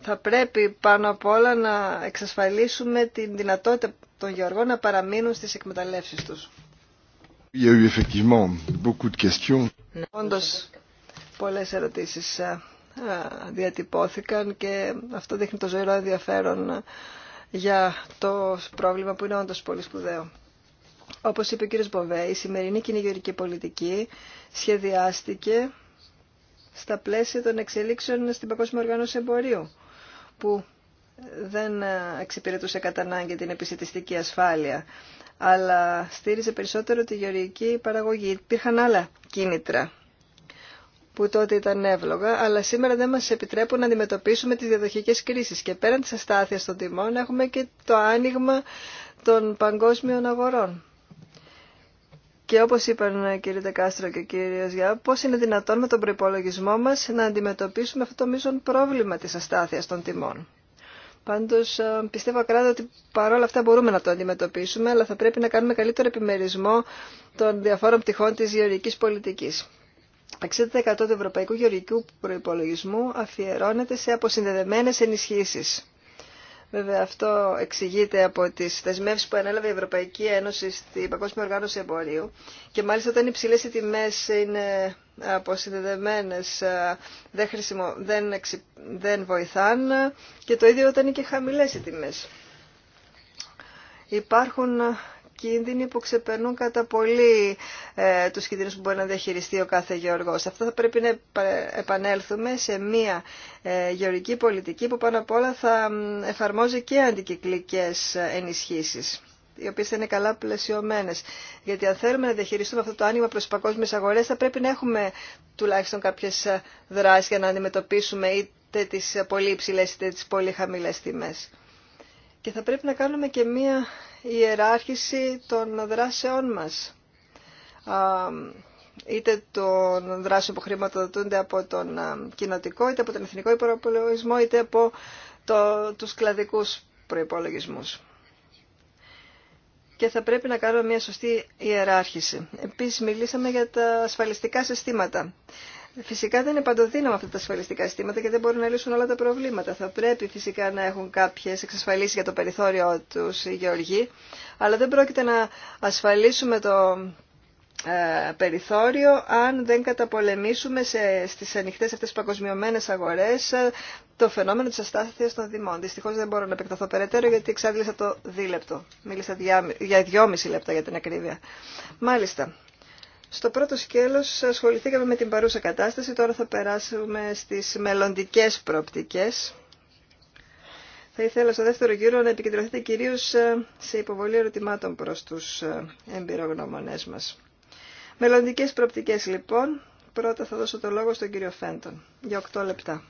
θα πρέπει πάνω απ' όλα να εξασφαλίσουμε την δυνατότητα των γεωργών να παραμείνουν στις εκμεταλλεύσεις τους. Όντως, πολλές ερωτήσεις ε, ε, διατυπώθηκαν και αυτό δείχνει το ζωηρό ενδιαφέρον για το πρόβλημα που είναι όντως πολύ σπουδαίο. Όπως είπε ο κύριος Μποβέ, η σημερινή κυνηγιορική πολιτική σχεδιάστηκε στα πλαίσια των εξελίξεων στην Παγκόσμια Οργάνωση Εμπορίου, που δεν εξυπηρετούσε κατά ανάγκη την επισητιστική ασφάλεια, αλλά στήριζε περισσότερο τη γεωρική παραγωγή. Υπήρχαν άλλα κίνητρα που τότε ήταν εύλογα, αλλά σήμερα δεν μας επιτρέπουν να αντιμετωπίσουμε τις διαδοχικές κρίσεις. Και πέραν της αστάθειας των τιμών έχουμε και το άνοιγμα των παγκόσμιων αγορών. Και όπως είπαν ε, κύριε Δεκάστρο και κύριε Ζιά, πώς είναι δυνατόν με τον προπολογισμό μας να αντιμετωπίσουμε αυτό το μείζον πρόβλημα της αστάθειας των τιμών. Πάντως ε, πιστεύω ακράδαντα ότι παρόλα αυτά μπορούμε να το αντιμετωπίσουμε, αλλά θα πρέπει να κάνουμε καλύτερο επιμερισμό των διαφόρων πτυχών της γεωργικής πολιτικής. 60% του Ευρωπαϊκού Γεωργικού Προϋπολογισμού αφιερώνεται σε αποσυνδεδεμένες ενισχύσεις. Βέβαια αυτό εξηγείται από τις δεσμεύσεις που ανέλαβε η Ευρωπαϊκή Ένωση στην Παγκόσμια Οργάνωση Εμπορίου και μάλιστα όταν οι ψηλές οι τιμές είναι αποσυνδεδεμένες δεν, δεν, δεν βοηθάν και το ίδιο όταν είναι και χαμηλές οι τιμές. Υπάρχουν κίνδυνοι που ξεπερνούν κατά πολύ ε, τους κινδύνους που μπορεί να διαχειριστεί ο κάθε γεωργό. Αυτό θα πρέπει να επανέλθουμε σε μια ε, γεωργική πολιτική που πάνω απ' όλα θα εφαρμόζει και αντικυκλικές ενισχύσεις οι οποίε θα είναι καλά πλαισιωμένε. Γιατί αν θέλουμε να διαχειριστούμε αυτό το άνοιγμα προ τι παγκόσμιε αγορέ, θα πρέπει να έχουμε τουλάχιστον κάποιε δράσει για να αντιμετωπίσουμε είτε τι πολύ υψηλέ είτε τι πολύ χαμηλέ τιμέ. Και θα πρέπει να κάνουμε και μία ιεράρχηση των δράσεών μας. Είτε των δράσεων που χρηματοδοτούνται από τον κοινοτικό, είτε από τον εθνικό υπολογισμό, είτε από τους κλαδικούς προϋπολογισμούς. Και θα πρέπει να κάνουμε μια σωστή ιεράρχηση. Επίσης μιλήσαμε για τα ασφαλιστικά συστήματα. Φυσικά δεν είναι παντοδύναμα αυτά τα ασφαλιστικά συστήματα και δεν μπορούν να λύσουν όλα τα προβλήματα. Θα πρέπει φυσικά να έχουν κάποιε εξασφαλίσει για το περιθώριό του οι γεωργοί, αλλά δεν πρόκειται να ασφαλίσουμε το ε, περιθώριο αν δεν καταπολεμήσουμε στι στις ανοιχτές αυτές παγκοσμιωμένες αγορές ε, το φαινόμενο της αστάθειας των δημών. Δυστυχώ δεν μπορώ να επεκταθώ περαιτέρω γιατί εξάντλησα το δίλεπτο. Μίλησα για δυόμιση λεπτά για την ακρίβεια. Μάλιστα. Στο πρώτο σκέλος ασχοληθήκαμε με την παρούσα κατάσταση, τώρα θα περάσουμε στις μελλοντικές προοπτικές. Θα ήθελα στο δεύτερο γύρο να επικεντρωθείτε κυρίως ε, σε υποβολή ερωτημάτων προς τους ε, εμπειρογνωμονές μας. Μελλοντικές προοπτικές λοιπόν. Πρώτα θα δώσω το λόγο στον κύριο Φέντον για 8 λεπτά.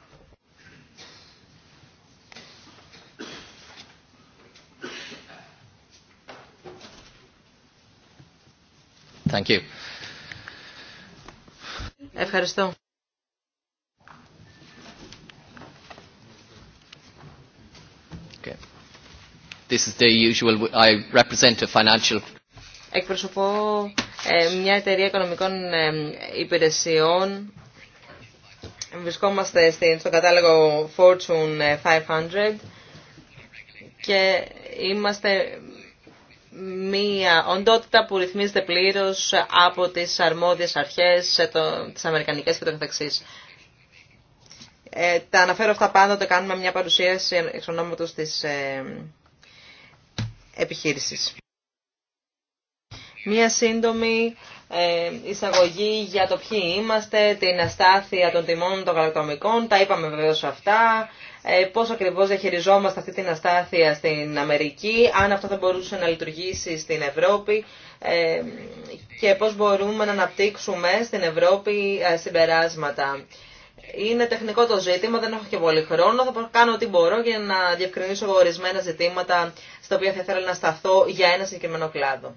Thank you. Ευχαριστώ. This is the usual. I represent a financial. Εκπροσωπώ ε, μια εταιρεία οικονομικών ε, υπηρεσιών. Βρισκόμαστε στην, στο κατάλογο Fortune 500 ε, και είμαστε μία οντότητα που ρυθμίζεται πλήρως από τις αρμόδιες αρχές, ε, το, τις Αμερικανικές και το ε, τα αναφέρω αυτά πάντοτε, κάνουμε μια παρουσίαση εξ ονόματος της ε, επιχείρησης. Μία σύντομη ε, εισαγωγή για το ποιοι είμαστε, την αστάθεια των τιμών των γαλακτομικών, τα είπαμε βεβαίως αυτά, ε, Πώ ακριβώ διαχειριζόμαστε αυτή την αστάθεια στην Αμερική, αν αυτό θα μπορούσε να λειτουργήσει στην Ευρώπη ε, και πώς μπορούμε να αναπτύξουμε στην Ευρώπη ε, συμπεράσματα. Είναι τεχνικό το ζήτημα, δεν έχω και πολύ χρόνο. Θα κάνω ό,τι μπορώ για να διευκρινίσω ορισμένα ζητήματα στα οποία θα ήθελα να σταθώ για ένα συγκεκριμένο κλάδο.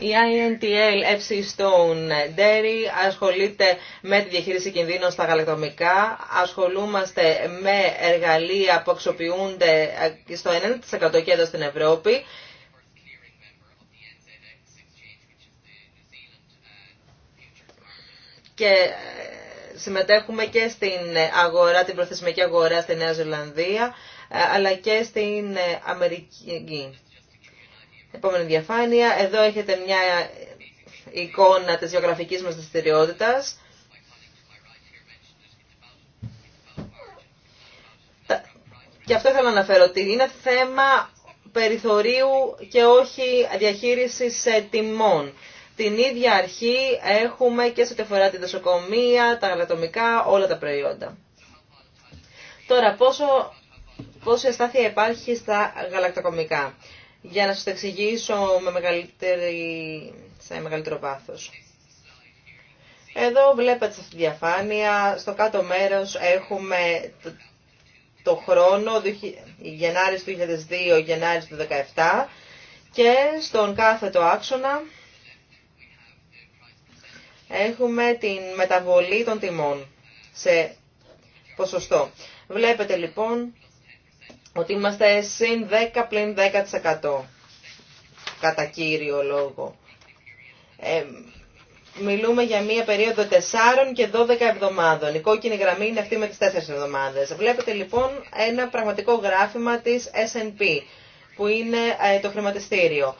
Η INTL FC Stone Dairy ασχολείται με τη διαχείριση κινδύνων στα γαλακτομικά. Ασχολούμαστε με εργαλεία που αξιοποιούνται ε, στο 90% και στην Ευρώπη. Και ε, συμμετέχουμε και στην αγορά, την προθεσμική αγορά στη Νέα Ζηλανδία, ε, αλλά και στην Αμερική. Επόμενη διαφάνεια. Εδώ έχετε μια εικόνα της γεωγραφικής μας δραστηριότητα. Και αυτό ήθελα να αναφέρω ότι είναι θέμα περιθωρίου και όχι διαχείρισης ε, τιμών. Την ίδια αρχή έχουμε και σε ό,τι αφορά τη δοσοκομεία, τα γαλακτομικά, όλα τα προϊόντα. Τώρα, πόσο, πόση αστάθεια υπάρχει στα γαλακτοκομικά για να σας το εξηγήσω με μεγαλύτερη, σε μεγαλύτερο βάθος. Εδώ βλέπετε αυτή τη διαφάνεια, στο κάτω μέρος έχουμε το, το χρόνο, Γενάρης του 2002, Γενάρης του 2017 και στον κάθετο άξονα έχουμε την μεταβολή των τιμών σε ποσοστό. Βλέπετε λοιπόν ότι είμαστε συν 10 πλην 10% κατά κύριο λόγο. Ε, μιλούμε για μία περίοδο 4 και 12 εβδομάδων. Η κόκκινη γραμμή είναι αυτή με τις 4 εβδομάδες. Βλέπετε λοιπόν ένα πραγματικό γράφημα της S&P που είναι ε, το χρηματιστήριο.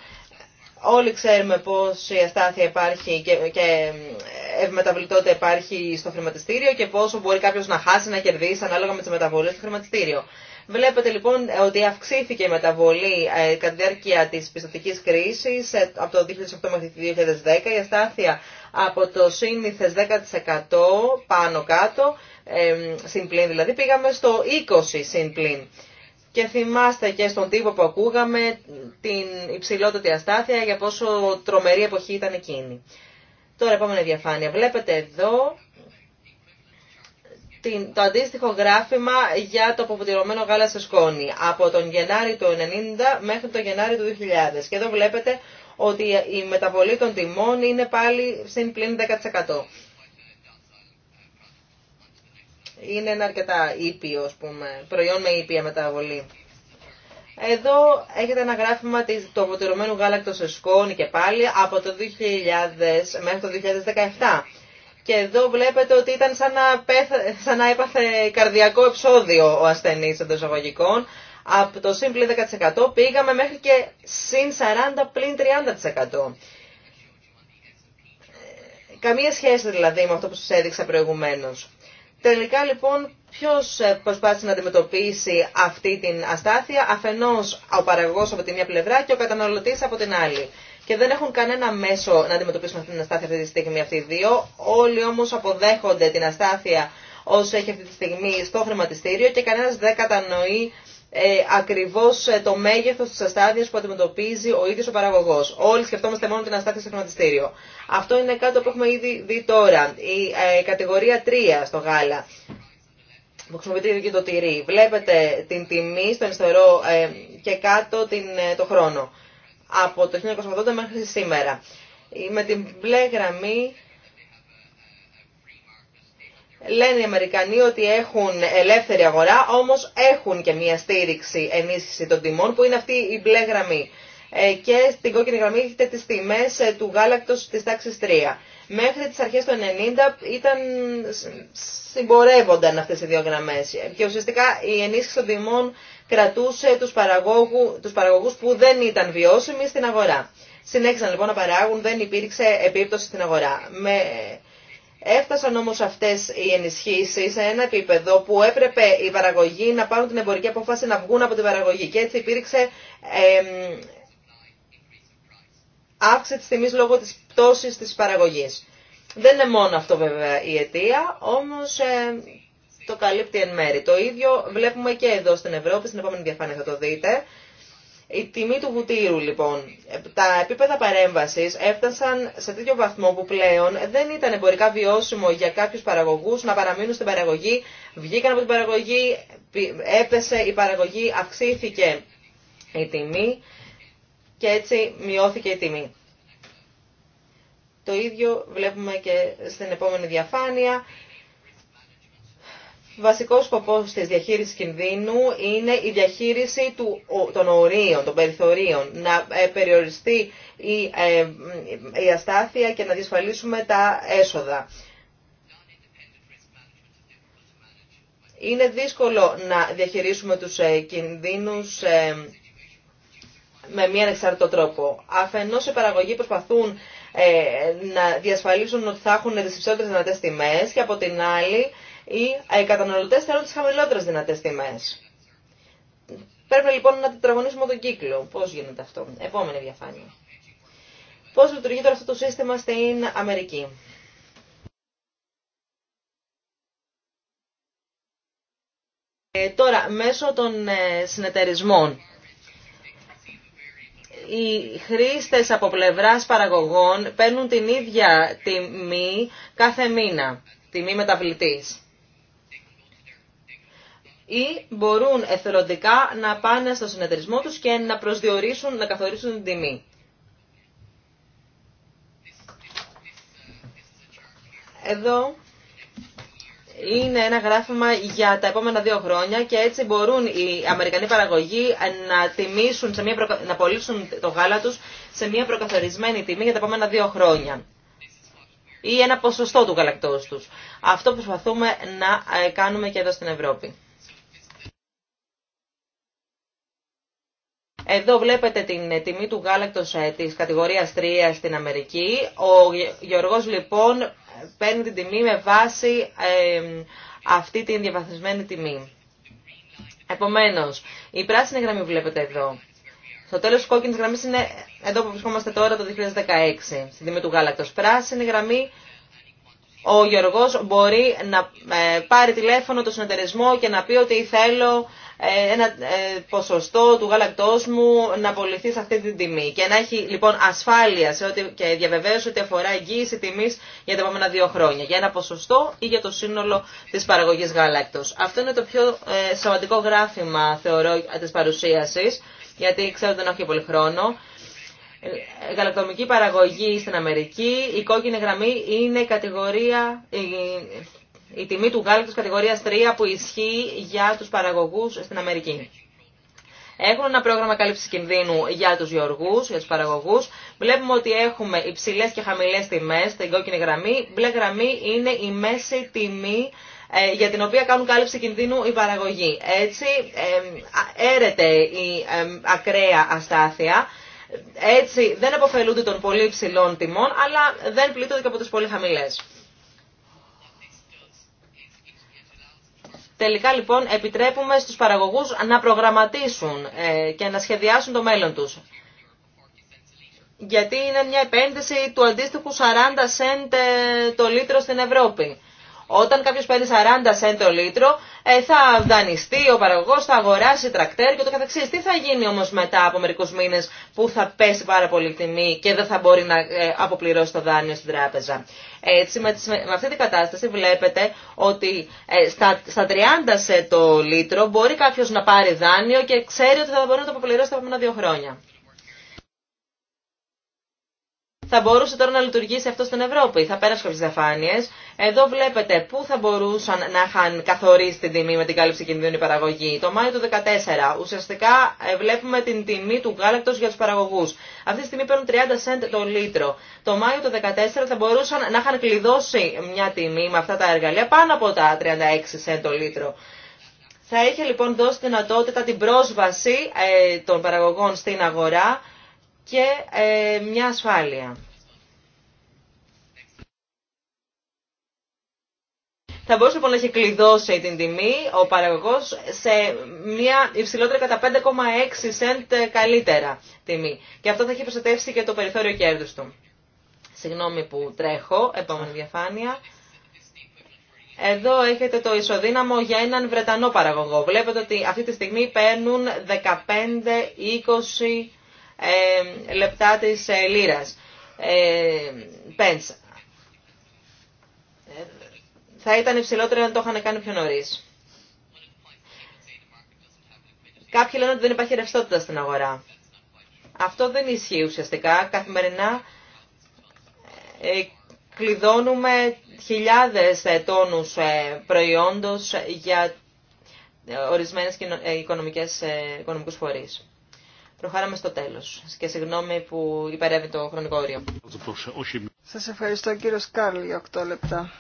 Όλοι ξέρουμε πώς η αστάθεια υπάρχει και, και ε, ευμεταβλητότητα υπάρχει στο χρηματιστήριο και πόσο μπορεί κάποιος να χάσει, να κερδίσει ανάλογα με τις μεταβολές στο χρηματιστήριο. Βλέπετε λοιπόν ότι αυξήθηκε η μεταβολή ε, κατά τη διάρκεια της πιστοτικής κρίσης ε, από το 2008 μέχρι το 2010. Η αστάθεια από το σύνηθε 10% πάνω κάτω, ε, συμπλήν δηλαδή, πήγαμε στο 20 συμπλήν. Και θυμάστε και στον τύπο που ακούγαμε την υψηλότερη αστάθεια για πόσο τρομερή εποχή ήταν εκείνη. Τώρα επόμενη διαφάνεια. Βλέπετε εδώ το αντίστοιχο γράφημα για το αποβουτυρωμένο γάλα σε σκόνη από τον Γενάρη του 1990 μέχρι τον Γενάρη του 2000. Και εδώ βλέπετε ότι η μεταβολή των τιμών είναι πάλι στην πλήν 10%. Είναι ένα αρκετά ήπιο, ας πούμε, προϊόν με ήπια μεταβολή. Εδώ έχετε ένα γράφημα της, του αποβουτυρωμένου γάλακτος σε σκόνη και πάλι από το 2000 μέχρι το 2017. Και εδώ βλέπετε ότι ήταν σαν να, σαν να έπαθε καρδιακό επεισόδιο ο ασθενής εντό εισαγωγικών. Από το σύν 10% πήγαμε μέχρι και συν 40 πλήν 30%. Καμία σχέση δηλαδή με αυτό που σας έδειξα προηγουμένως. Τελικά λοιπόν ποιος ε, προσπάθησε να αντιμετωπίσει αυτή την αστάθεια, αφενός ο παραγωγός από τη μία πλευρά και ο καταναλωτής από την άλλη και δεν έχουν κανένα μέσο να αντιμετωπίσουν αυτή την αστάθεια αυτή τη στιγμή αυτοί οι δύο. Όλοι όμω αποδέχονται την αστάθεια όσο έχει αυτή τη στιγμή στο χρηματιστήριο και κανένα δεν κατανοεί ε, ακριβώς ε, το μέγεθο τη αστάθεια που αντιμετωπίζει ο ίδιο ο παραγωγό. Όλοι σκεφτόμαστε μόνο την αστάθεια στο χρηματιστήριο. Αυτό είναι κάτι που έχουμε ήδη δει τώρα. Η ε, κατηγορία 3 στο γάλα που χρησιμοποιείται και το τυρί. Βλέπετε την τιμή στον ιστορό ε, και κάτω την, το χρόνο από το 1980 μέχρι σήμερα. Με την μπλε γραμμή λένε οι Αμερικανοί ότι έχουν ελεύθερη αγορά, όμως έχουν και μια στήριξη ενίσχυση των τιμών που είναι αυτή η μπλε γραμμή. Ε, και στην κόκκινη γραμμή έχετε τις τιμές ε, του γάλακτος της τάξης 3. Μέχρι τις αρχές του 90 ήταν, συμπορεύονταν αυτές οι δύο γραμμές και ουσιαστικά η ενίσχυση των τιμών κρατούσε τους, παραγωγού, τους παραγωγούς που δεν ήταν βιώσιμοι στην αγορά. Συνέχισαν λοιπόν να παράγουν, δεν υπήρξε επίπτωση στην αγορά. Με... Έφτασαν όμως αυτές οι ενισχύσεις σε ένα επίπεδο που έπρεπε οι παραγωγοί να πάρουν την εμπορική απόφαση να βγουν από την παραγωγή και έτσι υπήρξε αύξηση της τιμής λόγω της πτώσης της παραγωγής. Δεν είναι μόνο αυτό βέβαια η αιτία, όμως το καλύπτει εν μέρη. Το ίδιο βλέπουμε και εδώ στην Ευρώπη, στην επόμενη διαφάνεια θα το δείτε. Η τιμή του βουτύρου λοιπόν, τα επίπεδα παρέμβασης έφτασαν σε τέτοιο βαθμό που πλέον δεν ήταν εμπορικά βιώσιμο για κάποιους παραγωγούς να παραμείνουν στην παραγωγή, βγήκαν από την παραγωγή, έπεσε η παραγωγή, αυξήθηκε η τιμή και έτσι μειώθηκε η τιμή. Το ίδιο βλέπουμε και στην επόμενη διαφάνεια βασικό σκοπός της διαχείρισης κινδύνου είναι η διαχείριση των ορίων, των περιθωρίων, να ε, περιοριστεί ε, η, αστάθεια και να διασφαλίσουμε τα έσοδα. Είναι δύσκολο να διαχειρίσουμε τους ε, κινδύνους με μία ανεξάρτητο τρόπο. Αφενός οι παραγωγοί προσπαθούν να διασφαλίσουν ότι θα έχουν τις υψηλότερες δυνατές τιμές και από την άλλη ε, οι καταναλωτές θέλουν τις χαμηλότερες δυνατές τιμές. Πρέπει λοιπόν να τετραγωνίσουμε τον κύκλο. Πώς γίνεται αυτό. Επόμενη διαφάνεια. Πώς λειτουργεί τώρα αυτό το σύστημα στην Αμερική. Ε, τώρα, μέσω των ε, συνεταιρισμών, οι χρήστες από πλευράς παραγωγών παίρνουν την ίδια τιμή κάθε μήνα, τιμή μεταβλητής ή μπορούν εθελοντικά να πάνε στο συνεταιρισμό τους και να προσδιορίσουν, να καθορίσουν την τιμή. Εδώ είναι ένα γράφημα για τα επόμενα δύο χρόνια και έτσι μπορούν οι Αμερικανοί παραγωγοί να, τιμήσουν μια να πωλήσουν το γάλα τους σε μια προκαθορισμένη τιμή για τα επόμενα δύο χρόνια ή ένα ποσοστό του γαλακτός τους. Αυτό προσπαθούμε να ε, κάνουμε και εδώ στην Ευρώπη. Εδώ βλέπετε την τιμή του γάλακτος ε, της κατηγορίας 3 στην Αμερική. Ο Γιώργος λοιπόν παίρνει την τιμή με βάση αυτή την διαβαθμισμένη τιμή. Επομένως, η πράσινη γραμμή βλέπετε εδώ. Στο τέλος της κόκκινης γραμμής είναι εδώ που βρισκόμαστε τώρα το 2016, στην τιμή του γάλακτος. Πράσινη γραμμή, ο Γιώργος μπορεί να ε, πάρει τηλέφωνο το συνεταιρισμό και να πει ότι θέλω ε, ένα ε, ποσοστό του γάλακτός μου να απολυθεί σε αυτή την τιμή και να έχει λοιπόν ασφάλεια σε ό,τι, και διαβεβαίωση ότι αφορά εγγύηση τιμής για τα επόμενα δύο χρόνια για ένα ποσοστό ή για το σύνολο της παραγωγής γάλακτος. Αυτό είναι το πιο ε, σημαντικό γράφημα θεωρώ της παρουσίασης γιατί ξέρω ότι δεν έχω και πολύ χρόνο. Ε, γαλακτομική παραγωγή στην Αμερική, η κόκκινη γραμμή είναι η κατηγορία, η τιμή του γάλακτος κατηγορίας 3 που ισχύει για τους παραγωγούς στην Αμερική. Έχουν ένα πρόγραμμα κάλυψη κινδύνου για του γεωργού, για του παραγωγού. Βλέπουμε ότι έχουμε υψηλέ και χαμηλέ τιμέ στην κόκκινη γραμμή. Μπλε γραμμή είναι η μέση τιμή ε, για την οποία κάνουν κάλυψη κινδύνου οι παραγωγοί. Έτσι έρεται η ακραία αστάθεια. Έτσι δεν αποφελούνται των πολύ υψηλών τιμών, αλλά δεν πλήττονται και από τι πολύ χαμηλέ. Τελικά λοιπόν επιτρέπουμε στους παραγωγούς να προγραμματίσουν ε, και να σχεδιάσουν το μέλλον τους. Γιατί είναι μια επένδυση του αντίστοιχου 40 σέντε το λίτρο στην Ευρώπη. Όταν κάποιο παίρνει 40 cent το λίτρο, ε, θα δανειστεί ο παραγωγό, θα αγοράσει τρακτέρ και το καθεξή. Τι θα γίνει όμω μετά από μερικού μήνε που θα πέσει πάρα πολύ τιμή και δεν θα μπορεί να ε, αποπληρώσει το δάνειο στην τράπεζα. Έτσι, με, αυτή την κατάσταση βλέπετε ότι ε, στα, 30 σε το λίτρο μπορεί κάποιο να πάρει δάνειο και ξέρει ότι θα μπορεί να το αποπληρώσει τα επόμενα δύο χρόνια θα μπορούσε τώρα να λειτουργήσει αυτό στην Ευρώπη. Θα πέρασε κάποιε διαφάνειε. Εδώ βλέπετε πού θα μπορούσαν να είχαν καθορίσει την τιμή με την κάλυψη κινδύνου η παραγωγή. Το Μάιο του 2014. Ουσιαστικά ε, βλέπουμε την τιμή του γάλακτο για του παραγωγού. Αυτή τη στιγμή παίρνουν 30 cent το λίτρο. Το Μάιο του 2014 θα μπορούσαν να είχαν κλειδώσει μια τιμή με αυτά τα εργαλεία πάνω από τα 36 cent το λίτρο. Θα είχε λοιπόν δώσει δυνατότητα την πρόσβαση ε, των παραγωγών στην αγορά και ε, μια ασφάλεια. Θα μπορούσε λοιπόν να έχει κλειδώσει την τιμή ο παραγωγό σε μια υψηλότερη κατά 5,6 cent καλύτερα τιμή. Και αυτό θα έχει προστατεύσει και το περιθώριο κέρδους του. Συγγνώμη που τρέχω, επόμενη διαφάνεια. Εδώ έχετε το ισοδύναμο για έναν Βρετανό παραγωγό. Βλέπετε ότι αυτή τη στιγμή παίρνουν 15-20 ε, λεπτά της ε, λίρας. Ε, θα ήταν υψηλότερο αν το είχαν κάνει πιο νωρίς. Κάποιοι λένε ότι δεν υπάρχει ρευστότητα στην αγορά. Αυτό δεν ισχύει ουσιαστικά. Καθημερινά κλειδώνουμε χιλιάδες τόνους προϊόντος για ορισμένες οικονομικές, οικονομικούς φορείς προχάραμε στο τέλο. Και συγγνώμη που υπερεύει το χρονικό όριο. Σα ευχαριστώ κύριο Σκάρλ για 8 λεπτά.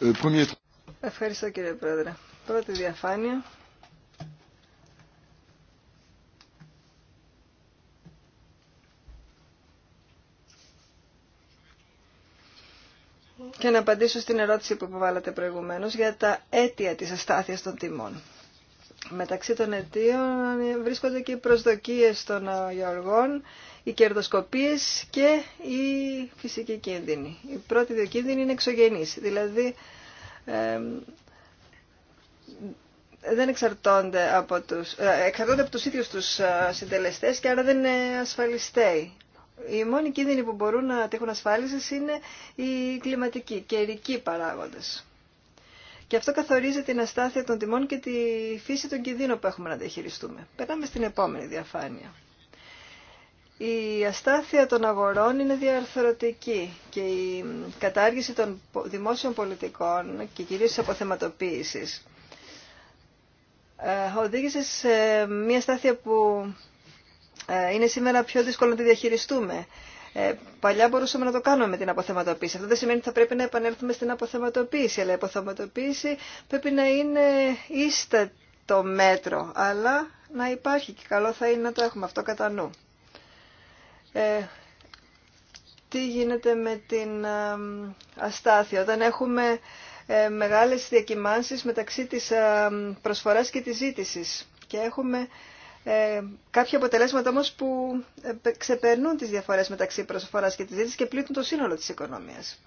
Euh, ευχαριστώ κύριε Πρόεδρε. Πρώτη διαφάνεια. και να απαντήσω στην ερώτηση που υποβάλλατε προηγουμένως για τα αίτια της αστάθειας των τιμών. Μεταξύ των αιτίων βρίσκονται και οι προσδοκίες των γεωργών, οι κερδοσκοπίες και οι φυσικοί κίνδυνοι. Οι πρώτοι δύο κίνδυνοι είναι εξωγενείς, δηλαδή δεν εξαρτώνται από τους, ε, εξαρτώνται από τους ίδιους τους ε, συντελεστές και άρα δεν είναι ασφαλιστέοι οι μόνοι κίνδυνοι που μπορούν να τύχουν ασφάλισης είναι οι κλιματικοί, καιρικοί παράγοντες. Και αυτό καθορίζει την αστάθεια των τιμών και τη φύση των κινδύνων που έχουμε να διαχειριστούμε. Περνάμε στην επόμενη διαφάνεια. Η αστάθεια των αγορών είναι διαρθρωτική και η κατάργηση των δημόσιων πολιτικών και κυρίως της αποθεματοποίησης ε, οδήγησε σε μια αστάθεια που ε, είναι σήμερα πιο δύσκολο να τη διαχειριστούμε. Ε, παλιά μπορούσαμε να το κάνουμε με την αποθεματοποίηση. Αυτό δεν σημαίνει ότι θα πρέπει να επανέλθουμε στην αποθεματοποίηση, αλλά η αποθεματοποίηση πρέπει να είναι το μέτρο, αλλά να υπάρχει και καλό θα είναι να το έχουμε αυτό κατά νου. Ε, τι γίνεται με την αστάθεια. Όταν έχουμε ε, μεγάλες διακυμάνσεις μεταξύ της προσφοράς και της ζήτησης και έχουμε ε, κάποια αποτελέσματα όμως που ε, ξεπερνούν τις διαφορές μεταξύ προσφοράς και της ζήτησης και πλήττουν το σύνολο της οικονομίας.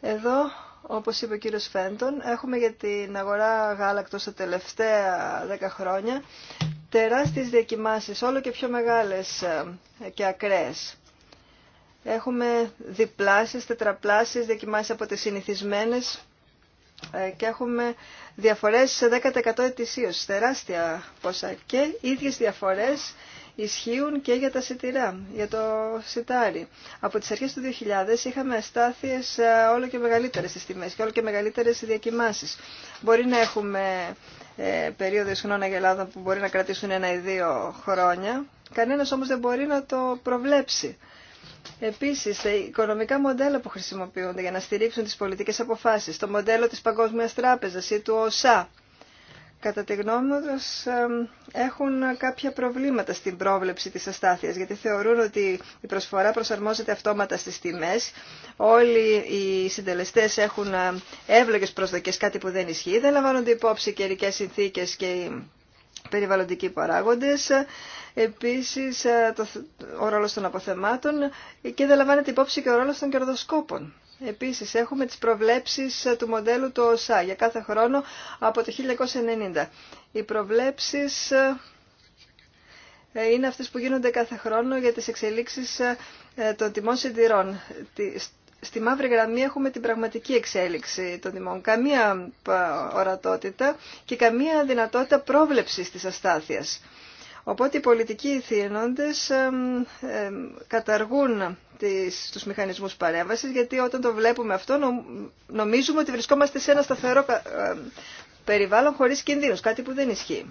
Εδώ, όπως είπε ο κύριος Φέντον, έχουμε για την αγορά γάλακτος τα τελευταία δέκα χρόνια τεράστιες διακοιμάσεις, όλο και πιο μεγάλες ε, και ακραίες. Έχουμε διπλάσεις, τετραπλάσεις διακοιμάσεις από τις συνηθισμένες ε, και έχουμε διαφορές 10% ετησίως, τεράστια ποσά και ίδιες διαφορές ισχύουν και για τα σιτηρά, για το σιτάρι. Από τις αρχές του 2000 είχαμε αστάθειες ε, όλο και μεγαλύτερες στις τιμές και όλο και μεγαλύτερες διακοιμάνσεις. Μπορεί να έχουμε ε, περίοδες χρόνων αγελάδων που μπορεί να κρατήσουν ένα ή δύο χρόνια, κανένας όμως δεν μπορεί να το προβλέψει. Επίσης, τα οικονομικά μοντέλα που χρησιμοποιούνται για να στηρίξουν τις πολιτικές αποφάσεις, το μοντέλο της Παγκόσμιας Τράπεζας ή του ΟΣΑ, κατά τη γνώμη μου, έχουν κάποια προβλήματα στην πρόβλεψη της αστάθειας, γιατί θεωρούν ότι η προσφορά προσαρμόζεται αυτόματα στις τιμέ. όλοι οι συντελεστέ έχουν εύλογε προσδοκίε, κάτι που δεν ισχύει, δεν λαμβάνονται υπόψη καιρικέ συνθήκες και περιβαλλοντικοί παράγοντες, επίσης ε, το, ο ρόλος των αποθεμάτων και δεν λαμβάνεται υπόψη και ο ρόλος των κερδοσκόπων. Επίσης έχουμε τις προβλέψεις ε, του μοντέλου του ΟΣΑ για κάθε χρόνο από το 1990. Οι προβλέψεις ε, είναι αυτές που γίνονται κάθε χρόνο για τις εξελίξεις των τιμών συντηρών στη μαύρη γραμμή έχουμε την πραγματική εξέλιξη των τιμών. Καμία ορατότητα και καμία δυνατότητα πρόβλεψης της αστάθειας. Οπότε οι πολιτικοί ηθήνοντες καταργούν τις, τους μηχανισμούς παρέμβασης γιατί όταν το βλέπουμε αυτό νομίζουμε ότι βρισκόμαστε σε ένα σταθερό περιβάλλον χωρίς κινδύνους, κάτι που δεν ισχύει.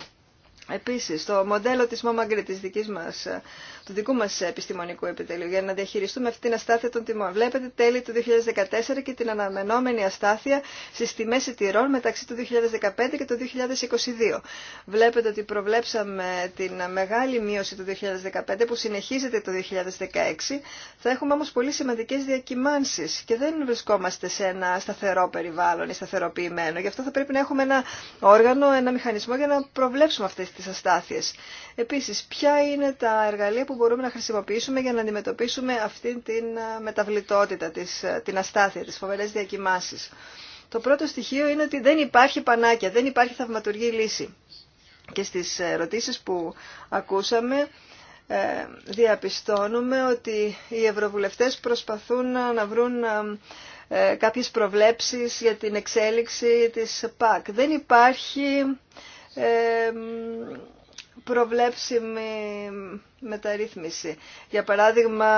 Επίσης, το μοντέλο της Μόμαγκρη, μας, ε, του δικού μας επιστημονικού επιτελείου, για να διαχειριστούμε αυτή την αστάθεια των τιμών. Βλέπετε τέλη του 2014 και την αναμενόμενη αστάθεια στις τιμές ετηρών μεταξύ του 2015 και του 2022. Βλέπετε ότι προβλέψαμε την μεγάλη μείωση του 2015 που συνεχίζεται το 2016. Θα έχουμε όμως πολύ σημαντικές διακυμάνσεις και δεν βρισκόμαστε σε ένα σταθερό περιβάλλον ή σταθεροποιημένο. Γι' αυτό θα πρέπει να έχουμε ένα όργανο, ένα μηχανισμό για να προβλέψουμε αυτές τις αστάθειες. Επίσης, ποια είναι τα εργαλεία που μπορούμε να χρησιμοποιήσουμε για να αντιμετωπίσουμε αυτή την ε, μεταβλητότητα, ε, την αστάθεια, τις φοβερές διακοιμάσεις. Το πρώτο στοιχείο είναι ότι δεν υπάρχει πανάκια, δεν υπάρχει θαυματουργή λύση. Και στις ερωτήσεις που ακούσαμε, ε, διαπιστώνουμε ότι οι ευρωβουλευτές προσπαθούν να βρουν κάποιες προβλέψεις για την εξέλιξη της ΠΑΚ. Δεν υπάρχει προβλέψιμη μεταρρύθμιση. Για παράδειγμα,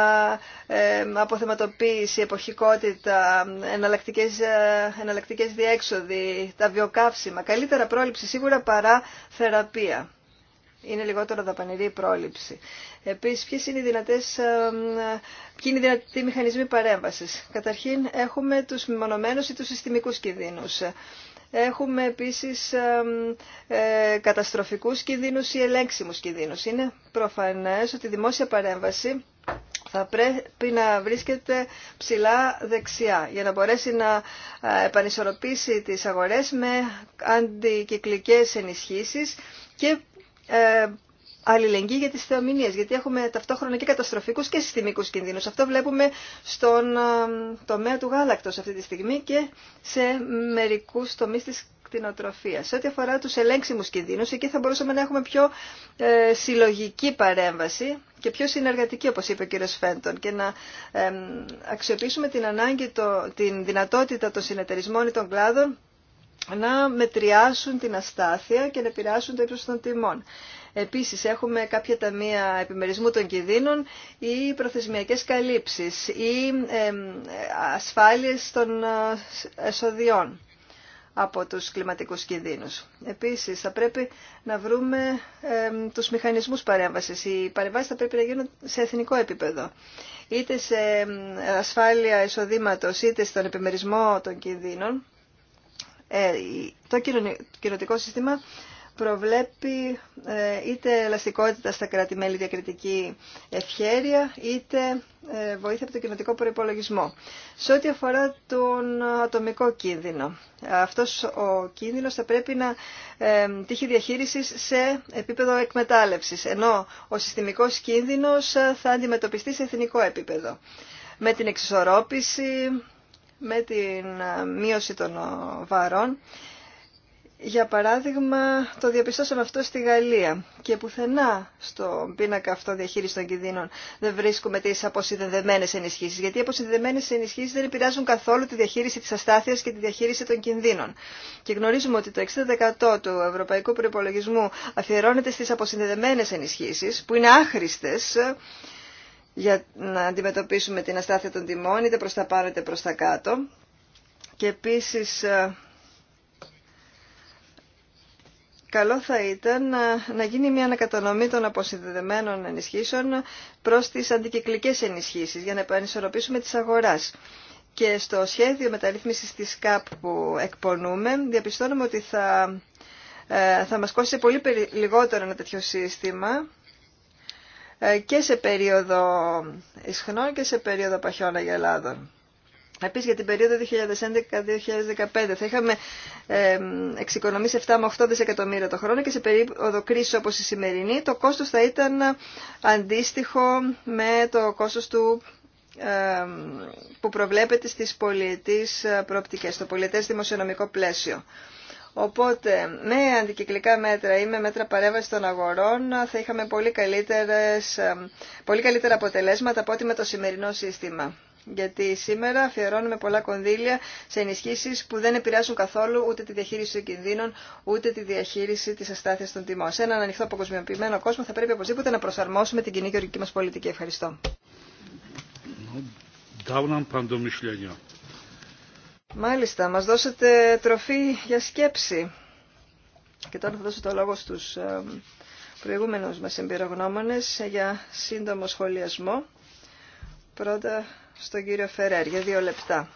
αποθεματοποίηση, εποχικότητα, εναλλακτικές, ε, εναλλακτικές διέξοδοι, τα βιοκαύσιμα. Καλύτερα πρόληψη σίγουρα παρά θεραπεία. Είναι λιγότερο δαπανηρή η πρόληψη. Επίσης, ποιες είναι οι δυνατές, ποιοι είναι οι δυνατοί μηχανισμοί παρέμβασης. Καταρχήν, έχουμε τους μεμονωμένους ή τους συστημικούς κινδύνους. Έχουμε επίσης ε, καταστροφικούς κινδύνους ή ελέγξιμους κινδύνους. Είναι προφανές ότι η δημόσια παρέμβαση θα πρέπει να βρίσκεται ψηλά δεξιά για να μπορέσει να ε, επανισορροπήσει τις αγορές με αντικυκλικές ενισχύσεις και ε, αλληλεγγύη για τις θεομηνίες, γιατί έχουμε ταυτόχρονα και καταστροφικούς και συστημικούς κινδύνους. Αυτό βλέπουμε στον τομέα του γάλακτος αυτή τη στιγμή και σε μερικούς τομείς της κτηνοτροφίας. Σε ό,τι αφορά τους ελέγξιμους κινδύνους, εκεί θα μπορούσαμε να έχουμε πιο ε, συλλογική παρέμβαση και πιο συνεργατική, όπως είπε ο κ. Φέντον, και να αξιοποιήσουμε την, ανάγκη, το, την δυνατότητα των συνεταιρισμών ή των κλάδων να μετριάσουν την αστάθεια και να επηρεάσουν το ύψος των τιμών. Επίσης έχουμε κάποια ταμεία επιμερισμού των κινδύνων ή προθεσμιακές καλύψεις ή ασφάλειες των ε, εσοδιών από τους κλιματικούς κινδύνους. Επίσης, θα πρέπει να βρούμε τους μηχανισμούς παρέμβασης. Οι παρεμβάσεις θα πρέπει να γίνουν σε εθνικό επίπεδο. Είτε σε ασφάλεια εισοδήματος, είτε στον επιμερισμό των κινδύνων. Ε, το κοινωτικό σύστημα προβλέπει ε, είτε ελαστικότητα στα κράτη-μέλη διακριτική ευχέρεια, είτε ε, βοήθεια από το κοινοτικό προϋπολογισμό. Σε ό,τι αφορά τον ατομικό κίνδυνο, αυτός ο κίνδυνος θα πρέπει να ε, τύχει διαχείρισης σε επίπεδο εκμετάλλευσης, ενώ ο συστημικός κίνδυνος θα αντιμετωπιστεί σε εθνικό επίπεδο. Με την εξισορρόπηση, με την μείωση των βαρών για παράδειγμα, το διαπιστώσαμε αυτό στη Γαλλία και πουθενά στο πίνακα αυτό διαχείριση των κινδύνων δεν βρίσκουμε τι αποσυνδεδεμένε ενισχύσει. Γιατί οι αποσυνδεδεμένε ενισχύσει δεν επηρεάζουν καθόλου τη διαχείριση τη αστάθεια και τη διαχείριση των κινδύνων. Και γνωρίζουμε ότι το 60% του ευρωπαϊκού προπολογισμού αφιερώνεται στι αποσυνδεδεμένε ενισχύσει, που είναι άχρηστε για να αντιμετωπίσουμε την αστάθεια των τιμών, είτε προ τα πάνω είτε προ τα κάτω. Και επίσης καλό θα ήταν ε, να, γίνει μια ανακατανομή των αποσυνδεδεμένων ενισχύσεων προς τις αντικυκλικές ενισχύσεις για να επανισορροπήσουμε τις αγοράς. Και στο σχέδιο μεταρρύθμισης της ΚΑΠ που εκπονούμε διαπιστώνουμε ότι θα, ε, θα μας κόσει πολύ λιγότερο ένα τέτοιο σύστημα ε, και σε περίοδο ισχνών και σε περίοδο παχιών αγελάδων. Επίσης για την περίοδο 2011-2015 θα είχαμε εξοικονομήσει 7 με 8 δισεκατομμύρια το χρόνο και σε περίοδο κρίση όπως η σημερινή το κόστος θα ήταν αντίστοιχο με το κόστος του που προβλέπεται στις πολιτικές ε, προοπτικές, στο πολιετές δημοσιονομικό πλαίσιο. Οπότε με αντικυκλικά μέτρα ή με μέτρα παρέμβαση των αγορών θα είχαμε πολύ, πολύ καλύτερα αποτελέσματα από ό,τι με το σημερινό σύστημα γιατί σήμερα αφιερώνουμε πολλά κονδύλια σε ενισχύσεις που δεν επηρεάζουν καθόλου ούτε τη διαχείριση των κινδύνων, ούτε τη διαχείριση της αστάθειας των τιμών. Σε έναν ανοιχτό αποκοσμιοποιημένο κόσμο θα πρέπει οπωσδήποτε να προσαρμόσουμε την κοινή γεωργική μας πολιτική. Ευχαριστώ. Μάλιστα, μας δώσετε τροφή για σκέψη. Και τώρα θα δώσω το λόγο στους ε, προηγούμενους μας εμπειρογνώμονες για σύντομο σχολιασμό. Πρώτα στον κύριο Φερέρ για δύο λεπτά.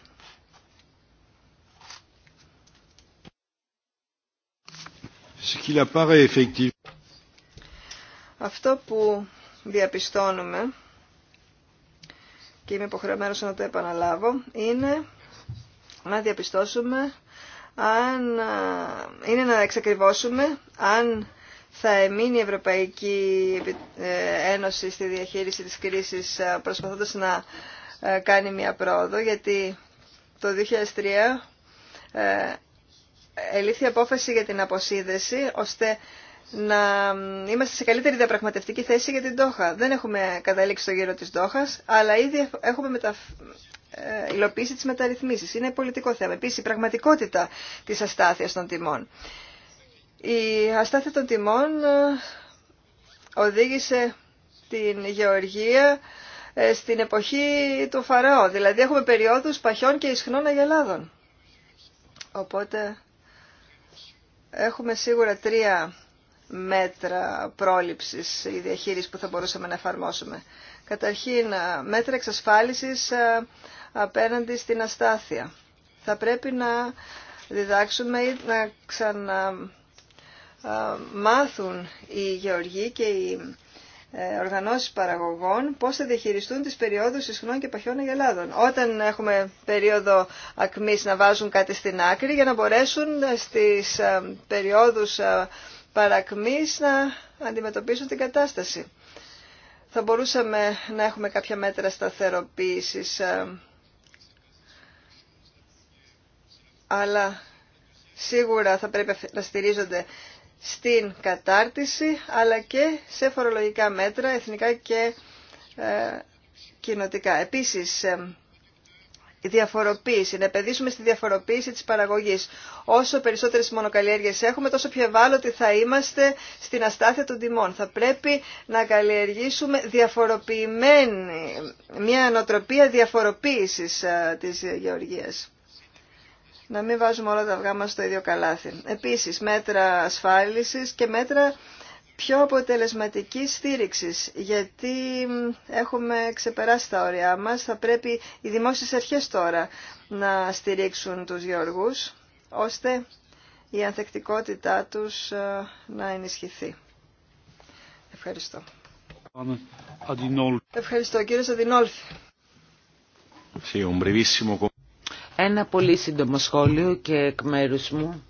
Αυτό που διαπιστώνουμε και είμαι υποχρεωμένος να το επαναλάβω είναι να διαπιστώσουμε αν, είναι να εξακριβώσουμε αν θα εμείνει η Ευρωπαϊκή ε, Ένωση στη διαχείριση της κρίσης ε, προσπαθώντας να ε, κάνει μια πρόοδο γιατί το 2003 ε, ελήφθη απόφαση για την αποσύνδεση ώστε να είμαστε σε καλύτερη διαπραγματευτική θέση για την Τόχα. Δεν έχουμε καταλήξει το γύρο της Τόχας, αλλά ήδη έχουμε μετα... ε, υλοποιήσει τις μεταρρυθμίσεις. Είναι πολιτικό θέμα. Επίσης, η πραγματικότητα της αστάθειας των τιμών. Η αστάθεια των τιμών ε, οδήγησε την Γεωργία ε, στην εποχή του Φαραώ. Δηλαδή έχουμε περιόδους παχιών και ισχνών αγελάδων. Οπότε έχουμε σίγουρα τρία μέτρα πρόληψης ή διαχείρισης που θα μπορούσαμε να εφαρμόσουμε. Καταρχήν, ε, μέτρα εξασφάλισης ε, απέναντι στην αστάθεια. Θα πρέπει να διδάξουμε ή να ξαναμάθουν οι γεωργοί και οι ε, οργανώσεις παραγωγών πώς θα διαχειριστούν τις περιόδους ισχνών και παχιών αγελάδων. Όταν έχουμε περίοδο ακμής να βάζουν κάτι στην άκρη για να μπορέσουν ε, στις ε, περιόδους παρακμής να αντιμετωπίσουν την κατάσταση. Θα μπορούσαμε να έχουμε κάποια μέτρα σταθεροποίησης, αλλά σίγουρα θα πρέπει να στηρίζονται στην κατάρτιση αλλά και σε φορολογικά μέτρα εθνικά και ε, κοινοτικά. Επίσης, ε, η διαφοροποίηση, να επενδύσουμε στη διαφοροποίηση της παραγωγής. Όσο περισσότερες μονοκαλλιέργειες έχουμε, τόσο πιο ευάλωτοι θα είμαστε στην αστάθεια των τιμών. Θα πρέπει να καλλιεργήσουμε διαφοροποιημένη, μια ανατροπία διαφοροποίησης ε, της γεωργίας να μην βάζουμε όλα τα αυγά μας στο ίδιο καλάθι. Επίσης, μέτρα ασφάλισης και μέτρα πιο αποτελεσματική στήριξη. γιατί έχουμε ξεπεράσει τα όρια μας. Θα πρέπει οι δημόσιες αρχέ τώρα να στηρίξουν τους γεωργούς, ώστε η ανθεκτικότητά τους ε, να ενισχυθεί. Ευχαριστώ. Ευχαριστώ κύριε Σαντινόλφη. Ένα πολύ σύντομο σχόλιο και εκ μέρου μου.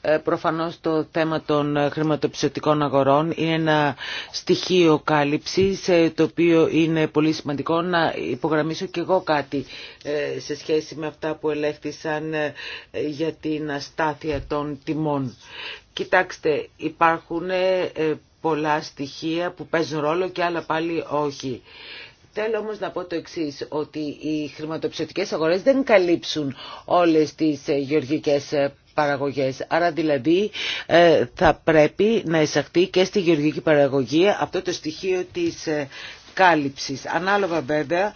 Ε, προφανώς το θέμα των χρηματοπιστωτικών αγορών είναι ένα στοιχείο κάλυψης ε, το οποίο είναι πολύ σημαντικό να υπογραμμίσω και εγώ κάτι ε, σε σχέση με αυτά που ελέγχθησαν για την αστάθεια των τιμών. Κοιτάξτε, υπάρχουν πολλά στοιχεία που παίζουν ρόλο και άλλα πάλι όχι. Θέλω όμως να πω το εξής, ότι οι χρηματοψηφιακές αγορές δεν καλύψουν όλες τις ε, γεωργικές ε, παραγωγές. Άρα δηλαδή ε, θα πρέπει να εισαχθεί και στη γεωργική παραγωγή αυτό το στοιχείο της κάλυψης. Ανάλογα βέβαια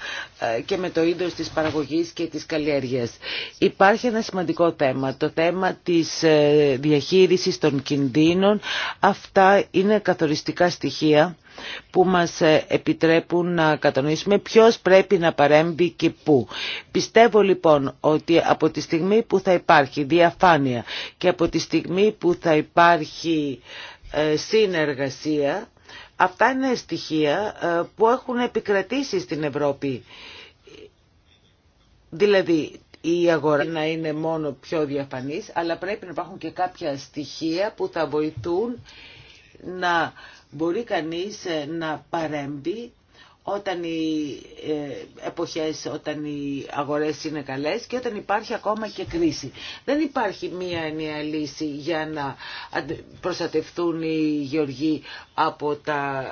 και με το είδος της παραγωγής και της καλλιέργειας. Υπάρχει ένα σημαντικό θέμα, το θέμα της διαχείρισης των κινδύνων. Αυτά είναι καθοριστικά στοιχεία που μας ε, επιτρέπουν να κατανοήσουμε ποιος πρέπει να παρέμβει και πού. Πιστεύω λοιπόν ότι από τη στιγμή που θα υπάρχει διαφάνεια και από τη στιγμή που θα υπάρχει ε, συνεργασία, αυτά είναι στοιχεία ε, που έχουν επικρατήσει στην Ευρώπη. Δηλαδή, η αγορά να είναι μόνο πιο διαφανής, αλλά πρέπει να υπάρχουν και κάποια στοιχεία που θα βοηθούν να μπορεί κανείς ε, να παρέμβει όταν οι ε, εποχές, όταν οι αγορές είναι καλές και όταν υπάρχει ακόμα και κρίση. Δεν υπάρχει μία ενιαία λύση για να προστατευτούν οι γεωργοί από τα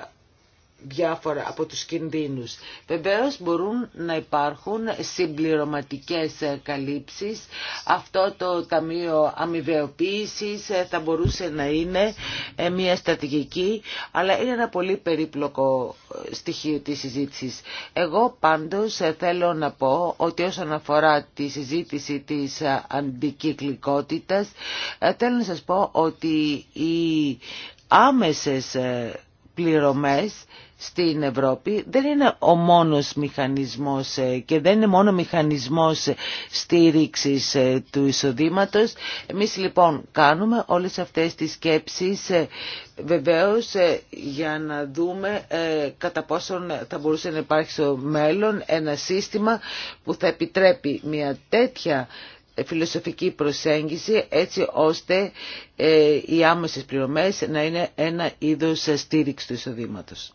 διάφορα από τους κινδύνους. Βεβαίως μπορούν να υπάρχουν συμπληρωματικές καλύψεις. Αυτό το Ταμείο Αμοιβαιοποίησης θα μπορούσε να είναι ε, μια στρατηγική, αλλά είναι ένα πολύ περίπλοκο ε, στοιχείο της συζήτησης. Εγώ πάντως ε, θέλω να πω ότι όσον αφορά τη συζήτηση της αντικυκλικότητας, θέλω να σας πω ότι οι άμεσες πληρωμές στην Ευρώπη δεν είναι ο μόνος μηχανισμός ε, και δεν είναι μόνο μηχανισμός στήριξης ε, του εισοδήματος. Εμείς λοιπόν κάνουμε όλες αυτές τις σκέψεις ε, βεβαίως για να δούμε κατά πόσον θα μπορούσε να υπάρχει στο μέλλον ένα σύστημα που θα επιτρέπει μια τέτοια φιλοσοφική προσέγγιση έτσι ώστε οι άμεσες πληρωμές να είναι ένα είδος στήριξη του εισοδήματος.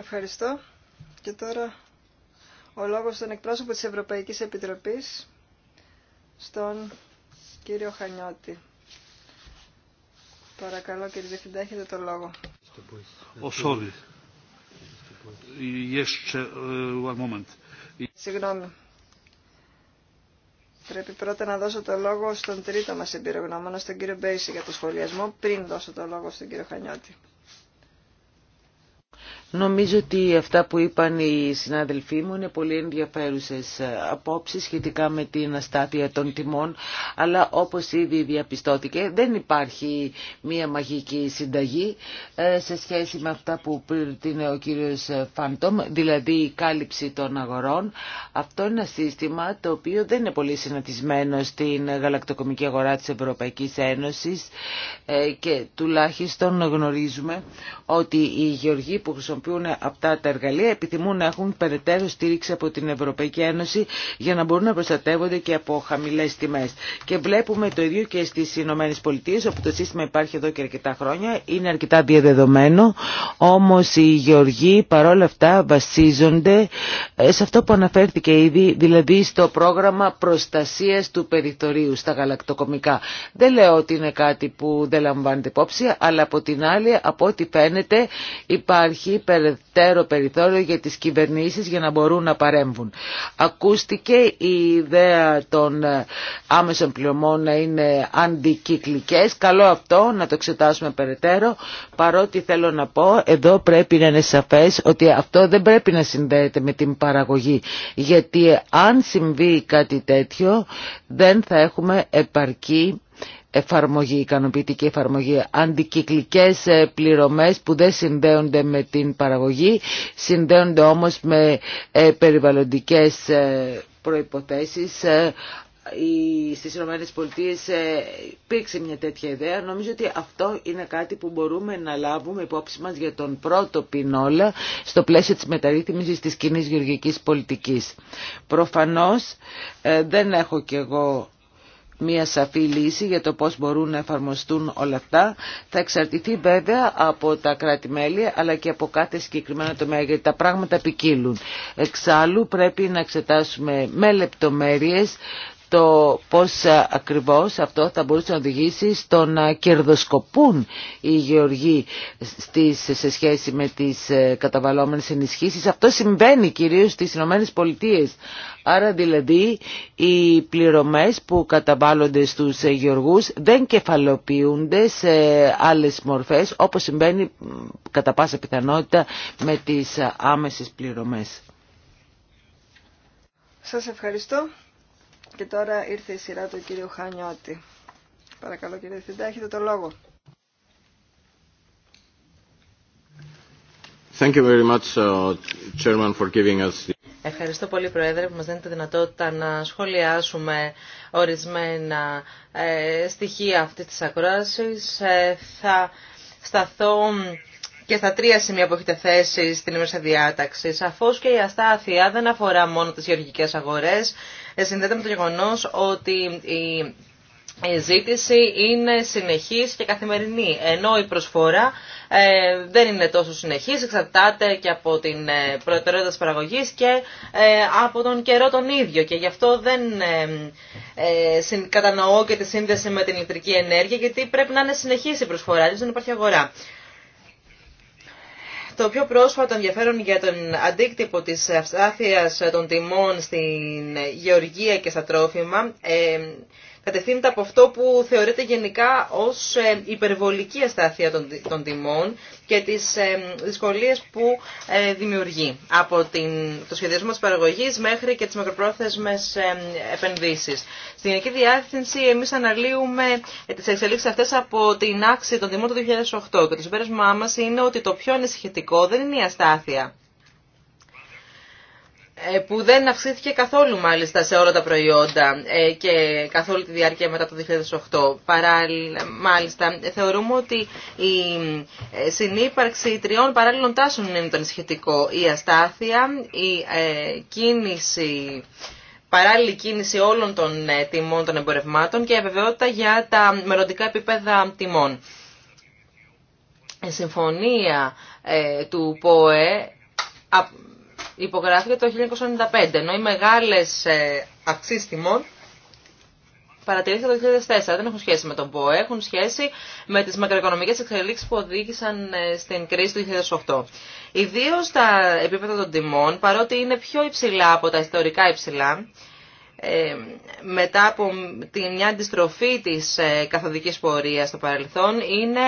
Ευχαριστώ. Και τώρα ο λόγος των εκπρόσωπο της Ευρωπαϊκής Επιτροπής, στον κύριο Χανιώτη. Παρακαλώ κύριε Διευθυντά, έχετε το λόγο. Ο uh, moment. Συγγνώμη. Πρέπει πρώτα να δώσω το λόγο στον τρίτο μας εμπειρογνώμονα, στον κύριο Μπέιση για το σχολιασμό, πριν δώσω το λόγο στον κύριο Χανιώτη. Νομίζω ότι αυτά που είπαν οι συνάδελφοί μου είναι πολύ ενδιαφέρουσες ε, απόψεις σχετικά με την αστάθεια των τιμών, αλλά όπως ήδη διαπιστώθηκε δεν υπάρχει μία μαγική συνταγή ε, σε σχέση με αυτά που πήρε ο κύριος Φαντόμ, δηλαδή η κάλυψη των αγορών. Αυτό είναι ένα σύστημα το οποίο δεν είναι πολύ συναντισμένο στην γαλακτοκομική αγορά της Ευρωπαϊκής Ένωσης ε, και τουλάχιστον γνωρίζουμε ότι οι γεωργοί που χρησιμοποιούν χρησιμοποιούν αυτά τα εργαλεία επιθυμούν να έχουν περαιτέρω στήριξη από την Ευρωπαϊκή Ένωση για να μπορούν να προστατεύονται και από χαμηλέ τιμέ. Και βλέπουμε το ίδιο και στι Ηνωμένε Πολιτείε, όπου το σύστημα υπάρχει εδώ και αρκετά χρόνια, είναι αρκετά διαδεδομένο. Όμω οι γεωργοί παρόλα αυτά βασίζονται ε, σε αυτό που αναφέρθηκε ήδη, δηλαδή στο πρόγραμμα προστασία του περιθωρίου στα γαλακτοκομικά. Δεν λέω ότι είναι κάτι που δεν λαμβάνεται υπόψη, αλλά από την άλλη, από ό,τι φαίνεται, υπάρχει περαιτέρω περιθώριο για τις κυβερνήσεις για να μπορούν να παρέμβουν. Ακούστηκε η ιδέα των ε, άμεσων πληρωμών να είναι αντικυκλικές. Καλό αυτό να το εξετάσουμε περαιτέρω, παρότι θέλω να πω εδώ πρέπει να είναι σαφές ότι αυτό δεν πρέπει να συνδέεται με την παραγωγή, γιατί αν συμβεί κάτι τέτοιο δεν θα έχουμε επαρκή εφαρμογή, ικανοποιητική εφαρμογή, αντικυκλικές ε, πληρωμές που δεν συνδέονται με την παραγωγή, συνδέονται όμως με ε, περιβαλλοντικές ε, προϋποθέσεις, στις ΗΠΑ υπήρξε μια τέτοια ιδέα. Νομίζω ότι αυτό είναι κάτι που μπορούμε να λάβουμε υπόψη μας για τον πρώτο πινόλα στο πλαίσιο της μεταρρύθμισης της κοινή γεωργικής πολιτικής. Προφανώς δεν έχω κι εγώ μια σαφή λύση για το πώς μπορούν να εφαρμοστούν όλα αυτά. Θα εξαρτηθεί βέβαια από τα κράτη-μέλη αλλά και από κάθε συγκεκριμένα τομέα γιατί τα πράγματα ποικίλουν. Εξάλλου πρέπει να εξετάσουμε με λεπτομέρειες το πώς ακριβώς αυτό θα μπορούσε να οδηγήσει στο να κερδοσκοπούν οι γεωργοί στις, σε σχέση με τις ε, καταβαλλόμενες ενισχύσεις. Αυτό συμβαίνει κυρίως στις ΗΠΑ. Πολιτείες. Άρα δηλαδή οι πληρωμές που καταβάλλονται στους γεωργούς δεν κεφαλοποιούνται σε άλλες μορφές όπως συμβαίνει κατά πάσα πιθανότητα με τις άμεσες πληρωμές. Σας ευχαριστώ. Και τώρα ήρθε η σειρά του κύριου Χανιώτη. Παρακαλώ κύριε Διευθυντά, έχετε το λόγο. Thank you very much, uh, for us the... Ευχαριστώ πολύ, Πρόεδρε, που μας δίνει τη δυνατότητα να σχολιάσουμε ορισμένα ε, στοιχεία αυτή της ακρόασης. Ε, θα σταθώ και στα τρία σημεία που έχετε θέσει στην ημέρα διάταξη. Σαφώ και η αστάθεια δεν αφορά μόνο τις γεωργικές αγορές... Ε, συνδέεται με το γεγονό ότι η ζήτηση είναι συνεχής και καθημερινή, ενώ η προσφορά ε, δεν είναι τόσο συνεχής, εξαρτάται και από την ε, προτεραιότητα της παραγωγής και από τον καιρό τον ίδιο και γι' αυτό δεν κατανοώ και τη σύνδεση με την ηλεκτρική ενέργεια γιατί πρέπει να είναι συνεχής η προσφορά, δεν υπάρχει αγορά. Το πιο πρόσφατο ενδιαφέρον για τον αντίκτυπο της αυστάθειας των τιμών στην γεωργία και στα τρόφιμα ε, κατευθύνεται από αυτό που θεωρείται γενικά ως ε, υπερβολική αστάθεια των τιμών και τις ε, δυσκολίες που ε, δημιουργεί από το σχεδιασμό της παραγωγής μέχρι και τις μακροπρόθεσμες επενδύσεις. Στην Γενική Διάθεση εμείς αναλύουμε τις εξελίξεις αυτές από την άξη των τιμών του 2008 και το συμπέρασμά μας είναι ότι το πιο ανησυχητικό δεν είναι η αστάθεια ε, που δεν αυξήθηκε καθόλου μάλιστα σε όλα τα προϊόντα ε, και καθόλου τη διάρκεια μετά το 2008. Παράλληλα, μάλιστα, θεωρούμε ότι η ε, συνύπαρξη τριών παράλληλων τάσεων είναι το ενισχυτικό. Η αστάθεια, η κίνηση, παράλληλη κίνηση όλων των τιμών των εμπορευμάτων και η για τα μελλοντικά επίπεδα τιμών. Η συμφωνία του ΠΟΕ υπογράφηκε το 1995, ενώ οι μεγάλες ε, αυξήσεις τιμών παρατηρήθηκαν το 2004. Δεν έχουν σχέση με τον ΠΟΕ, έχουν σχέση με τις μακροοικονομικές εξελίξεις που οδήγησαν ε, στην κρίση του 2008. Ιδίω τα επίπεδα των τιμών, παρότι είναι πιο υψηλά από τα ιστορικά υψηλά, ε, μετά από την μια αντιστροφή της καθοδικής πορείας στο παρελθόν, είναι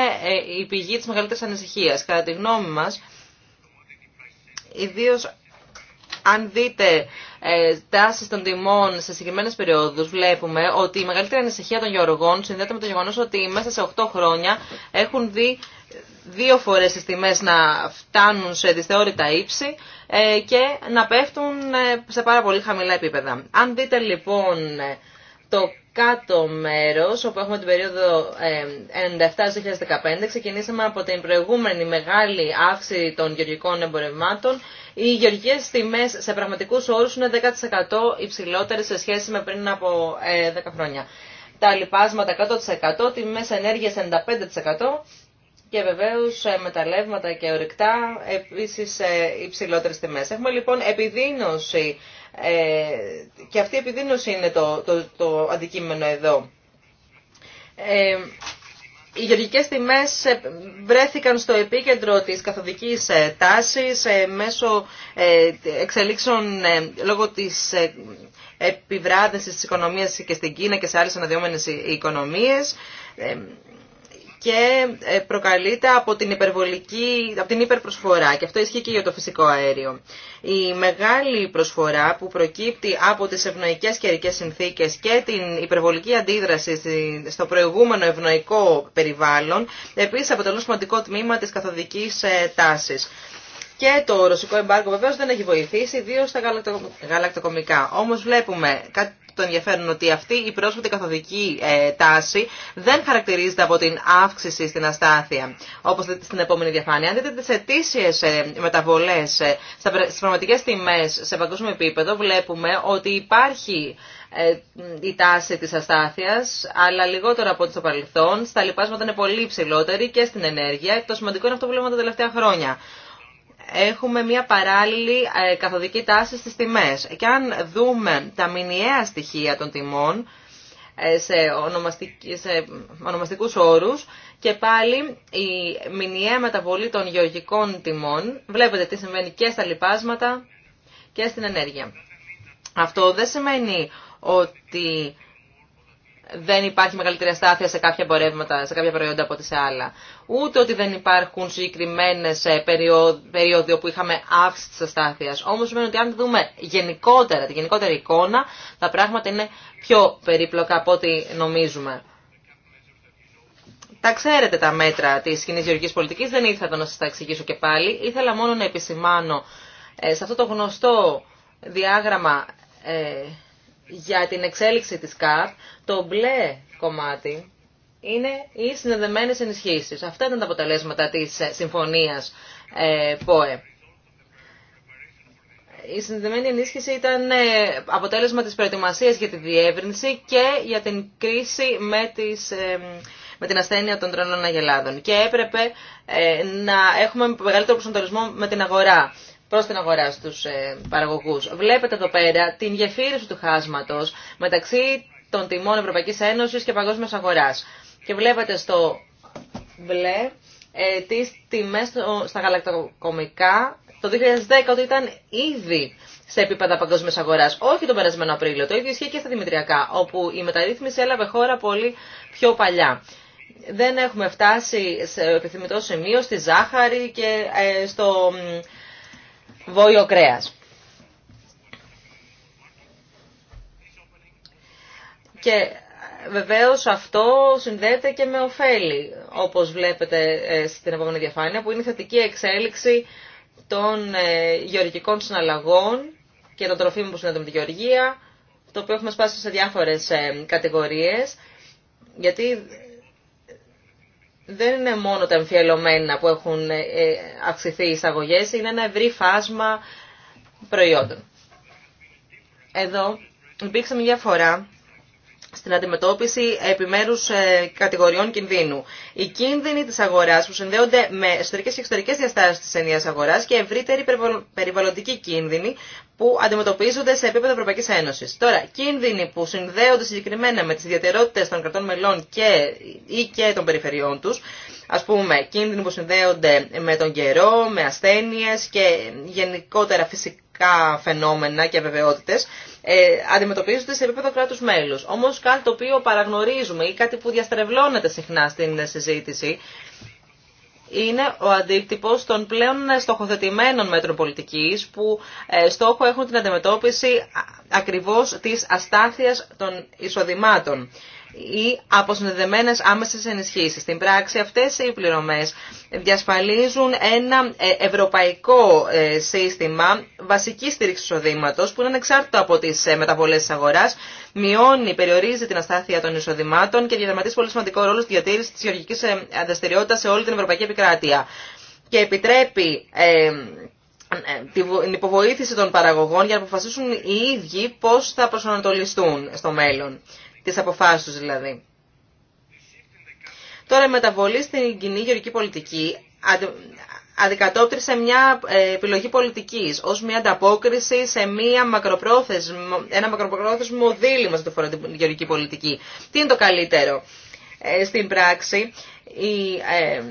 η πηγή της μεγαλύτερης ανησυχίας. Κατά τη γνώμη μας, ιδίως αν δείτε ε, τάσει των τιμών σε συγκεκριμένε περιόδου, βλέπουμε ότι η μεγαλύτερη ανησυχία των γεωργών συνδέεται με το γεγονό ότι μέσα σε 8 χρόνια έχουν δει δύο φορέ τι τιμέ να φτάνουν σε δυσθεώρητα ύψη ε, και να πέφτουν ε, σε πάρα πολύ χαμηλά επίπεδα. Αν δείτε λοιπόν ε, το κάτω μέρος, όπου έχουμε την περίοδο 97-2015, ε, ξεκινήσαμε από την προηγούμενη μεγάλη αύξηση των γεωργικών εμπορευμάτων οι γεωργικέ τιμέ σε πραγματικούς όρου είναι 10% υψηλότερε σε σχέση με πριν από 10 ε, χρόνια. Τα λοιπάσματα 100%, τιμέ ενέργεια 95% και βεβαίως ε, μεταλλεύματα και ορυκτά επίσης ε, υψηλότερε τιμές. Έχουμε λοιπόν επιδείνωση και αυτή η επιδείνωση είναι το, το, το αντικείμενο εδώ. Ε, οι γεωργικές τιμές ε, βρέθηκαν στο επίκεντρο της καθοδικής ε, τάσης ε, μέσω εξελίξεων λόγω της επιβράδυνσης της οικονομίας και στην Κίνα και σε άλλες αναδυόμενες οικονομίες και ε, προκαλείται από την υπερβολική, από την υπερπροσφορά και αυτό ισχύει και για το φυσικό αέριο. Η μεγάλη προσφορά που προκύπτει από τις ευνοϊκές καιρικές συνθήκες και την υπερβολική αντίδραση στο προηγούμενο ευνοϊκό περιβάλλον επίσης αποτελούν σημαντικό τμήμα της καθοδικής ε, τάσης. Και το ρωσικό εμπάργκο βεβαίω δεν έχει βοηθήσει, ιδίω στα γαλακτοκομικά. Όμω βλέπουμε το ενδιαφέρον ότι αυτή η πρόσφατη καθοδική ε, τάση δεν χαρακτηρίζεται από την αύξηση στην αστάθεια, Όπω δείτε στην επόμενη διαφάνεια. Αν δείτε τις αιτήσιες ε, μεταβολές ε, στι πραγματικέ τιμέ, σε παγκόσμιο επίπεδο, βλέπουμε ότι υπάρχει η τάση της αστάθειας, αλλά λιγότερο από ό,τι στο παρελθόν. Στα λοιπάσματα είναι πολύ υψηλότερη και στην ενέργεια. Το σημαντικό είναι αυτό που βλέπουμε τα τελευταία χρόνια έχουμε μια παράλληλη ε, καθοδική τάση στις τιμές. Και αν δούμε τα μηνιαία στοιχεία των τιμών ε, σε, σε ονομαστικούς όρους και πάλι η μηνιαία μεταβολή των γεωργικών τιμών, βλέπετε τι συμβαίνει και στα λοιπάσματα και στην ενέργεια. Αυτό δεν σημαίνει ότι δεν υπάρχει μεγαλύτερη αστάθεια σε κάποια πορεύματα, σε κάποια προϊόντα από ό,τι σε άλλα. Ούτε ότι δεν υπάρχουν συγκεκριμένε ε, περίοδοι όπου είχαμε αύξηση τη αστάθεια. Όμω σημαίνει ότι αν δούμε γενικότερα, τη γενικότερη εικόνα, τα πράγματα είναι πιο περίπλοκα από ό,τι νομίζουμε. Τα ξέρετε τα μέτρα τη κοινή γεωργική πολιτική, δεν ήρθα εδώ να σα τα εξηγήσω και πάλι. Ήθελα μόνο να επισημάνω ε, σε αυτό το γνωστό διάγραμμα ε, για την εξέλιξη της ΚΑΠ, το μπλε κομμάτι είναι οι συνδεδεμένε ενισχύσει. Αυτά ήταν τα αποτελέσματα της ε, συμφωνίας ε, ΠΟΕ. Η συνδεδεμένη ενίσχυση ήταν ε, αποτέλεσμα της προετοιμασία για τη διεύρυνση και για την κρίση με, ε, με την ασθένεια των τρελών αγελάδων. Και έπρεπε να έχουμε μεγαλύτερο προσανατολισμό με την αγορά προς την αγορά στους παραγωγούς. Βλέπετε εδώ πέρα την γεφύρωση του χάσματος μεταξύ των τιμών Ευρωπαϊκής Ένωσης και παγκόσμιας αγοράς. Και βλέπετε στο μπλε ε, τις τιμές στα γαλακτοκομικά το 2010 ότι ήταν ήδη σε επίπεδα παγκόσμιας αγοράς, όχι τον περασμένο Απρίλιο. Το ίδιο ισχύει και στα Δημητριακά, όπου η μεταρρύθμιση έλαβε χώρα πολύ πιο παλιά. Δεν έχουμε φτάσει σε επιθυμητό σημείο στη ζάχαρη και ε, στο βόλιο κρέας. Και ε, βεβαίως αυτό συνδέεται και με ωφέλη, όπως βλέπετε ε, στην επόμενη διαφάνεια, που είναι η θετική εξέλιξη των ε, γεωργικών συναλλαγών και των τροφίμων που συνδέονται με τη γεωργία, το οποίο έχουμε σπάσει σε διάφορες κατηγορίες, γιατί δεν είναι μόνο τα εμφιαλωμένα που έχουν αυξηθεί οι εισαγωγές, είναι ένα ευρύ φάσμα προϊόντων. Εδώ υπήρξε μια φορά στην αντιμετώπιση επιμέρους ε, κατηγοριών κινδύνου. Οι κίνδυνοι της αγοράς που συνδέονται με εσωτερικές και εξωτερικές διαστάσεις της ενίας αγοράς και ευρύτεροι περιβαλλοντικοί κίνδυνοι που αντιμετωπίζονται σε επίπεδο Ευρωπαϊκής Ένωσης. Τώρα, κίνδυνοι που συνδέονται συγκεκριμένα με τις ιδιαιτερότητες των κρατών μελών και, ή και των περιφερειών τους, ας πούμε, κίνδυνοι που συνδέονται με τον καιρό, με ασθένειες και γενικότερα φυσικά φαινόμενα και αβεβαιότητε ε, αντιμετωπίζονται σε επίπεδο κράτου μέλου. Όμω κάτι το οποίο παραγνωρίζουμε ή κάτι που διαστρεβλώνεται συχνά στην συζήτηση είναι ο αντίκτυπο των πλέον στοχοθετημένων μέτρων πολιτική που ε, στόχο έχουν την αντιμετώπιση ακριβώ τη αστάθεια των εισοδημάτων ή αποσυνδεδεμένε άμεσε ενισχύσει. Στην πράξη αυτέ οι πληρωμέ διασφαλίζουν ένα ε, ευρωπαϊκό ε, σύστημα βασική στήριξη εισοδήματο που είναι ανεξάρτητο από τι ε, μεταβολέ τη αγορά, μειώνει, περιορίζει την αστάθεια των εισοδημάτων και διαδραματίζει πολύ σημαντικό ρόλο στη διατήρηση τη γεωργική ανταστηριότητας σε όλη την ευρωπαϊκή επικράτεια και επιτρέπει την υποβοήθηση των παραγωγών για να αποφασίσουν οι ίδιοι πώς θα προσανατολιστούν στο μέλλον τις αποφάσεις τους δηλαδή. Τώρα η μεταβολή στην κοινή γεωρική πολιτική αντικατόπτρισε μια ε, επιλογή πολιτικής ως μια ανταπόκριση σε μια μακροπρόθεσμο, ένα μακροπρόθεσμο δίλημα στον φορά την γεωρική πολιτική. Τι είναι το καλύτερο ε, στην πράξη, η ε,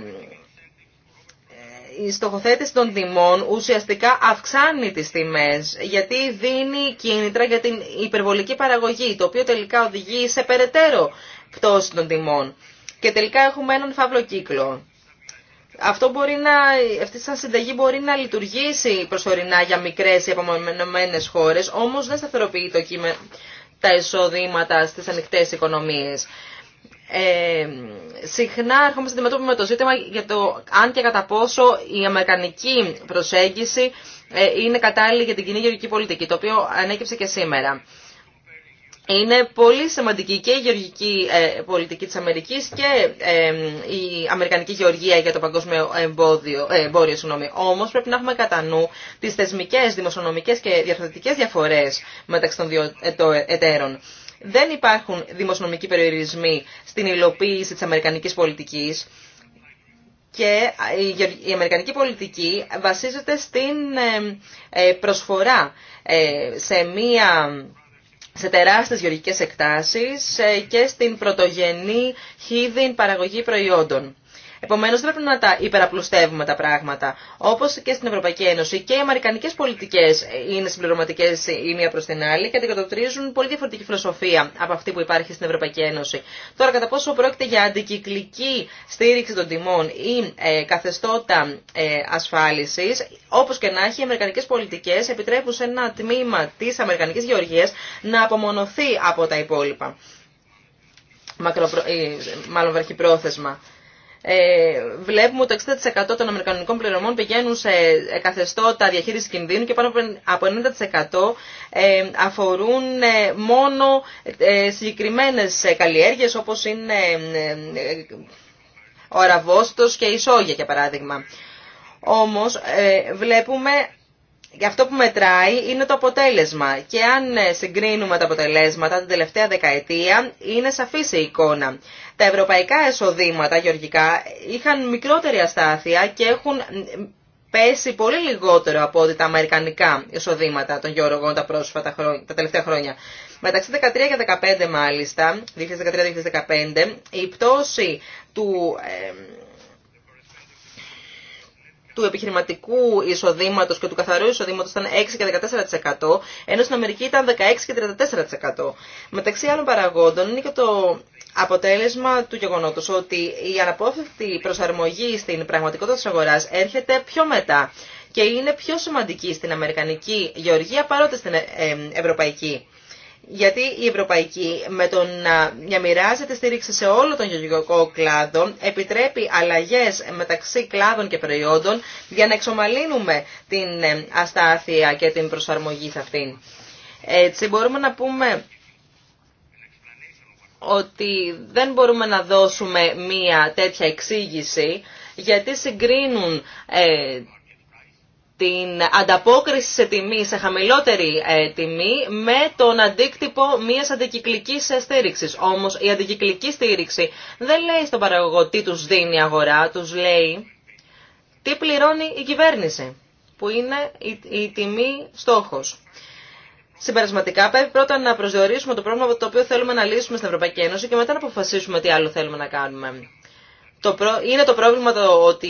η στοχοθέτηση των τιμών ουσιαστικά αυξάνει τις τιμές γιατί δίνει κίνητρα για την υπερβολική παραγωγή το οποίο τελικά οδηγεί σε περαιτέρω πτώση των τιμών και τελικά έχουμε έναν φαύλο κύκλο. Αυτό μπορεί να, αυτή η συνταγή μπορεί να λειτουργήσει προσωρινά για μικρές ή απομονωμένες χώρες, όμως δεν σταθεροποιεί τα εισοδήματα στις ανοιχτές οικονομίες συχνά έρχομαι στην αντιμετώπιση με το ζήτημα για το αν και κατά πόσο η αμερικανική προσέγγιση ε, είναι κατάλληλη για την κοινή γεωργική πολιτική, το οποίο ανέκυψε και σήμερα. Είναι πολύ σημαντική και η γεωργική ε, πολιτική της Αμερικής και η Αμερικανική γεωργία για το παγκόσμιο εμπόδιο, ε, εμπόριο. Συγνώμη. Όμως πρέπει να έχουμε κατά νου τις θεσμικές, δημοσιονομικές και διαφορετικές διαφορές μεταξύ των δύο εταίρων. Δεν υπάρχουν δημοσιονομικοί περιορισμοί στην υλοποίηση της αμερικανικής πολιτικής και η αμερικανική πολιτική βασίζεται στην ε, ε, προσφορά ε, σε μία σε τεράστιες γεωργικές εκτάσεις και στην πρωτογενή χίδιν παραγωγή προϊόντων. Επομένω, δεν πρέπει να τα υπεραπλουστεύουμε τα πράγματα. Όπω και στην Ευρωπαϊκή Ένωση και οι αμερικανικέ πολιτικέ είναι συμπληρωματικέ η μία προ την άλλη και αντικατοπτρίζουν πολύ διαφορετική φιλοσοφία από αυτή που υπάρχει στην Ευρωπαϊκή Ένωση. Τώρα, κατά πόσο πρόκειται για αντικυκλική στήριξη των τιμών ή ε, καθεστώτα ε, ασφάλιση, όπω και να έχει, οι αμερικανικέ πολιτικέ επιτρέπουν σε ένα τμήμα τη αμερικανική γεωργία να απομονωθεί από τα υπόλοιπα. Ε, μάλλον βραχυπρόθεσμα. Ε, βλέπουμε ότι το 60% των αμερικανικών πληρωμών πηγαίνουν σε ε, καθεστώτα διαχείριση κινδύνου και πάνω από 90% ε, αφορούν μόνο συγκεκριμένες καλλιέργειες όπως είναι ο αραβόστος και η σόγια για παράδειγμα. Όμως βλέπουμε και αυτό που μετράει είναι το αποτέλεσμα και αν συγκρίνουμε τα αποτελέσματα την τελευταία δεκαετία είναι σαφή η εικόνα τα ευρωπαϊκά εισοδήματα γεωργικά είχαν μικρότερη αστάθεια και έχουν πέσει πολύ λιγότερο από ότι τα αμερικανικά εισοδήματα των γεωργών τα, πρόσφατα χρόνια, τα τελευταία χρόνια. Μεταξύ 13 και 15 μάλιστα, 2013-2015, η πτώση του, του επιχειρηματικού εισοδήματο και του καθαρού εισοδήματο ήταν 6 και 14%, ενώ στην Αμερική ήταν 16 και 34%. Μεταξύ άλλων παραγόντων είναι και το αποτέλεσμα του γεγονότος ότι η αναπόφευκτη προσαρμογή στην πραγματικότητα της αγοράς έρχεται πιο μετά και είναι πιο σημαντική στην Αμερικανική γεωργία παρότι στην ε, ε, Ευρωπαϊκή. Γιατί η Ευρωπαϊκή με το να μοιράζεται στήριξη σε όλο τον γεωργικό κλάδο επιτρέπει αλλαγές μεταξύ κλάδων και προϊόντων για να εξομαλύνουμε την ε, αστάθεια και την προσαρμογή σε αυτήν. Έτσι μπορούμε να πούμε ότι δεν μπορούμε να δώσουμε μία τέτοια εξήγηση γιατί συγκρίνουν ε, την ανταπόκριση σε τιμή, σε χαμηλότερη ε, τιμή με τον αντίκτυπο μιας αντικυκλικής στήριξης. Όμως η αντικυκλική στήριξη δεν λέει στον παραγωγό τι τους δίνει η αγορά, τους λέει τι πληρώνει η κυβέρνηση που είναι η, η τιμή στόχος. Συμπερασματικά, πρέπει πρώτα να προσδιορίσουμε το πρόβλημα το οποίο θέλουμε να λύσουμε στην Ευρωπαϊκή Ένωση και μετά να αποφασίσουμε τι άλλο θέλουμε να κάνουμε. Το Είναι το πρόβλημα το ότι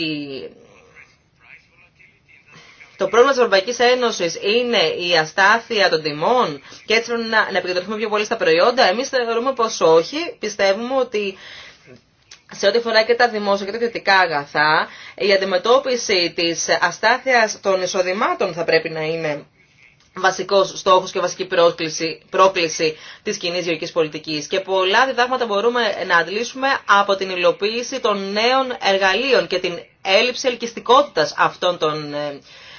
το πρόβλημα τη Ευρωπαϊκή Ένωση είναι η αστάθεια των τιμών και έτσι πρέπει να, να επικεντρωθούμε πιο πολύ στα προϊόντα. Εμεί θεωρούμε πω όχι. Πιστεύουμε ότι σε ό,τι αφορά και τα δημόσια και τα ιδιωτικά αγαθά, η αντιμετώπιση τη αστάθεια των εισοδημάτων θα πρέπει να είναι Βασικό στόχο και βασική πρόκληση, πρόκληση της κοινή γεωργική πολιτική. Και πολλά διδάγματα μπορούμε να αντλήσουμε από την υλοποίηση των νέων εργαλείων και την έλλειψη ελκυστικότητα αυτών των ε,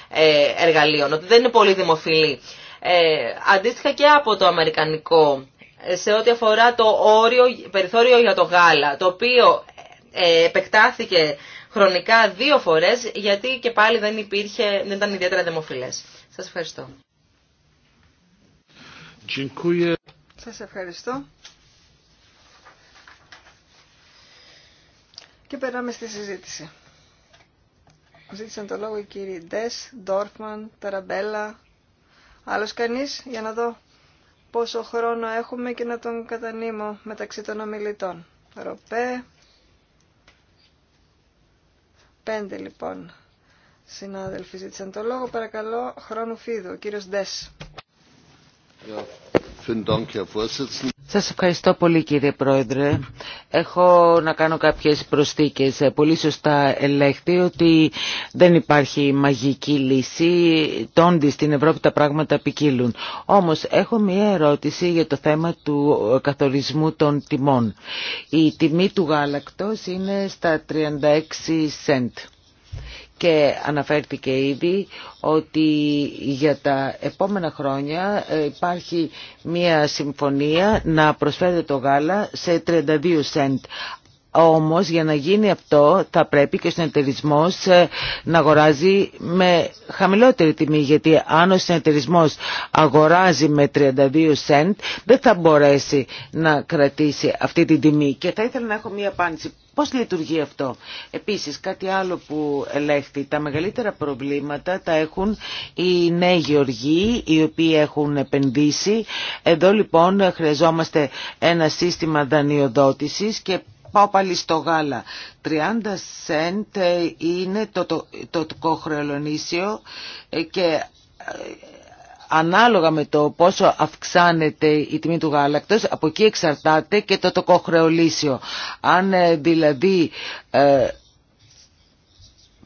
ε, εργαλείων, ότι δεν είναι πολύ δημοφιλή. Ε, αντίστοιχα και από το αμερικανικό, ε, σε ό,τι αφορά το όριο, περιθώριο για το γάλα, το οποίο επεκτάθηκε χρονικά δύο φορές, γιατί και πάλι δεν, υπήρχε, δεν ήταν ιδιαίτερα δημοφιλές. Σας ευχαριστώ. Σας ευχαριστώ. Και περνάμε στη συζήτηση. Ζήτησαν το λόγο οι κύριοι Ντες, Ντόρφμαν, Ταραμπέλα. Άλλος κανείς για να δω πόσο χρόνο έχουμε και να τον κατανείμω μεταξύ των ομιλητών. Ροπέ. Πέντε λοιπόν συνάδελφοι ζήτησαν το λόγο. Παρακαλώ χρόνου φίδου. Ο κύριος Ντες. Σας ευχαριστώ πολύ κύριε Πρόεδρε. Έχω να κάνω κάποιες προσθήκες. Πολύ σωστά ελέγχθη ότι δεν υπάρχει μαγική λύση. Τόντι στην Ευρώπη τα πράγματα ποικίλουν. Όμως έχω μία ερώτηση για το θέμα του καθορισμού των τιμών. Η τιμή του γάλακτος είναι στα 36 σέντ και αναφέρθηκε ήδη ότι για τα επόμενα χρόνια ε, υπάρχει μια συμφωνία να προσφέρεται το γάλα σε 32 cent. Όμως για να γίνει αυτό θα πρέπει και ο συνεταιρισμό ε, να αγοράζει με χαμηλότερη τιμή γιατί αν ο συνεταιρισμό αγοράζει με 32 cent δεν θα μπορέσει να κρατήσει αυτή την τιμή και θα ήθελα να έχω μία απάντηση Πώς λειτουργεί αυτό. Επίσης κάτι άλλο που ελέγχθη, τα μεγαλύτερα προβλήματα τα έχουν οι νέοι γεωργοί οι οποίοι έχουν επενδύσει. Εδώ λοιπόν χρειαζόμαστε ένα σύστημα δανειοδότησης και πάω πάλι στο γάλα. 30 σέντ είναι το, το, το, ε, και ε, ανάλογα με το πόσο αυξάνεται η τιμή του γάλακτος, από εκεί εξαρτάται και το τοκοχρεολύσιο. Αν ε, δηλαδή ε,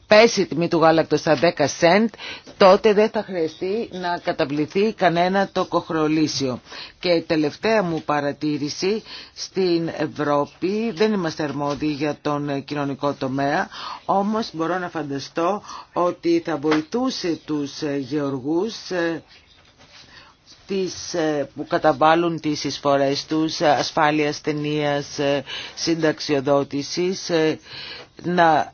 πέσει η τιμή του γάλακτος στα 10 cent, τότε δεν θα χρειαστεί να καταβληθεί κανένα τοκοχρεωλήσιο. Και η τελευταία μου παρατήρηση, στην Ευρώπη δεν είμαστε αρμόδιοι για τον κοινωνικό τομέα, όμως μπορώ να φανταστώ ότι θα βοηθούσε τους γεωργούς ε, ε, που καταβάλουν τις εισφορές τους ε, ασφάλειας ταινίας ε, συνταξιοδότησης να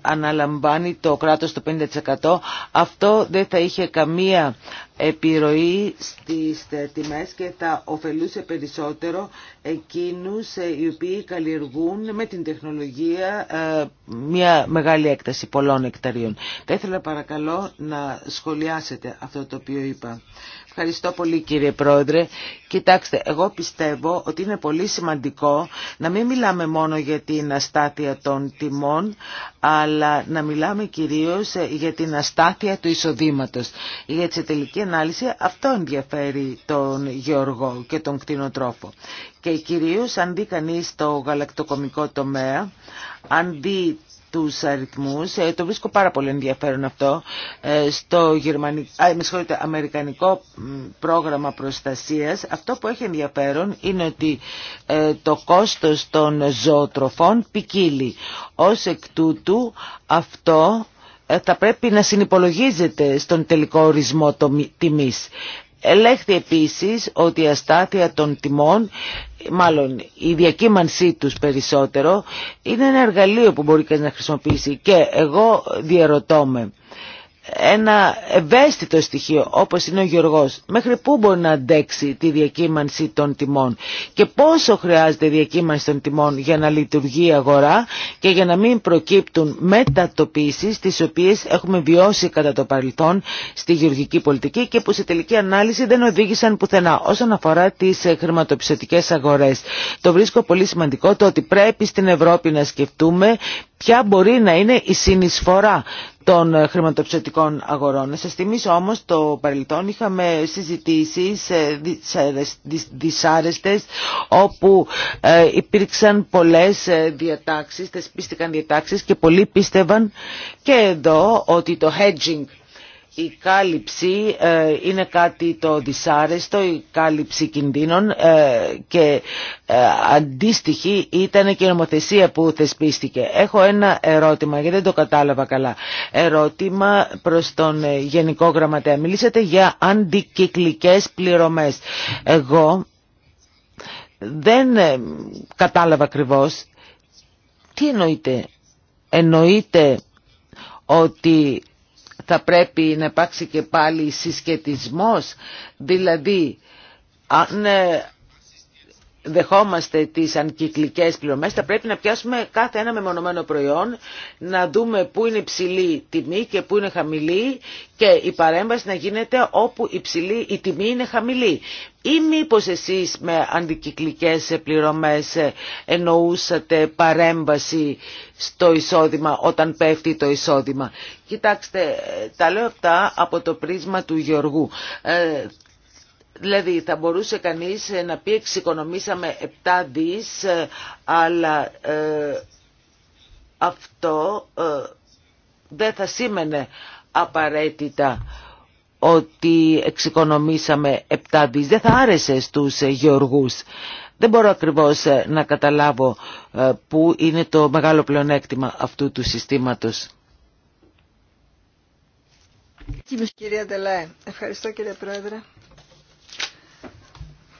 αναλαμβάνει το κράτος το 50% αυτό δεν θα είχε καμία επιρροή στις τιμές και θα ωφελούσε περισσότερο εκείνους οι οποίοι καλλιεργούν με την τεχνολογία μια μεγάλη έκταση πολλών εκταρίων. Θα ήθελα παρακαλώ να σχολιάσετε αυτό το οποίο είπα. Ευχαριστώ πολύ κύριε Πρόεδρε. Κοιτάξτε, εγώ πιστεύω ότι είναι πολύ σημαντικό να μην μιλάμε μόνο για την αστάθεια των τιμών, αλλά να μιλάμε κυρίως για την αστάθεια του εισοδήματος. Για τη τελική ανάλυση αυτό ενδιαφέρει τον Γεωργό και τον κτηνοτρόφο. Και κυρίως αν δει κανείς το γαλακτοκομικό τομέα, αν δει τους αριθμούς. Ε, το βρίσκω πάρα πολύ ενδιαφέρον αυτό ε, στο γερμανικό, α, αμερικανικό πρόγραμμα προστασίας. Αυτό που έχει ενδιαφέρον είναι ότι ε, το κόστος των ζωοτροφών ποικίλει. Ως εκ τούτου αυτό θα πρέπει να συνυπολογίζεται στον τελικό ορισμό τιμής. Ελέγχθη επίσης ότι η αστάθεια των τιμών, μάλλον η διακύμανσή τους περισσότερο, είναι ένα εργαλείο που μπορεί κανείς να χρησιμοποιήσει και εγώ διαρωτώ με ένα ευαίσθητο στοιχείο όπως είναι ο Γιώργος, μέχρι πού μπορεί να αντέξει τη διακύμανση των τιμών και πόσο χρειάζεται η διακύμανση των τιμών για να λειτουργεί η αγορά και για να μην προκύπτουν μετατοπίσεις τις οποίες έχουμε βιώσει κατά το παρελθόν στη γεωργική πολιτική και που σε τελική ανάλυση δεν οδήγησαν πουθενά όσον αφορά τις ε, χρηματοπιστωτικές αγορές. Το βρίσκω πολύ σημαντικό το ότι πρέπει στην Ευρώπη να σκεφτούμε ποια μπορεί να είναι η συνεισφορά των χρηματοπιστωτικών αγορών. Να σας θυμίσω όμως το παρελθόν είχαμε συζητήσεις ε, δυσάρεστες όπου ε, υπήρξαν πολλές ε, διατάξεις, θεσπίστηκαν διατάξεις και πολλοί πίστευαν και εδώ ότι το hedging η κάλυψη ε, είναι κάτι το δυσάρεστο, η κάλυψη κινδύνων ε, και ε, αντίστοιχη ήταν και η νομοθεσία που θεσπίστηκε. Έχω ένα ερώτημα γιατί δεν το κατάλαβα καλά. Ερώτημα προς τον Γενικό Γραμματέα. Μιλήσατε για αντικυκλικές πληρωμές. Εγώ δεν κατάλαβα ακριβώς τι εννοείται. Εννοείται ότι θα πρέπει να υπάρξει και πάλι συσχετισμός, δηλαδή αν ε, δεχόμαστε τις ανκυκλικές πληρωμές θα πρέπει να πιάσουμε κάθε ένα μεμονωμένο προϊόν να δούμε πού είναι υψηλή τιμή και πού είναι χαμηλή και η παρέμβαση να γίνεται όπου υψηλή η τιμή είναι χαμηλή ή μήπως εσείς με αντικυκλικές πληρωμές εννοούσατε παρέμβαση στο εισόδημα όταν πέφτει το εισόδημα. Κοιτάξτε, τα λέω αυτά από το πρίσμα του Γεωργού. Ε, δηλαδή θα μπορούσε κανείς να πει εξοικονομήσαμε 7 δις, ε, αλλά ε, αυτό ε, δεν θα σήμαινε απαραίτητα ότι εξοικονομήσαμε 7 δις. Δεν θα άρεσε στους γεωργούς. Δεν μπορώ ακριβώς ε, να καταλάβω ε, πού είναι το μεγάλο πλεονέκτημα αυτού του συστήματος. Κυρία Ντελάε, ευχαριστώ κύριε Πρόεδρε.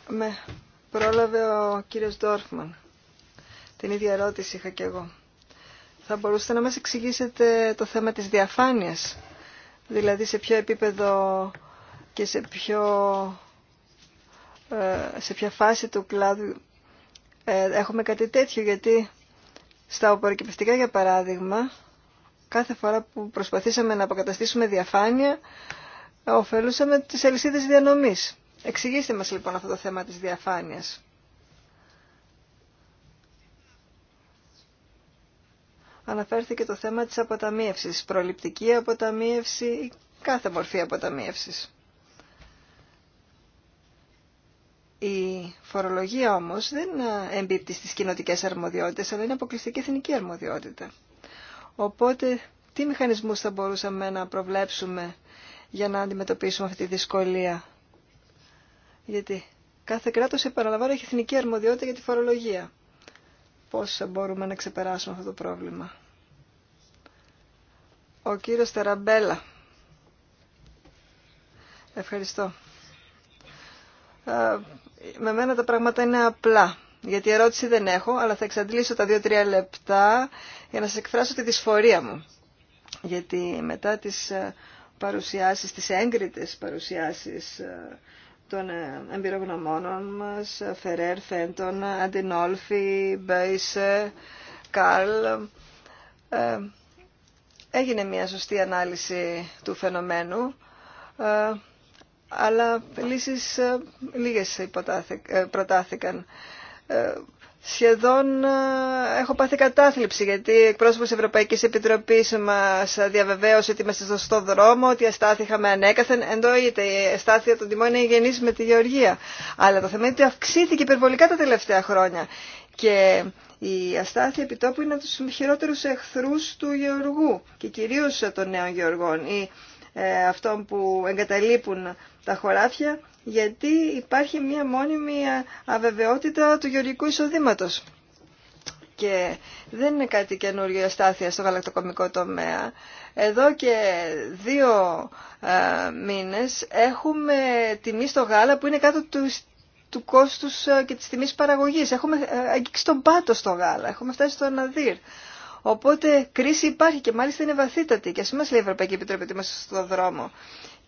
Με πρόλαβε ο κύριος Ντόρφμαν. Την ίδια ερώτηση είχα και εγώ. Θα μπορούσατε να μας εξηγήσετε το θέμα της διαφάνειας δηλαδή σε ποιο επίπεδο και σε, ε, ποια φάση του κλάδου ε, έχουμε κάτι τέτοιο, γιατί στα οπορικεπευτικά, για παράδειγμα, κάθε φορά που προσπαθήσαμε να αποκαταστήσουμε διαφάνεια, ωφελούσαμε τις αλυσίδες διανομής. Εξηγήστε μας λοιπόν αυτό το θέμα της διαφάνειας. αναφέρθηκε το θέμα της αποταμίευσης, προληπτική αποταμίευση ή κάθε μορφή αποταμίευσης. Η φορολογία όμως δεν εμπίπτει στις κοινοτικές αρμοδιότητες, αλλά είναι αποκλειστική εθνική αρμοδιότητα. Οπότε τι μηχανισμούς θα μπορούσαμε να προβλέψουμε για να αντιμετωπίσουμε αυτή τη δυσκολία. Γιατί κάθε κράτος, επαναλαμβάνω, έχει εθνική αρμοδιότητα για τη φορολογία. Πώς μπορούμε να ξεπεράσουμε αυτό το πρόβλημα. Ο κύριος Τεραμπέλα. Ευχαριστώ. Ε, με μένα τα πράγματα είναι απλά. Γιατί ερώτηση δεν έχω, αλλά θα εξαντλήσω τα δύο-τρία λεπτά για να σας εκφράσω τη δυσφορία μου. Γιατί μετά τις ε, παρουσιάσεις, τις έγκριτες παρουσιάσεις ε, των εμπειρογνωμόνων μας, Φερέρ, Φέντον, Αντινόλφι, Μπέισε, Καρλ, έγινε μια σωστή ανάλυση του φαινομένου, ε, αλλά λύσεις ε, λίγες ε, προτάθηκαν. Σχεδόν έχω πάθει κατάθλιψη γιατί εκπρόσωπος Ευρωπαϊκής Επιτροπής μας διαβεβαίωσε ότι είμαστε στο δρόμο, ότι αστάθηκαμε ανέκαθεν. Εννοείται, η αστάθεια των τιμών είναι γενής με τη γεωργία. Αλλά το θέμα είναι ότι αυξήθηκε υπερβολικά τα τελευταία χρόνια. Και η αστάθεια επιτόπου είναι από τους χειρότερους εχθρούς του γεωργού και κυρίως των νέων γεωργών ή ε, αυτών που εγκαταλείπουν τα χωράφια γιατί υπάρχει μία μόνιμη ε, αβεβαιότητα του γεωργικού εισοδήματος. Και δεν είναι κάτι καινούριο η αστάθεια στο γαλακτοκομικό τομέα. Εδώ και δύο ε, μήνες έχουμε τιμή στο γάλα που είναι κάτω του, του κόστου ε, και τη τιμή παραγωγή. Έχουμε ε, αγγίξει τον πάτο στο γάλα, έχουμε φτάσει στο αναδύρ. Οπότε κρίση υπάρχει και μάλιστα είναι βαθύτατη και α μα λέει η Ευρωπαϊκή Επιτροπή ότι είμαστε στον δρόμο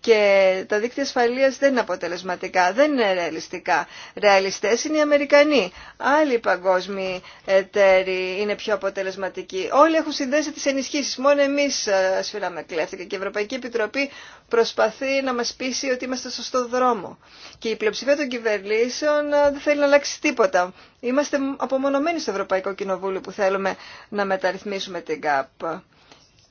και τα δίκτυα ασφαλείας δεν είναι αποτελεσματικά, δεν είναι ρεαλιστικά. Ρεαλιστές είναι οι Αμερικανοί. Άλλοι παγκόσμιοι εταίροι είναι πιο αποτελεσματικοί. Όλοι έχουν συνδέσει τις ενισχύσεις. Μόνο εμείς ε, σφυράμε κλέφτηκα και η Ευρωπαϊκή Επιτροπή προσπαθεί να μας πείσει ότι είμαστε στο σωστό δρόμο. Και η πλειοψηφία των κυβερνήσεων ε, δεν θέλει να αλλάξει τίποτα. Είμαστε απομονωμένοι στο Ευρωπαϊκό Κοινοβούλιο που θέλουμε να μεταρρυθμίσουμε την ΚΑΠ.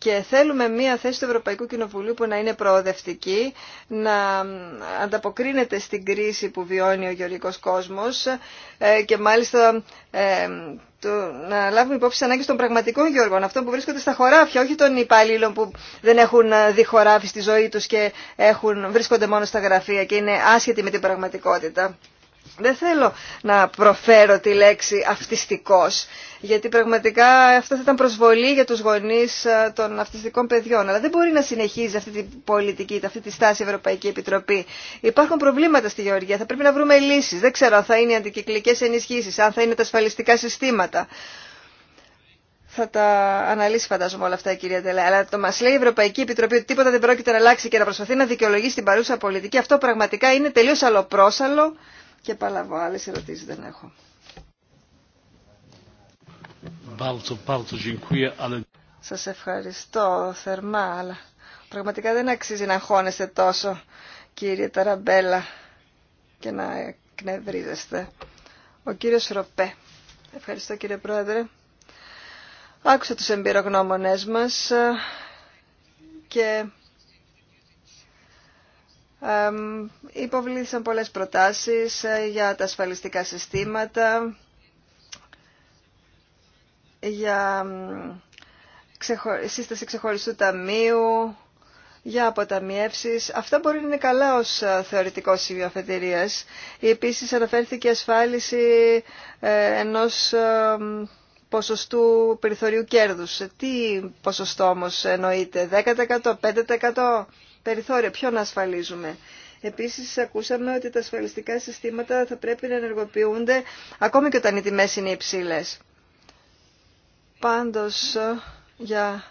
Και θέλουμε μία θέση του Ευρωπαϊκού Κοινοβουλίου που να είναι προοδευτική, να ανταποκρίνεται στην κρίση που βιώνει ο γεωργικός κόσμος ε, και μάλιστα ε, να λάβουμε υπόψη τις ανάγκες των πραγματικών γεωργών, αυτών που βρίσκονται στα χωράφια, όχι των υπαλλήλων που δεν έχουν ε, δει στη ζωή τους και έχουν, βρίσκονται μόνο στα γραφεία και είναι άσχετοι με την πραγματικότητα. Δεν θέλω να προφέρω τη λέξη αυτιστικός, γιατί πραγματικά αυτό θα ήταν προσβολή για τους γονείς ε, των αυτιστικών παιδιών. Αλλά δεν μπορεί να συνεχίζει αυτή την πολιτική, αυτή τη στάση η Ευρωπαϊκή Επιτροπή. Υπάρχουν προβλήματα στη Γεωργία, θα πρέπει να βρούμε λύσεις. Δεν ξέρω αν θα είναι οι αντικυκλικές ενισχύσεις, αν θα είναι τα ασφαλιστικά συστήματα. Θα τα αναλύσει φαντάζομαι όλα αυτά η κυρία Τελέ. Αλλά το μα λέει η Ευρωπαϊκή Επιτροπή ότι τίποτα δεν πρόκειται να αλλάξει και να προσπαθεί να δικαιολογήσει την παρούσα πολιτική. Αυτό πραγματικά είναι τελείως αλλοπρόσαλο και παλαβώ. άλλε ερωτήσει δεν έχω. Σα ευχαριστώ θερμά, αλλά πραγματικά δεν αξίζει να χώνεστε τόσο, κύριε Ταραμπέλα, και να εκνευρίζεστε. Ο κύριος Ροπέ. Ευχαριστώ κύριε Πρόεδρε. Άκουσα τους εμπειρογνώμονές μας ε, και υποβλήθησαν πολλές προτάσεις ε, για τα ασφαλιστικά συστήματα, για σύσταση ξεχωριστού ταμείου, για αποταμιεύσεις. Αυτά μπορεί να είναι καλά ως ε, θεωρητικό σημείο αφετηρίας. Επίσης αναφέρθηκε η ασφάλιση ε, ενός ποσοστού περιθωρίου κέρδους. Τι ποσοστό όμως εννοείται, 10%, 5%? περιθώρια, να ασφαλίζουμε. Επίσης ακούσαμε ότι τα ασφαλιστικά συστήματα θα πρέπει να ενεργοποιούνται ακόμη και όταν οι τιμές είναι υψηλές. Πάντως, για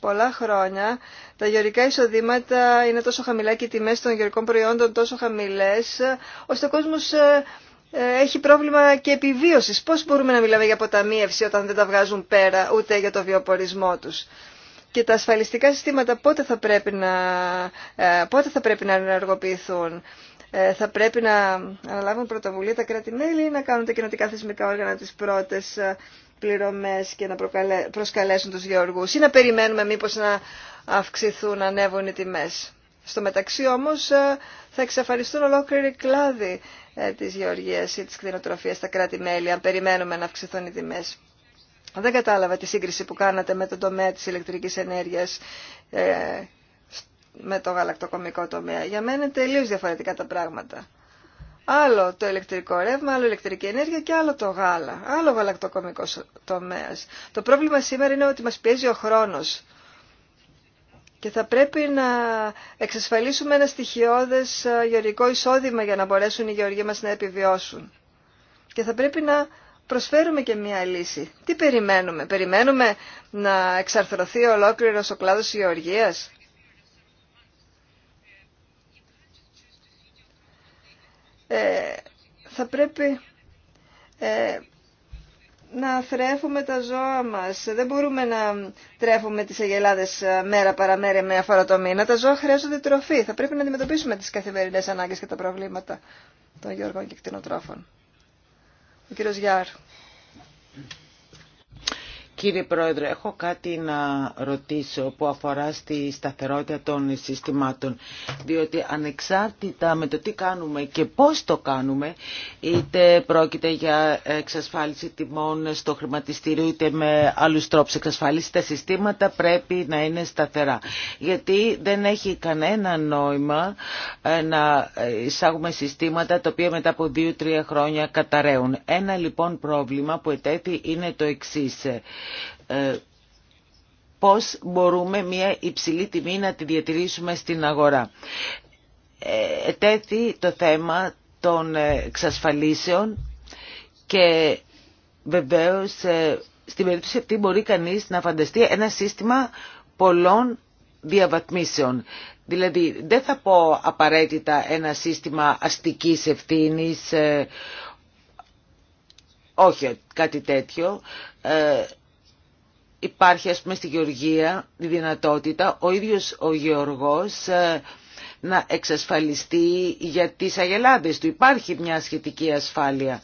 πολλά χρόνια τα γεωρικά εισοδήματα είναι τόσο χαμηλά και οι τιμές των γεωρικών προϊόντων τόσο χαμηλές, ώστε ο κόσμος ε, ε, έχει πρόβλημα και επιβίωση. Πώς μπορούμε να μιλάμε για αποταμίευση όταν δεν τα βγάζουν πέρα ούτε για το βιοπορισμό τους και τα ασφαλιστικά συστήματα πότε θα πρέπει να, ε, πότε θα πρέπει να ενεργοποιηθούν. Ε, θα πρέπει να αναλάβουν πρωτοβουλία τα κράτη-μέλη ή να κάνουν τα κοινοτικά θεσμικά όργανα τις πρώτες ε, πληρωμές και να προσκαλέσουν τους γεωργούς ή να περιμένουμε μήπως να αυξηθούν, να ανέβουν οι τιμές. Στο μεταξύ όμως θα εξαφανιστούν ολόκληροι κλάδοι της γεωργίας ή της κτηνοτροφίας στα κράτη-μέλη αν περιμένουμε να αυξηθούν οι τιμές. Δεν κατάλαβα τη σύγκριση που κάνατε με τον τομέα της ηλεκτρικής ενέργειας ε, με το γαλακτοκομικό τομέα. Για μένα είναι τελείως διαφορετικά τα πράγματα. Άλλο το ηλεκτρικό ρεύμα, άλλο ηλεκτρική ενέργεια και άλλο το γάλα. Άλλο γαλακτοκομικό τομέα. Το πρόβλημα σήμερα είναι ότι μα πιέζει ο χρόνο. Και θα πρέπει να εξασφαλίσουμε ένα στοιχειώδε ε, γεωργικό εισόδημα για να μπορέσουν οι γεωργοί μα να επιβιώσουν. Και θα πρέπει να προσφέρουμε και μία λύση. Τι περιμένουμε, περιμένουμε να εξαρθρωθεί ολόκληρος ο κλάδος γεωργίας. Ε, θα πρέπει ε, να θρέφουμε τα ζώα μας. Δεν μπορούμε να τρέφουμε τις αγελάδες ε, μέρα παραμέρα με αφορά το μήνα. Τα ζώα χρειάζονται τροφή. Θα πρέπει να αντιμετωπίσουμε τις καθημερινές ανάγκες και τα προβλήματα των γεωργών και κτηνοτρόφων. Ο κύριος Γιάρ. Κύριε Πρόεδρε, έχω κάτι να ρωτήσω που αφορά στη σταθερότητα των συστημάτων. Διότι ανεξάρτητα με το τι κάνουμε και πώς το κάνουμε, είτε πρόκειται για εξασφάλιση τιμών στο χρηματιστήριο, είτε με άλλους τρόπους εξασφάλιση, τα συστήματα πρέπει να είναι σταθερά. Γιατί δεν έχει κανένα νόημα ε, να εισάγουμε συστήματα τα οποία μετά από δύο-τρία χρόνια καταραίουν. Ένα λοιπόν πρόβλημα που ετέθη είναι το εξής. Ε, πώς μπορούμε μια υψηλή τιμή να τη διατηρήσουμε στην αγορά. Ε, ετέθη το θέμα των εξασφαλίσεων και βεβαίως ε, στην περίπτωση αυτή μπορεί κανείς να φανταστεί ένα σύστημα πολλών διαβαθμίσεων. Δηλαδή δεν θα πω απαραίτητα ένα σύστημα αστικής ευθύνης, όχι κάτι τέτοιο υπάρχει ας πούμε στη Γεωργία τη δυνατότητα ο ίδιος ο Γεωργός ε, να εξασφαλιστεί για τις αγελάδες του. Υπάρχει μια σχετική ασφάλεια.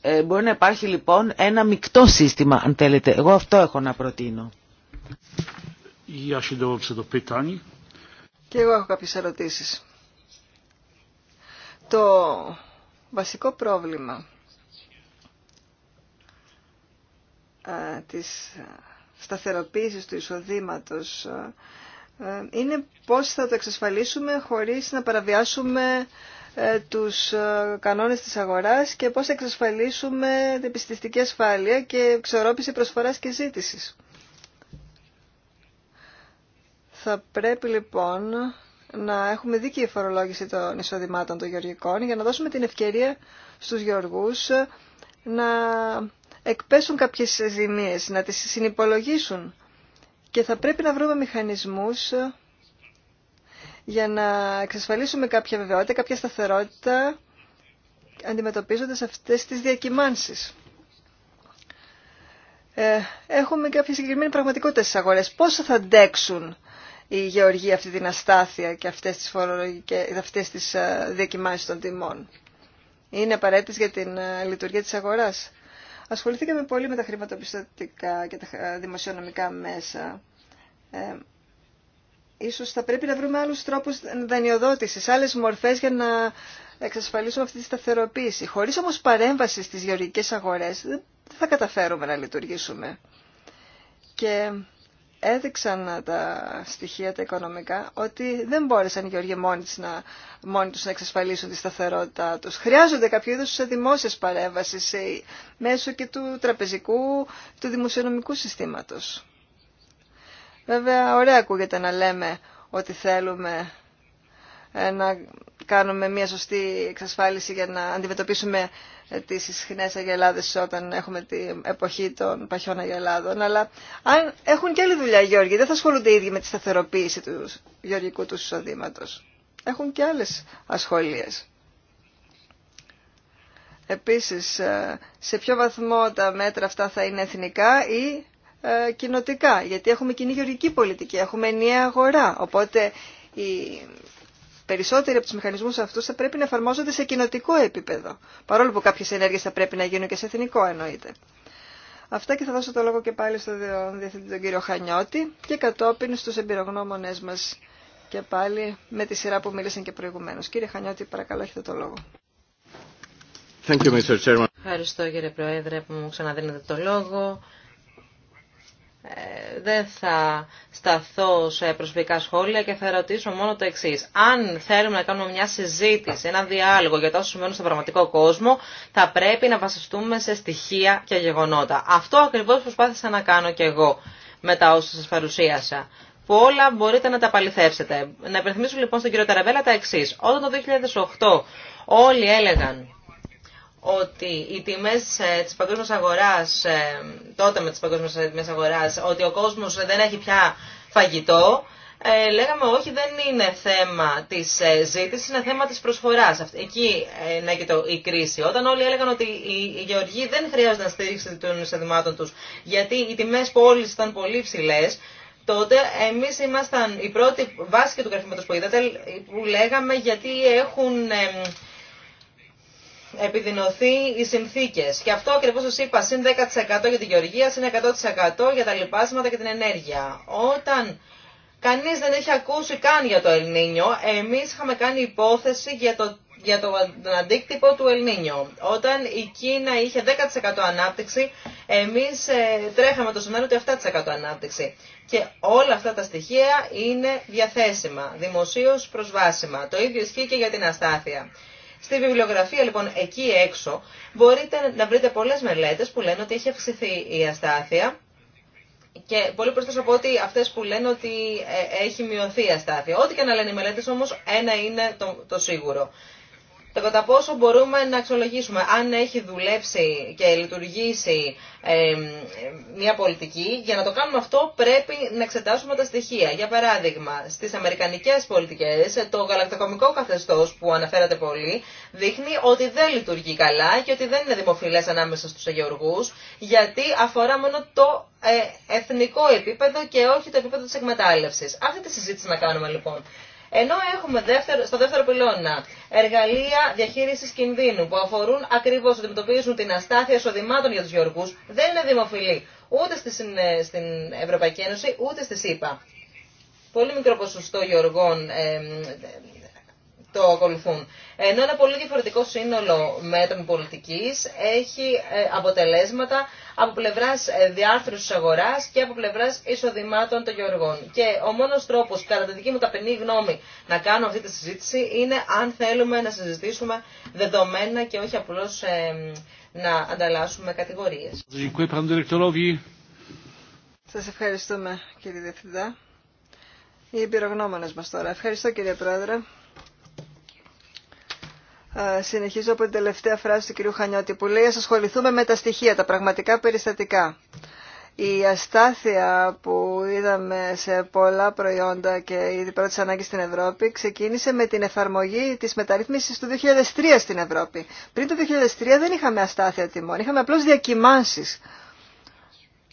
Ε, μπορεί να υπάρχει λοιπόν ένα μεικτό σύστημα αν θέλετε. Εγώ αυτό έχω να προτείνω. Και εγώ έχω κάποιες ερωτήσεις. Το βασικό πρόβλημα ε, της σταθεροποίησης του εισοδήματος ε, είναι πώς θα το εξασφαλίσουμε χωρίς να παραβιάσουμε ε, τους ε, κανόνες της αγοράς και πώς θα εξασφαλίσουμε την επιστηστική ασφάλεια και εξορρόπηση προσφοράς και ζήτησης. Θα πρέπει λοιπόν να έχουμε δίκαιη φορολόγηση των εισοδημάτων των γεωργικών για να δώσουμε την ευκαιρία στους γεωργούς να εκπέσουν κάποιες ζημίες, να τις συνυπολογίσουν και θα πρέπει να βρούμε μηχανισμούς ε, για να εξασφαλίσουμε κάποια βεβαιότητα, κάποια σταθερότητα αντιμετωπίζοντας αυτές τις διακυμάνσεις. Ε, έχουμε κάποια συγκεκριμένη πραγματικότητα στις αγορές. Πώς θα αντέξουν οι γεωργοί αυτή την αστάθεια και αυτές τις, ε, διακυμάνσεις των τιμών. Είναι απαραίτητες για την λειτουργία της αγοράς. Ασχοληθήκαμε πολύ με τα χρηματοπιστωτικά και τα δημοσιονομικά μέσα. Ε, ίσως θα πρέπει να βρούμε άλλους τρόπους δανειοδότησης, άλλες μορφές για να εξασφαλίσουμε αυτή τη σταθεροποίηση. Χωρίς όμως παρέμβαση στις γεωργικές αγορές δεν θα καταφέρουμε να λειτουργήσουμε. Και έδειξαν τα στοιχεία τα οικονομικά ότι δεν μπόρεσαν οι Γεωργοί μόνοι, τους να, μόνοι τους εξασφαλίσουν τη σταθερότητά τους. Χρειάζονται κάποιο είδος σε δημόσιες μέσω και του τραπεζικού, του δημοσιονομικού συστήματος. Βέβαια, ωραία ακούγεται να λέμε ότι θέλουμε ε, να κάνουμε μια σωστή εξασφάλιση για να αντιμετωπίσουμε τις ισχνές αγελάδες όταν έχουμε την εποχή των παχιών αγελάδων, αλλά αν έχουν και άλλη δουλειά οι δεν θα ασχολούνται οι ίδιοι με τη σταθεροποίηση του γεωργικού του εισοδήματο. Έχουν και άλλες ασχολίες. Επίσης, ε, σε ποιο βαθμό τα μέτρα αυτά θα είναι εθνικά ή ε, κοινοτικά, γιατί έχουμε κοινή γεωργική πολιτική, έχουμε ενιαία αγορά, οπότε η περισσότεροι από του μηχανισμού αυτού θα πρέπει να εφαρμόζονται σε κοινοτικό επίπεδο. Παρόλο που κάποιε ενέργειε θα πρέπει να γίνουν και σε εθνικό εννοείται. Αυτά και θα δώσω το λόγο και πάλι στον Διευθυντή τον κύριο Χανιώτη και κατόπιν στους εμπειρογνώμονε μας και πάλι με τη σειρά που μίλησαν και προηγουμένω Κύριε Χανιώτη, παρακαλώ έχετε το λόγο. Thank you, Mr. Ευχαριστώ κύριε Πρόεδρε που μου ξαναδίνετε το λόγο. Ε, δεν θα σταθώ σε προσωπικά σχόλια και θα ρωτήσω μόνο το εξή. Αν θέλουμε να κάνουμε μια συζήτηση, ένα διάλογο για όσα συμβαίνουν στον πραγματικό κόσμο, θα πρέπει να βασιστούμε σε στοιχεία και γεγονότα. Αυτό ακριβώ προσπάθησα να κάνω και εγώ με τα όσα σα παρουσίασα. Που όλα μπορείτε να τα παληθεύσετε. Να υπενθυμίσω λοιπόν στον κύριο Ταραβέλα τα εξή. Όταν το 2008 όλοι έλεγαν ότι οι τιμές ε, της παγκόσμιας αγοράς, ε, τότε με τι παγκόσμιε τιμές αγοράς, ότι ο κόσμος δεν έχει πια φαγητό, ε, λέγαμε όχι δεν είναι θέμα της ζήτησης, είναι θέμα της προσφοράς. Εκεί να και το, η κρίση. Όταν όλοι έλεγαν ότι οι, γεωργοί δεν χρειάζονταν στήριξη των εισοδημάτων του, γιατί οι τιμές πόλη ήταν πολύ ψηλέ, τότε εμεί ήμασταν η πρώτη βάση του γραφήματος που είδατε, που λέγαμε γιατί έχουν επιδεινωθεί οι συνθήκε. Και αυτό ακριβώ σα είπα, συν 10% για τη γεωργία, συν 100% για τα λοιπάσματα και την ενέργεια. Όταν κανεί δεν έχει ακούσει καν για το Ελνίνιο, εμεί είχαμε κάνει υπόθεση για το για τον αντίκτυπο του Ελνίνιο. Όταν η Κίνα είχε 10% ανάπτυξη, εμείς ε, τρέχαμε το σημείο ότι 7% ανάπτυξη. Και όλα αυτά τα στοιχεία είναι διαθέσιμα, δημοσίως προσβάσιμα. Το ίδιο ισχύει και για την αστάθεια. Στη βιβλιογραφία λοιπόν εκεί έξω μπορείτε να βρείτε πολλές μελέτες που λένε ότι έχει αυξηθεί η αστάθεια και πολύ προσθέσω από ότι αυτές που λένε ότι ε, έχει μειωθεί η αστάθεια. Ό,τι και να λένε οι μελέτες όμως ένα είναι το, το σίγουρο το κατά πόσο μπορούμε να αξιολογήσουμε αν έχει δουλέψει και λειτουργήσει ε, μια πολιτική. Για να το κάνουμε αυτό πρέπει να εξετάσουμε τα στοιχεία. Για παράδειγμα, στις αμερικανικές πολιτικές το γαλακτοκομικό καθεστώς που αναφέρατε πολύ δείχνει ότι δεν λειτουργεί καλά και ότι δεν είναι δημοφιλές ανάμεσα στους αγιοργούς γιατί αφορά μόνο το ε, εθνικό επίπεδο και όχι το επίπεδο της εκμετάλλευσης. Αυτή τη συζήτηση να κάνουμε λοιπόν. Ενώ έχουμε δεύτερο, στο δεύτερο πυλώνα εργαλεία διαχείριση κινδύνου που αφορούν ακριβώ, αντιμετωπίζουν την αστάθεια εισοδημάτων για του γεωργού, δεν είναι δημοφιλή ούτε στη, ε, στην Ευρωπαϊκή Ένωση ούτε στη ΣΥΠΑ. Πολύ μικρό ποσοστό γεωργών το ακολουθούν. Ενώ ένα πολύ διαφορετικό σύνολο μέτρων πολιτική έχει ε, αποτελέσματα από πλευρά ε, διάρθρωση αγορά και από πλευρά εισοδημάτων των γεωργών. Και ο μόνο τρόπο, κατά τη δική μου ταπεινή γνώμη, να κάνω αυτή τη συζήτηση είναι αν θέλουμε να συζητήσουμε δεδομένα και όχι απλώ να ανταλλάσσουμε κατηγορίε. Σα ευχαριστούμε κύριε Διευθυντά. Οι εμπειρογνώμονε μα τώρα. Ευχαριστώ κύριε Πρόεδρε συνεχίζω από την τελευταία φράση του κυρίου Χανιώτη που λέει ασχοληθούμε με τα στοιχεία, τα πραγματικά περιστατικά». Η αστάθεια που είδαμε σε πολλά προϊόντα και ήδη πρώτη ανάγκη στην Ευρώπη ξεκίνησε με την εφαρμογή της μεταρρύθμισης του 2003 στην Ευρώπη. Πριν το 2003 δεν είχαμε αστάθεια τιμών, είχαμε απλώς διακυμάνσεις.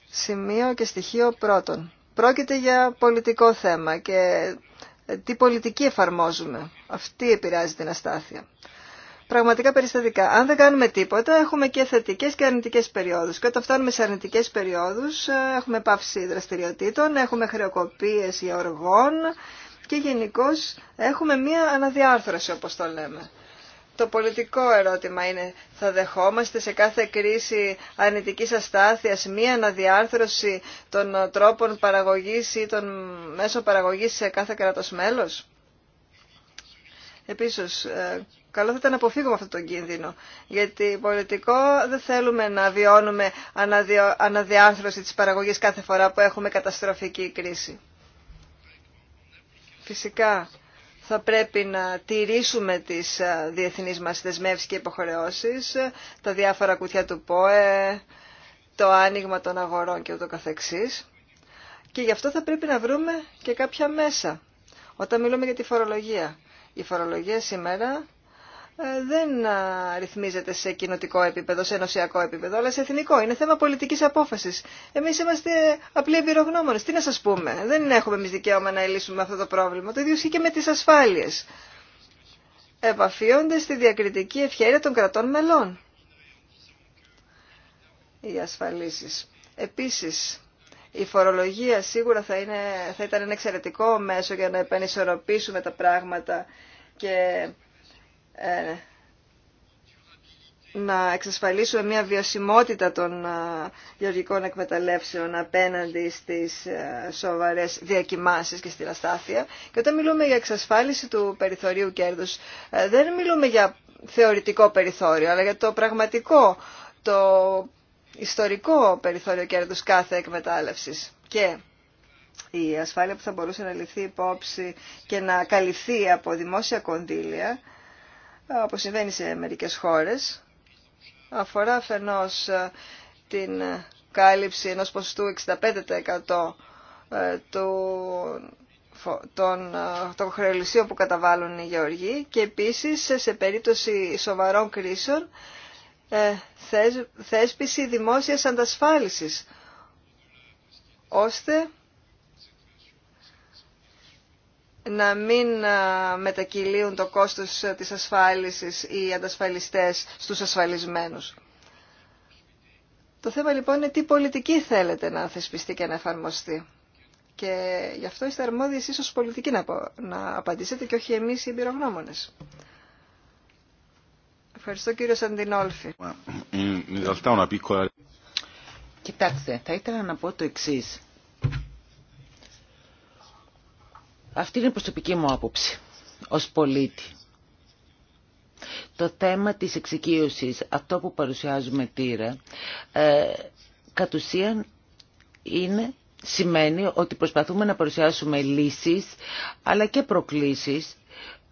Σημείο και στοιχείο πρώτον. Πρόκειται για πολιτικό θέμα και τι πολιτική εφαρμόζουμε. Αυτή επηρεάζει την αστάθεια πραγματικά περιστατικά. Αν δεν κάνουμε τίποτα, έχουμε και θετικές και αρνητικές περιόδους. Και όταν φτάνουμε σε αρνητικές περιόδους, ε, έχουμε πάυση δραστηριοτήτων, έχουμε χρεοκοπίες γεωργών και γενικώ έχουμε μία αναδιάρθρωση, όπως το λέμε. Το πολιτικό ερώτημα είναι, θα δεχόμαστε σε κάθε κρίση αρνητικής αστάθειας μία αναδιάρθρωση των τρόπων παραγωγής ή των μέσων παραγωγής σε κάθε κράτος μέλος. Επίσης, ε, Καλό θα ήταν να αποφύγουμε αυτόν τον κίνδυνο. Γιατί πολιτικό δεν θέλουμε να βιώνουμε αναδιάρθρωση της παραγωγής κάθε φορά που έχουμε καταστροφική κρίση. Φυσικά θα πρέπει να τηρήσουμε τις ε, διεθνείς μας δεσμεύσεις και υποχρεώσεις, τα διάφορα κουτιά του ΠΟΕ, το άνοιγμα των αγορών και ούτω καθεξής. Και γι' αυτό θα πρέπει να βρούμε και κάποια μέσα. Όταν μιλούμε για τη φορολογία. Η φορολογία σήμερα ε, δεν ρυθμίζεται σε κοινοτικό επίπεδο, σε ενωσιακό επίπεδο, αλλά σε εθνικό. Είναι θέμα πολιτική απόφαση. Εμεί είμαστε απλοί εμπειρογνώμονε. Τι να σα πούμε, δεν έχουμε εμεί δικαίωμα να λύσουμε αυτό το πρόβλημα. Το ίδιο ισχύει και με τι ασφάλειε. Επαφίονται στη διακριτική ευχαίρεια των κρατών μελών. Οι ασφαλίσει. Επίση, η φορολογία σίγουρα θα, είναι, θα ήταν ένα εξαιρετικό μέσο για να επανισορροπήσουμε τα πράγματα και ε, να εξασφαλίσουμε μια βιωσιμότητα των ε, γεωργικών εκμεταλλεύσεων απέναντι στις ε, σοβαρές διακοιμάνσεις και στην αστάθεια. Και όταν μιλούμε για εξασφάλιση του περιθωρίου κέρδους, δεν μιλούμε για θεωρητικό περιθώριο, αλλά για το πραγματικό, το ιστορικό περιθώριο κέρδους κάθε εκμετάλλευσης. Και η ασφάλεια που θα μπορούσε να ληφθεί υπόψη και να καλυφθεί από δημόσια κονδύλια όπως συμβαίνει σε μερικές χώρες, αφορά αφενός ε, την κάλυψη ενός ποστού 65% ε, του, των, ε, των χρεολυσίων που καταβάλουν οι γεωργοί και επίσης σε περίπτωση σοβαρών κρίσεων θέσπιση δημόσιας αντασφάλισης ώστε να μην μετακυλίουν το κόστος της ασφάλισης οι αντασφαλιστές στους ασφαλισμένους. Το θέμα λοιπόν είναι τι πολιτική θέλετε να θεσπιστεί και να εφαρμοστεί. Και γι' αυτό είστε αρμόδιες ίσως πολιτικοί να, να απαντήσετε και όχι εμείς οι εμπειρογνώμονες. Ευχαριστώ κύριο Σαντινόλφη. Ε, ε, Κοιτάξτε, θα ήθελα να πω το εξής. Αυτή είναι η προσωπική μου άποψη ως πολίτη. Το θέμα της εξοικείωσης, αυτό που παρουσιάζουμε τύρα, ε, κατ' ουσίαν είναι, σημαίνει ότι προσπαθούμε να παρουσιάσουμε λύσεις αλλά και προκλήσεις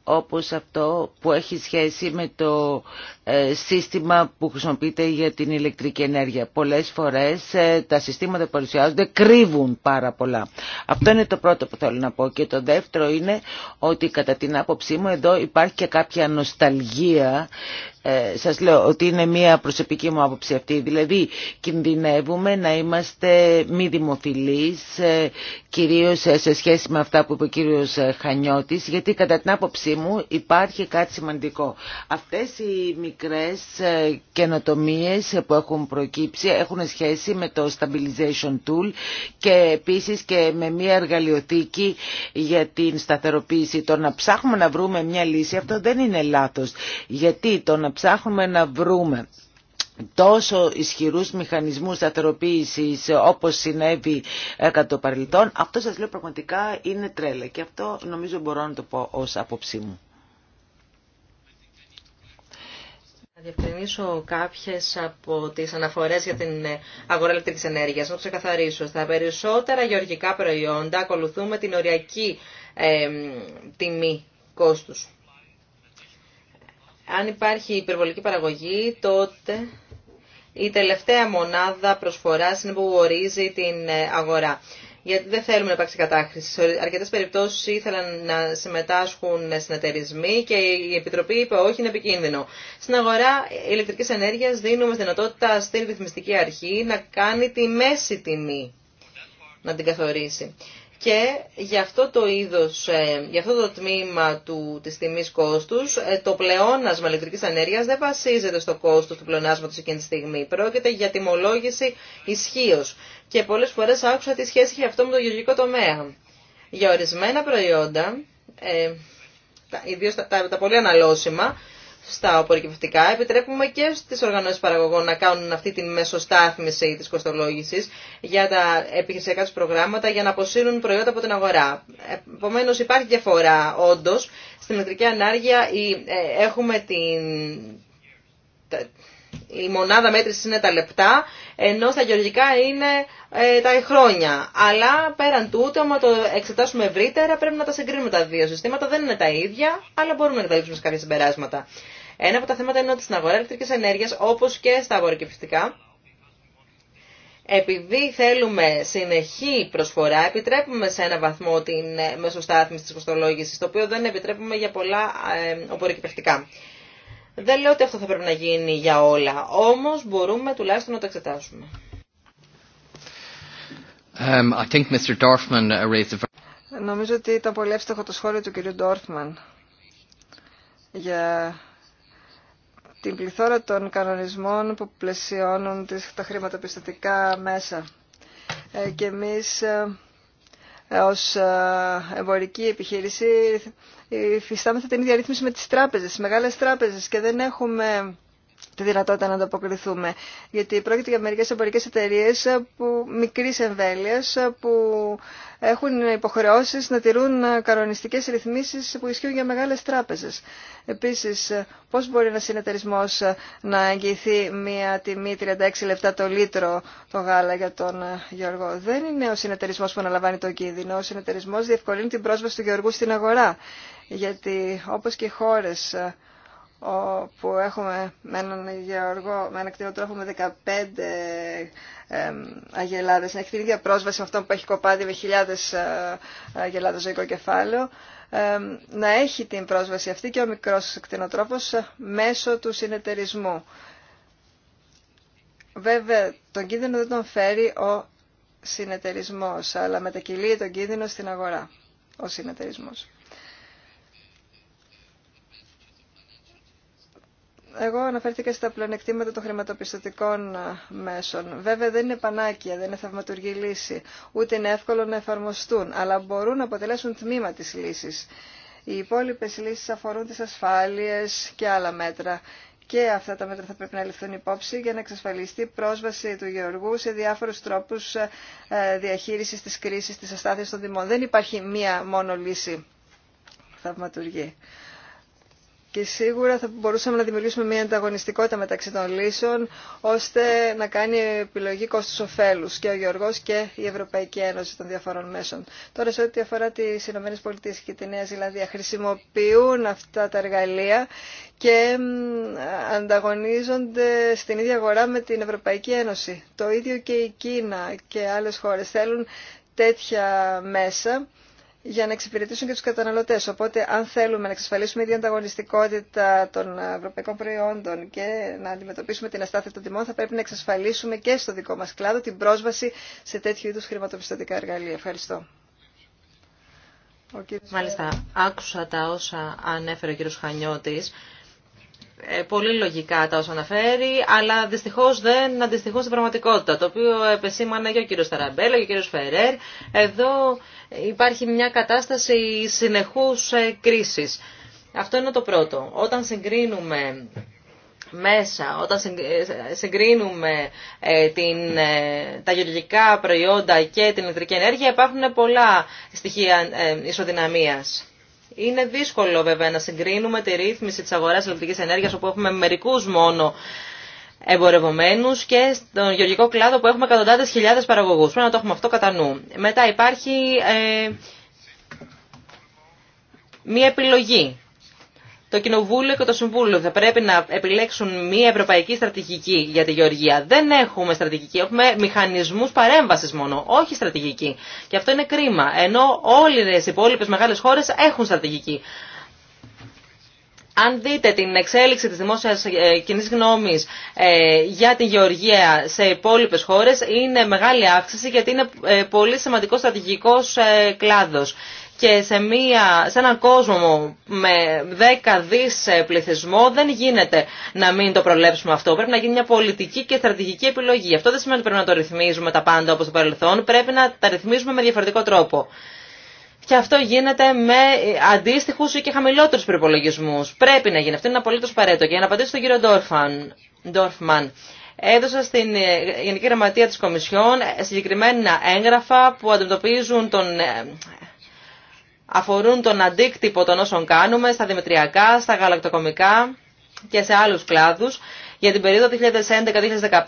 όπως αυτό που έχει σχέση με το ε, σύστημα που χρησιμοποιείται για την ηλεκτρική ενέργεια. Πολλές φορές ε, τα συστήματα που παρουσιάζονται κρύβουν πάρα πολλά. Αυτό είναι το πρώτο που θέλω να πω. Και το δεύτερο είναι ότι κατά την άποψή μου εδώ υπάρχει και κάποια νοσταλγία ε, σας λέω ότι είναι μια προσωπική μου άποψη αυτή, δηλαδή κινδυνεύουμε να είμαστε μη δημοφιλείς, ε, κυρίως ε, σε σχέση με αυτά που είπε ο κύριος ε, Χανιώτης, γιατί κατά την άποψή μου υπάρχει κάτι σημαντικό. Αυτές οι μικρές ε, καινοτομίες που έχουν προκύψει έχουν σχέση με το stabilization tool και επίσης και με μια εργαλειοθήκη για την σταθεροποίηση. Το να ψάχνουμε να βρούμε μια λύση αυτό δεν είναι λάθος, γιατί το να ψάχνουμε να βρούμε τόσο ισχυρούς μηχανισμούς σταθεροποίησης όπως συνέβη ε, κατά το παρελθόν, αυτό σας λέω πραγματικά είναι τρέλα και αυτό νομίζω μπορώ να το πω ως άποψή μου. Να διευκρινίσω κάποιες από τις αναφορές για την ε, αγορά ηλεκτρικής ενέργειας. Να ξεκαθαρίσω. Στα περισσότερα γεωργικά προϊόντα ακολουθούμε την οριακή ε, τιμή κόστους αν υπάρχει υπερβολική παραγωγή, τότε η τελευταία μονάδα προσφοράς είναι που ορίζει την ε, αγορά. Γιατί δεν θέλουμε να υπάρξει κατάχρηση. Σε αρκετέ περιπτώσει ήθελαν να συμμετάσχουν ε, συνεταιρισμοί και η Επιτροπή είπε όχι, είναι επικίνδυνο. Στην αγορά ηλεκτρική ενέργεια δίνουμε δυνατότητα στην ρυθμιστική αρχή να κάνει τη μέση τιμή, να την καθορίσει και για αυτό το είδος, ε, για αυτό το τμήμα του, της τιμής κόστους, ε, το πλεόνασμα ηλεκτρικής ενέργειας δεν βασίζεται στο κόστος του πλεονάσματος εκείνη τη στιγμή. Πρόκειται για τιμολόγηση ισχύω. Και πολλές φορές άκουσα τη σχέση για αυτό με το γεωργικό τομέα. Για ορισμένα προϊόντα, ε, ιδίω τα, τα, πολύ αναλώσιμα, στα απορροκυπευτικά, επιτρέπουμε και στι οργανώσει παραγωγών να κάνουν αυτή τη μεσοστάθμιση τη κοστολόγηση για τα επιχειρησιακά του προγράμματα για να αποσύρουν προϊόντα από την αγορά. Επομένω υπάρχει διαφορά όντω. Στην ηλεκτρική ανάργεια ε, έχουμε την... Η μονάδα μέτρηση είναι τα λεπτά, ενώ στα γεωργικά είναι ε, τα χρόνια. Αλλά πέραν τούτου, άμα το εξετάσουμε ευρύτερα, πρέπει να τα συγκρίνουμε τα δύο συστήματα. Δεν είναι τα ίδια, αλλά μπορούμε να καταλήξουμε σε κάποια συμπεράσματα. Ένα από τα θέματα είναι ότι στην αγορά ηλεκτρικής ενέργειας, όπως και στα αγορικευτικά, επειδή θέλουμε συνεχή προσφορά, επιτρέπουμε σε ένα βαθμό την ε, μεσοστάθμιση της κοστολόγησης, το οποίο δεν επιτρέπουμε για πολλά ε, οπορικευτικά. Δεν λέω ότι αυτό θα πρέπει να γίνει για όλα, όμως μπορούμε τουλάχιστον να το εξετάσουμε. Um, I think Mr. Dorfman uh, raised Νομίζω ότι ήταν πολύ εύστοχο το σχόλιο του κ. Ντόρφμαν για την πληθώρα των κανονισμών που πλαισιώνουν τα χρηματοπιστωτικά μέσα. Ε, και εμείς ε, ε, ως εμπορική επιχείρηση υφιστάμεθα την ίδια ρύθμιση με τις τράπεζες, τις μεγάλες τράπεζες και δεν έχουμε τη δυνατότητα να ανταποκριθούμε. Γιατί πρόκειται για μερικές εμπορικές εταιρείε που μικρής εμβέλειας που έχουν υποχρεώσεις να τηρούν κανονιστικές ρυθμίσεις που ισχύουν για μεγάλες τράπεζες. Επίσης, πώς μπορεί ένα συνεταιρισμό να εγγυηθεί μια τιμή 36 λεπτά το λίτρο το γάλα για τον Γιώργο. Δεν είναι ο συνεταιρισμό που αναλαμβάνει το κίνδυνο. Ο συνεταιρισμό διευκολύνει την πρόσβαση του Γιώργου στην αγορά. Γιατί όπως και οι χώρες όπου έχουμε με έναν γεωργό, με έναν κτηνοτρόφο με 15 ε, αγελάδες, να έχει την ίδια πρόσβαση με αυτόν που έχει κοπάδι με χιλιάδες ε, αγελάδες ζωικό κεφάλαιο, να έχει την πρόσβαση αυτή και ο μικρός κτηνοτρόφος μέσω του συνεταιρισμού. Βέβαια, τον κίνδυνο δεν τον φέρει ο συνεταιρισμός, αλλά μετακυλεί τον κίνδυνο στην αγορά ο συνεταιρισμός. Εγώ αναφέρθηκα στα πλεονεκτήματα των χρηματοπιστωτικών ε, μέσων. Βέβαια δεν είναι πανάκια, δεν είναι θαυματουργή λύση, ούτε είναι εύκολο να εφαρμοστούν, αλλά μπορούν να αποτελέσουν τμήμα της λύσης. Οι υπόλοιπε λύσεις αφορούν τις ασφάλειες και άλλα μέτρα. Και αυτά τα μέτρα θα πρέπει να ληφθούν υπόψη για να εξασφαλιστεί πρόσβαση του Γεωργού σε διάφορους τρόπους ε, ε, διαχείρισης της κρίσης, της αστάθειας των Δημών. Δεν υπάρχει μία μόνο λύση θαυματουργή. Και σίγουρα θα μπορούσαμε να δημιουργήσουμε μια ανταγωνιστικότητα μεταξύ των λύσεων, ώστε να κάνει επιλογή κόστου-οφέλου και ο Γεωργό και η Ευρωπαϊκή Ένωση των διαφορών μέσων. Τώρα, σε ό,τι αφορά τι ΗΠΑ και τη Νέα Ζηλανδία, χρησιμοποιούν αυτά τα εργαλεία και ανταγωνίζονται στην ίδια αγορά με την Ευρωπαϊκή Ένωση. Το ίδιο και η Κίνα και άλλε χώρε θέλουν τέτοια μέσα για να εξυπηρετήσουν και τους καταναλωτές. Οπότε αν θέλουμε να εξασφαλίσουμε την ανταγωνιστικότητα των ευρωπαϊκών προϊόντων και να αντιμετωπίσουμε την αστάθεια των τιμών θα πρέπει να εξασφαλίσουμε και στο δικό μας κλάδο την πρόσβαση σε τέτοιου είδους χρηματοπιστωτικά εργαλεία. Ευχαριστώ. Μάλιστα, άκουσα τα όσα ανέφερε ο κύριος Χανιώτης ε, πολύ λογικά τα όσα αναφέρει, αλλά δυστυχώ δεν αντιστοιχούν στην πραγματικότητα, το οποίο επεσήμανε και ο κύριο Ταραμπέλα και ο κύριο Φερέρ. Εδώ υπάρχει μια κατάσταση συνεχού ε, κρίση. Αυτό είναι το πρώτο. Όταν συγκρίνουμε μέσα, όταν ε, συγκρίνουμε την, τα γεωργικά προϊόντα και την ηλεκτρική ενέργεια, υπάρχουν πολλά στοιχεία ισοδυναμίας. Είναι δύσκολο βέβαια να συγκρίνουμε τη ρύθμιση της αγοράς ηλεκτρικής ενέργειας όπου έχουμε μερικούς μόνο εμπορευομένους και στον γεωργικό κλάδο που έχουμε εκατοντάδες χιλιάδες παραγωγούς. Πρέπει να το έχουμε αυτό κατά νου. Μετά υπάρχει ε, μία επιλογή το Κοινοβούλιο και το Συμβούλιο θα πρέπει να επιλέξουν μια ευρωπαϊκή στρατηγική για τη Γεωργία. Δεν έχουμε στρατηγική, έχουμε μηχανισμούς παρέμβασης μόνο, όχι στρατηγική. Και αυτό είναι κρίμα, ενώ όλε οι υπόλοιπε μεγάλες χώρες έχουν στρατηγική. Αν δείτε την εξέλιξη της δημόσιας ε, κοινή γνώμης ε, για τη γεωργία σε υπόλοιπες χώρες, είναι μεγάλη αύξηση γιατί είναι ε, πολύ σημαντικό στρατηγικός κλάδος και σε, μια, σε έναν κόσμο με δέκα δις ε, πληθυσμό δεν γίνεται να μην το προλέψουμε αυτό. Πρέπει να γίνει μια πολιτική και στρατηγική επιλογή. Αυτό δεν σημαίνει ότι πρέπει να το ρυθμίζουμε τα πάντα όπως το παρελθόν. Πρέπει να τα ρυθμίζουμε με διαφορετικό τρόπο. Και αυτό γίνεται με ε, αντίστοιχου ή και χαμηλότερου προπολογισμού. Πρέπει να γίνει. Αυτό είναι απολύτω παρέτο. Και για να απαντήσω στον κύριο Ντόρφμαν, έδωσα στην ε, Γενική Γραμματεία τη Κομισιόν συγκεκριμένα έγγραφα που αντιμετωπίζουν τον αφορούν τον αντίκτυπο των όσων κάνουμε στα δημητριακά, στα γαλακτοκομικά και σε άλλους κλάδους. Για την περίοδο 2011-2015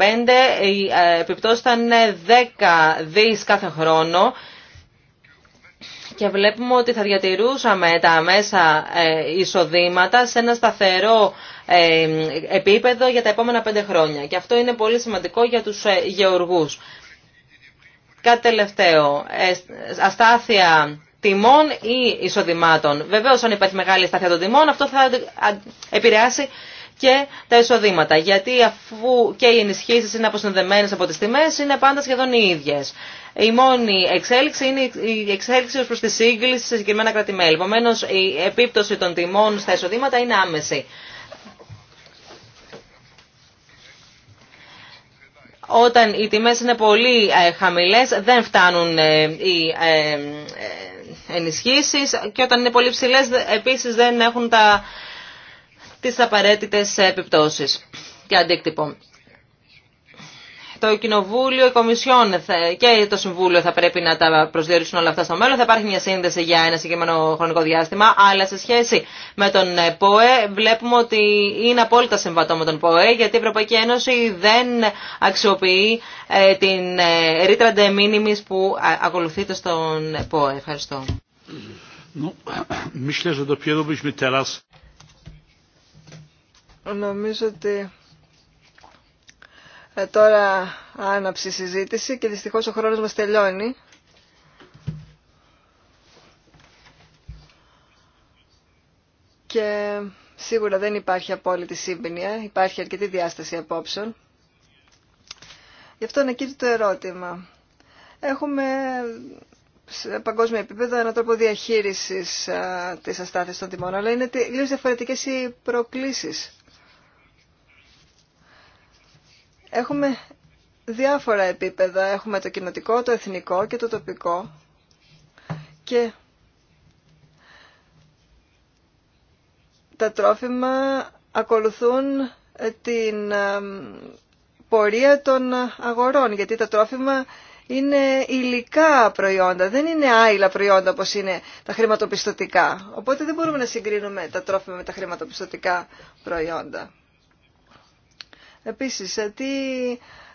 οι ε, επιπτώσεις ήταν 10 ε, δις κάθε χρόνο και βλέπουμε ότι θα διατηρούσαμε τα μέσα ε, εισοδήματα σε ένα σταθερό επίπεδο για τα επόμενα πέντε χρόνια. Και αυτό είναι πολύ σημαντικό για τους γεωργούς. Κάτι τελευταίο. Αστάθεια τιμών ή εισοδημάτων. Βεβαίως αν υπάρχει μεγάλη στάθεια των τιμών αυτό θα επηρεάσει και τα εισοδήματα. Γιατί αφού και οι ενισχύσει είναι αποσυνδεμένε από τι τιμέ, είναι πάντα σχεδόν οι ίδιε. Η μόνη εξέλιξη είναι η εξέλιξη ω προ τη σύγκληση σε συγκεκριμένα κρατημέλη. Επομένω, η επίπτωση των τιμών στα εισοδήματα είναι άμεση. Όταν οι τιμές είναι πολύ ε, χαμηλές, δεν φτάνουν ε, οι ε, και όταν είναι πολύ ψηλές επίσης δεν έχουν τα, τις απαραίτητες επιπτώσεις και αντίκτυπο το Κοινοβούλιο, η Κομισιόν και το Συμβούλιο θα πρέπει να τα προσδιορίσουν όλα αυτά στο μέλλον. Θα υπάρχει μια σύνδεση για ένα συγκεκριμένο χρονικό διάστημα, αλλά σε σχέση με τον ε, ΠΟΕ βλέπουμε ότι είναι απόλυτα συμβατό με τον ΠΟΕ, γιατί η Ευρωπαϊκή Ένωση δεν αξιοποιεί ε, την ε, ρήτρα ντεμίνιμης που ακολουθείται στον ΠΟΕ. Ευχαριστώ. Νομίζω ότι ε, τώρα άναψη συζήτηση και δυστυχώς ο χρόνος μας τελειώνει. Και σίγουρα δεν υπάρχει απόλυτη σύμπνοια, υπάρχει αρκετή διάσταση απόψεων. Γι' αυτό εκείνο το ερώτημα. Έχουμε σε παγκόσμιο επίπεδο έναν τρόπο διαχείρισης α, της αστάθειας των τιμών, αλλά είναι τελείως διαφορετικές οι προκλήσεις. Έχουμε διάφορα επίπεδα. Έχουμε το κοινοτικό, το εθνικό και το τοπικό. Και τα τρόφιμα ακολουθούν ε, την ε, πορεία των αγορών, γιατί τα τρόφιμα είναι υλικά προϊόντα, δεν είναι άειλα προϊόντα όπως είναι τα χρηματοπιστωτικά. Οπότε δεν μπορούμε να συγκρίνουμε τα τρόφιμα με τα χρηματοπιστωτικά προϊόντα. Επίσης, τι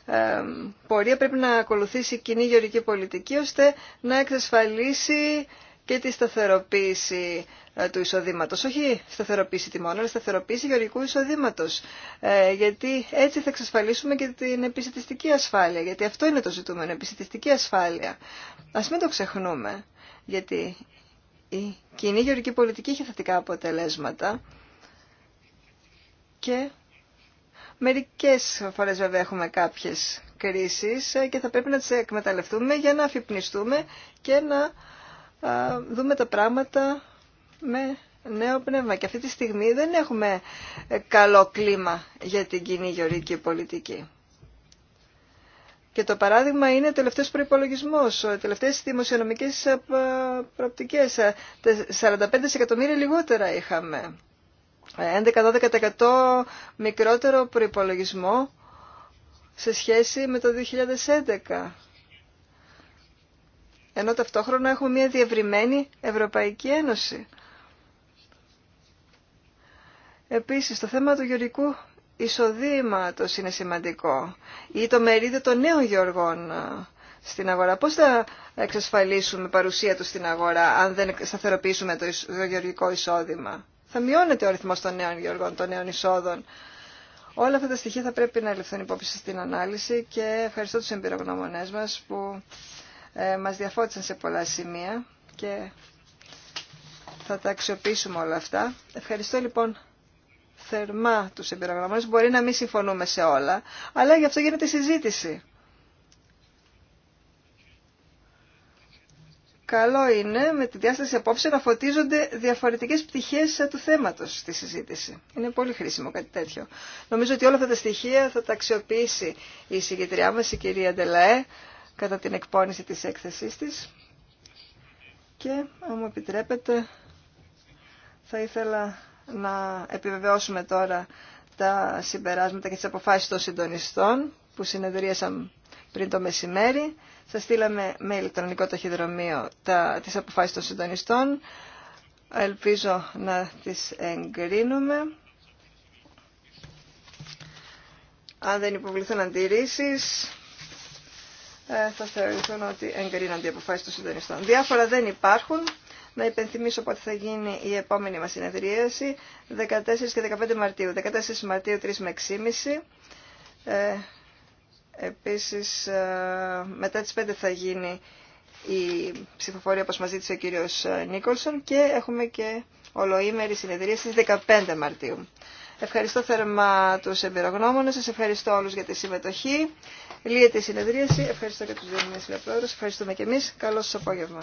ε, πορεία πρέπει να ακολουθήσει η κοινή γεωρική πολιτική ώστε να εξασφαλίσει και τη σταθεροποίηση ε, του εισοδήματο. Όχι σταθεροποίηση τιμών, αλλά σταθεροποίηση γεωργικού εισοδήματο. Ε, γιατί έτσι θα εξασφαλίσουμε και την επιστημιστική ασφάλεια. Γιατί αυτό είναι το ζητούμενο, επιστημιστική ασφάλεια. Α μην το ξεχνούμε. Γιατί η κοινή γεωργική πολιτική έχει θετικά αποτελέσματα. Και Μερικές φορές βέβαια έχουμε κάποιες κρίσεις και θα πρέπει να τις εκμεταλλευτούμε για να αφυπνιστούμε και να δούμε τα πράγματα με νέο πνεύμα. Και αυτή τη στιγμή δεν έχουμε ε, καλό κλίμα για την κοινή γεωρική πολιτική. Και το παράδειγμα είναι ο τελευταίος προϋπολογισμός, οι τελευταίες δημοσιονομικές προοπτικές. 45 εκατομμύρια λιγότερα είχαμε. 11-12% μικρότερο προϋπολογισμό σε σχέση με το 2011. Ενώ ταυτόχρονα έχουμε μια διευρυμένη Ευρωπαϊκή Ένωση. Επίσης, το θέμα του γεωργικού εισοδήματος είναι σημαντικό ή το μερίδιο των νέων γεωργών ε, στην αγορά. Πώς θα εξασφαλίσουμε παρουσία του στην αγορά αν δεν σταθεροποιήσουμε το γεωργικό εισόδημα θα μειώνεται ο αριθμός των νέων γεωργών, των νέων εισόδων. Όλα αυτά τα στοιχεία θα πρέπει να ληφθούν υπόψη στην ανάλυση και ευχαριστώ τους εμπειρογνωμονές μας που ε, μας διαφώτισαν σε πολλά σημεία και θα τα αξιοποιήσουμε όλα αυτά. Ευχαριστώ λοιπόν θερμά τους εμπειρογνωμόνες. Μπορεί να μην συμφωνούμε σε όλα, αλλά γι' αυτό γίνεται συζήτηση. καλό είναι με τη διάσταση απόψε να φωτίζονται διαφορετικές πτυχές ε, του θέματος στη συζήτηση. Είναι πολύ χρήσιμο κάτι τέτοιο. Νομίζω ότι όλα αυτά τα στοιχεία θα τα αξιοποιήσει η συγκεκριά μας, η κυρία Ντελαέ, κατά την εκπόνηση της έκθεσής της. Και, αν μου επιτρέπετε, θα ήθελα να επιβεβαιώσουμε τώρα τα συμπεράσματα και τις αποφάσεις των συντονιστών που συνεδρίασαν πριν το μεσημέρι Σα στείλαμε με ηλεκτρονικό ταχυδρομείο τα, τις αποφάσεις των συντονιστών. Ελπίζω να τις εγκρίνουμε. Αν δεν υποβληθούν αντιρρήσεις, ε, θα θεωρηθούν ότι εγκρίνονται οι αποφάσεις των συντονιστών. Διάφορα δεν υπάρχουν. Να υπενθυμίσω πότε θα γίνει η επόμενη μας συνεδρίαση, 14 και 15 Μαρτίου. 14 Μαρτίου 3 με 6.30 Επίσης, ε, μετά τις 5 θα γίνει η ψηφοφορία όπως μας ζήτησε ο κύριος ε, Νίκολσον και έχουμε και ολοήμερη συνεδρία στις 15 Μαρτίου. Ευχαριστώ θερμά τους εμπειρογνώμονες, σας ευχαριστώ όλους για τη συμμετοχή. Λύεται η συνεδρίαση, ευχαριστώ και τους δημιουργούς συνεπρόεδρους, ευχαριστούμε και εμείς. Καλό σας απόγευμα.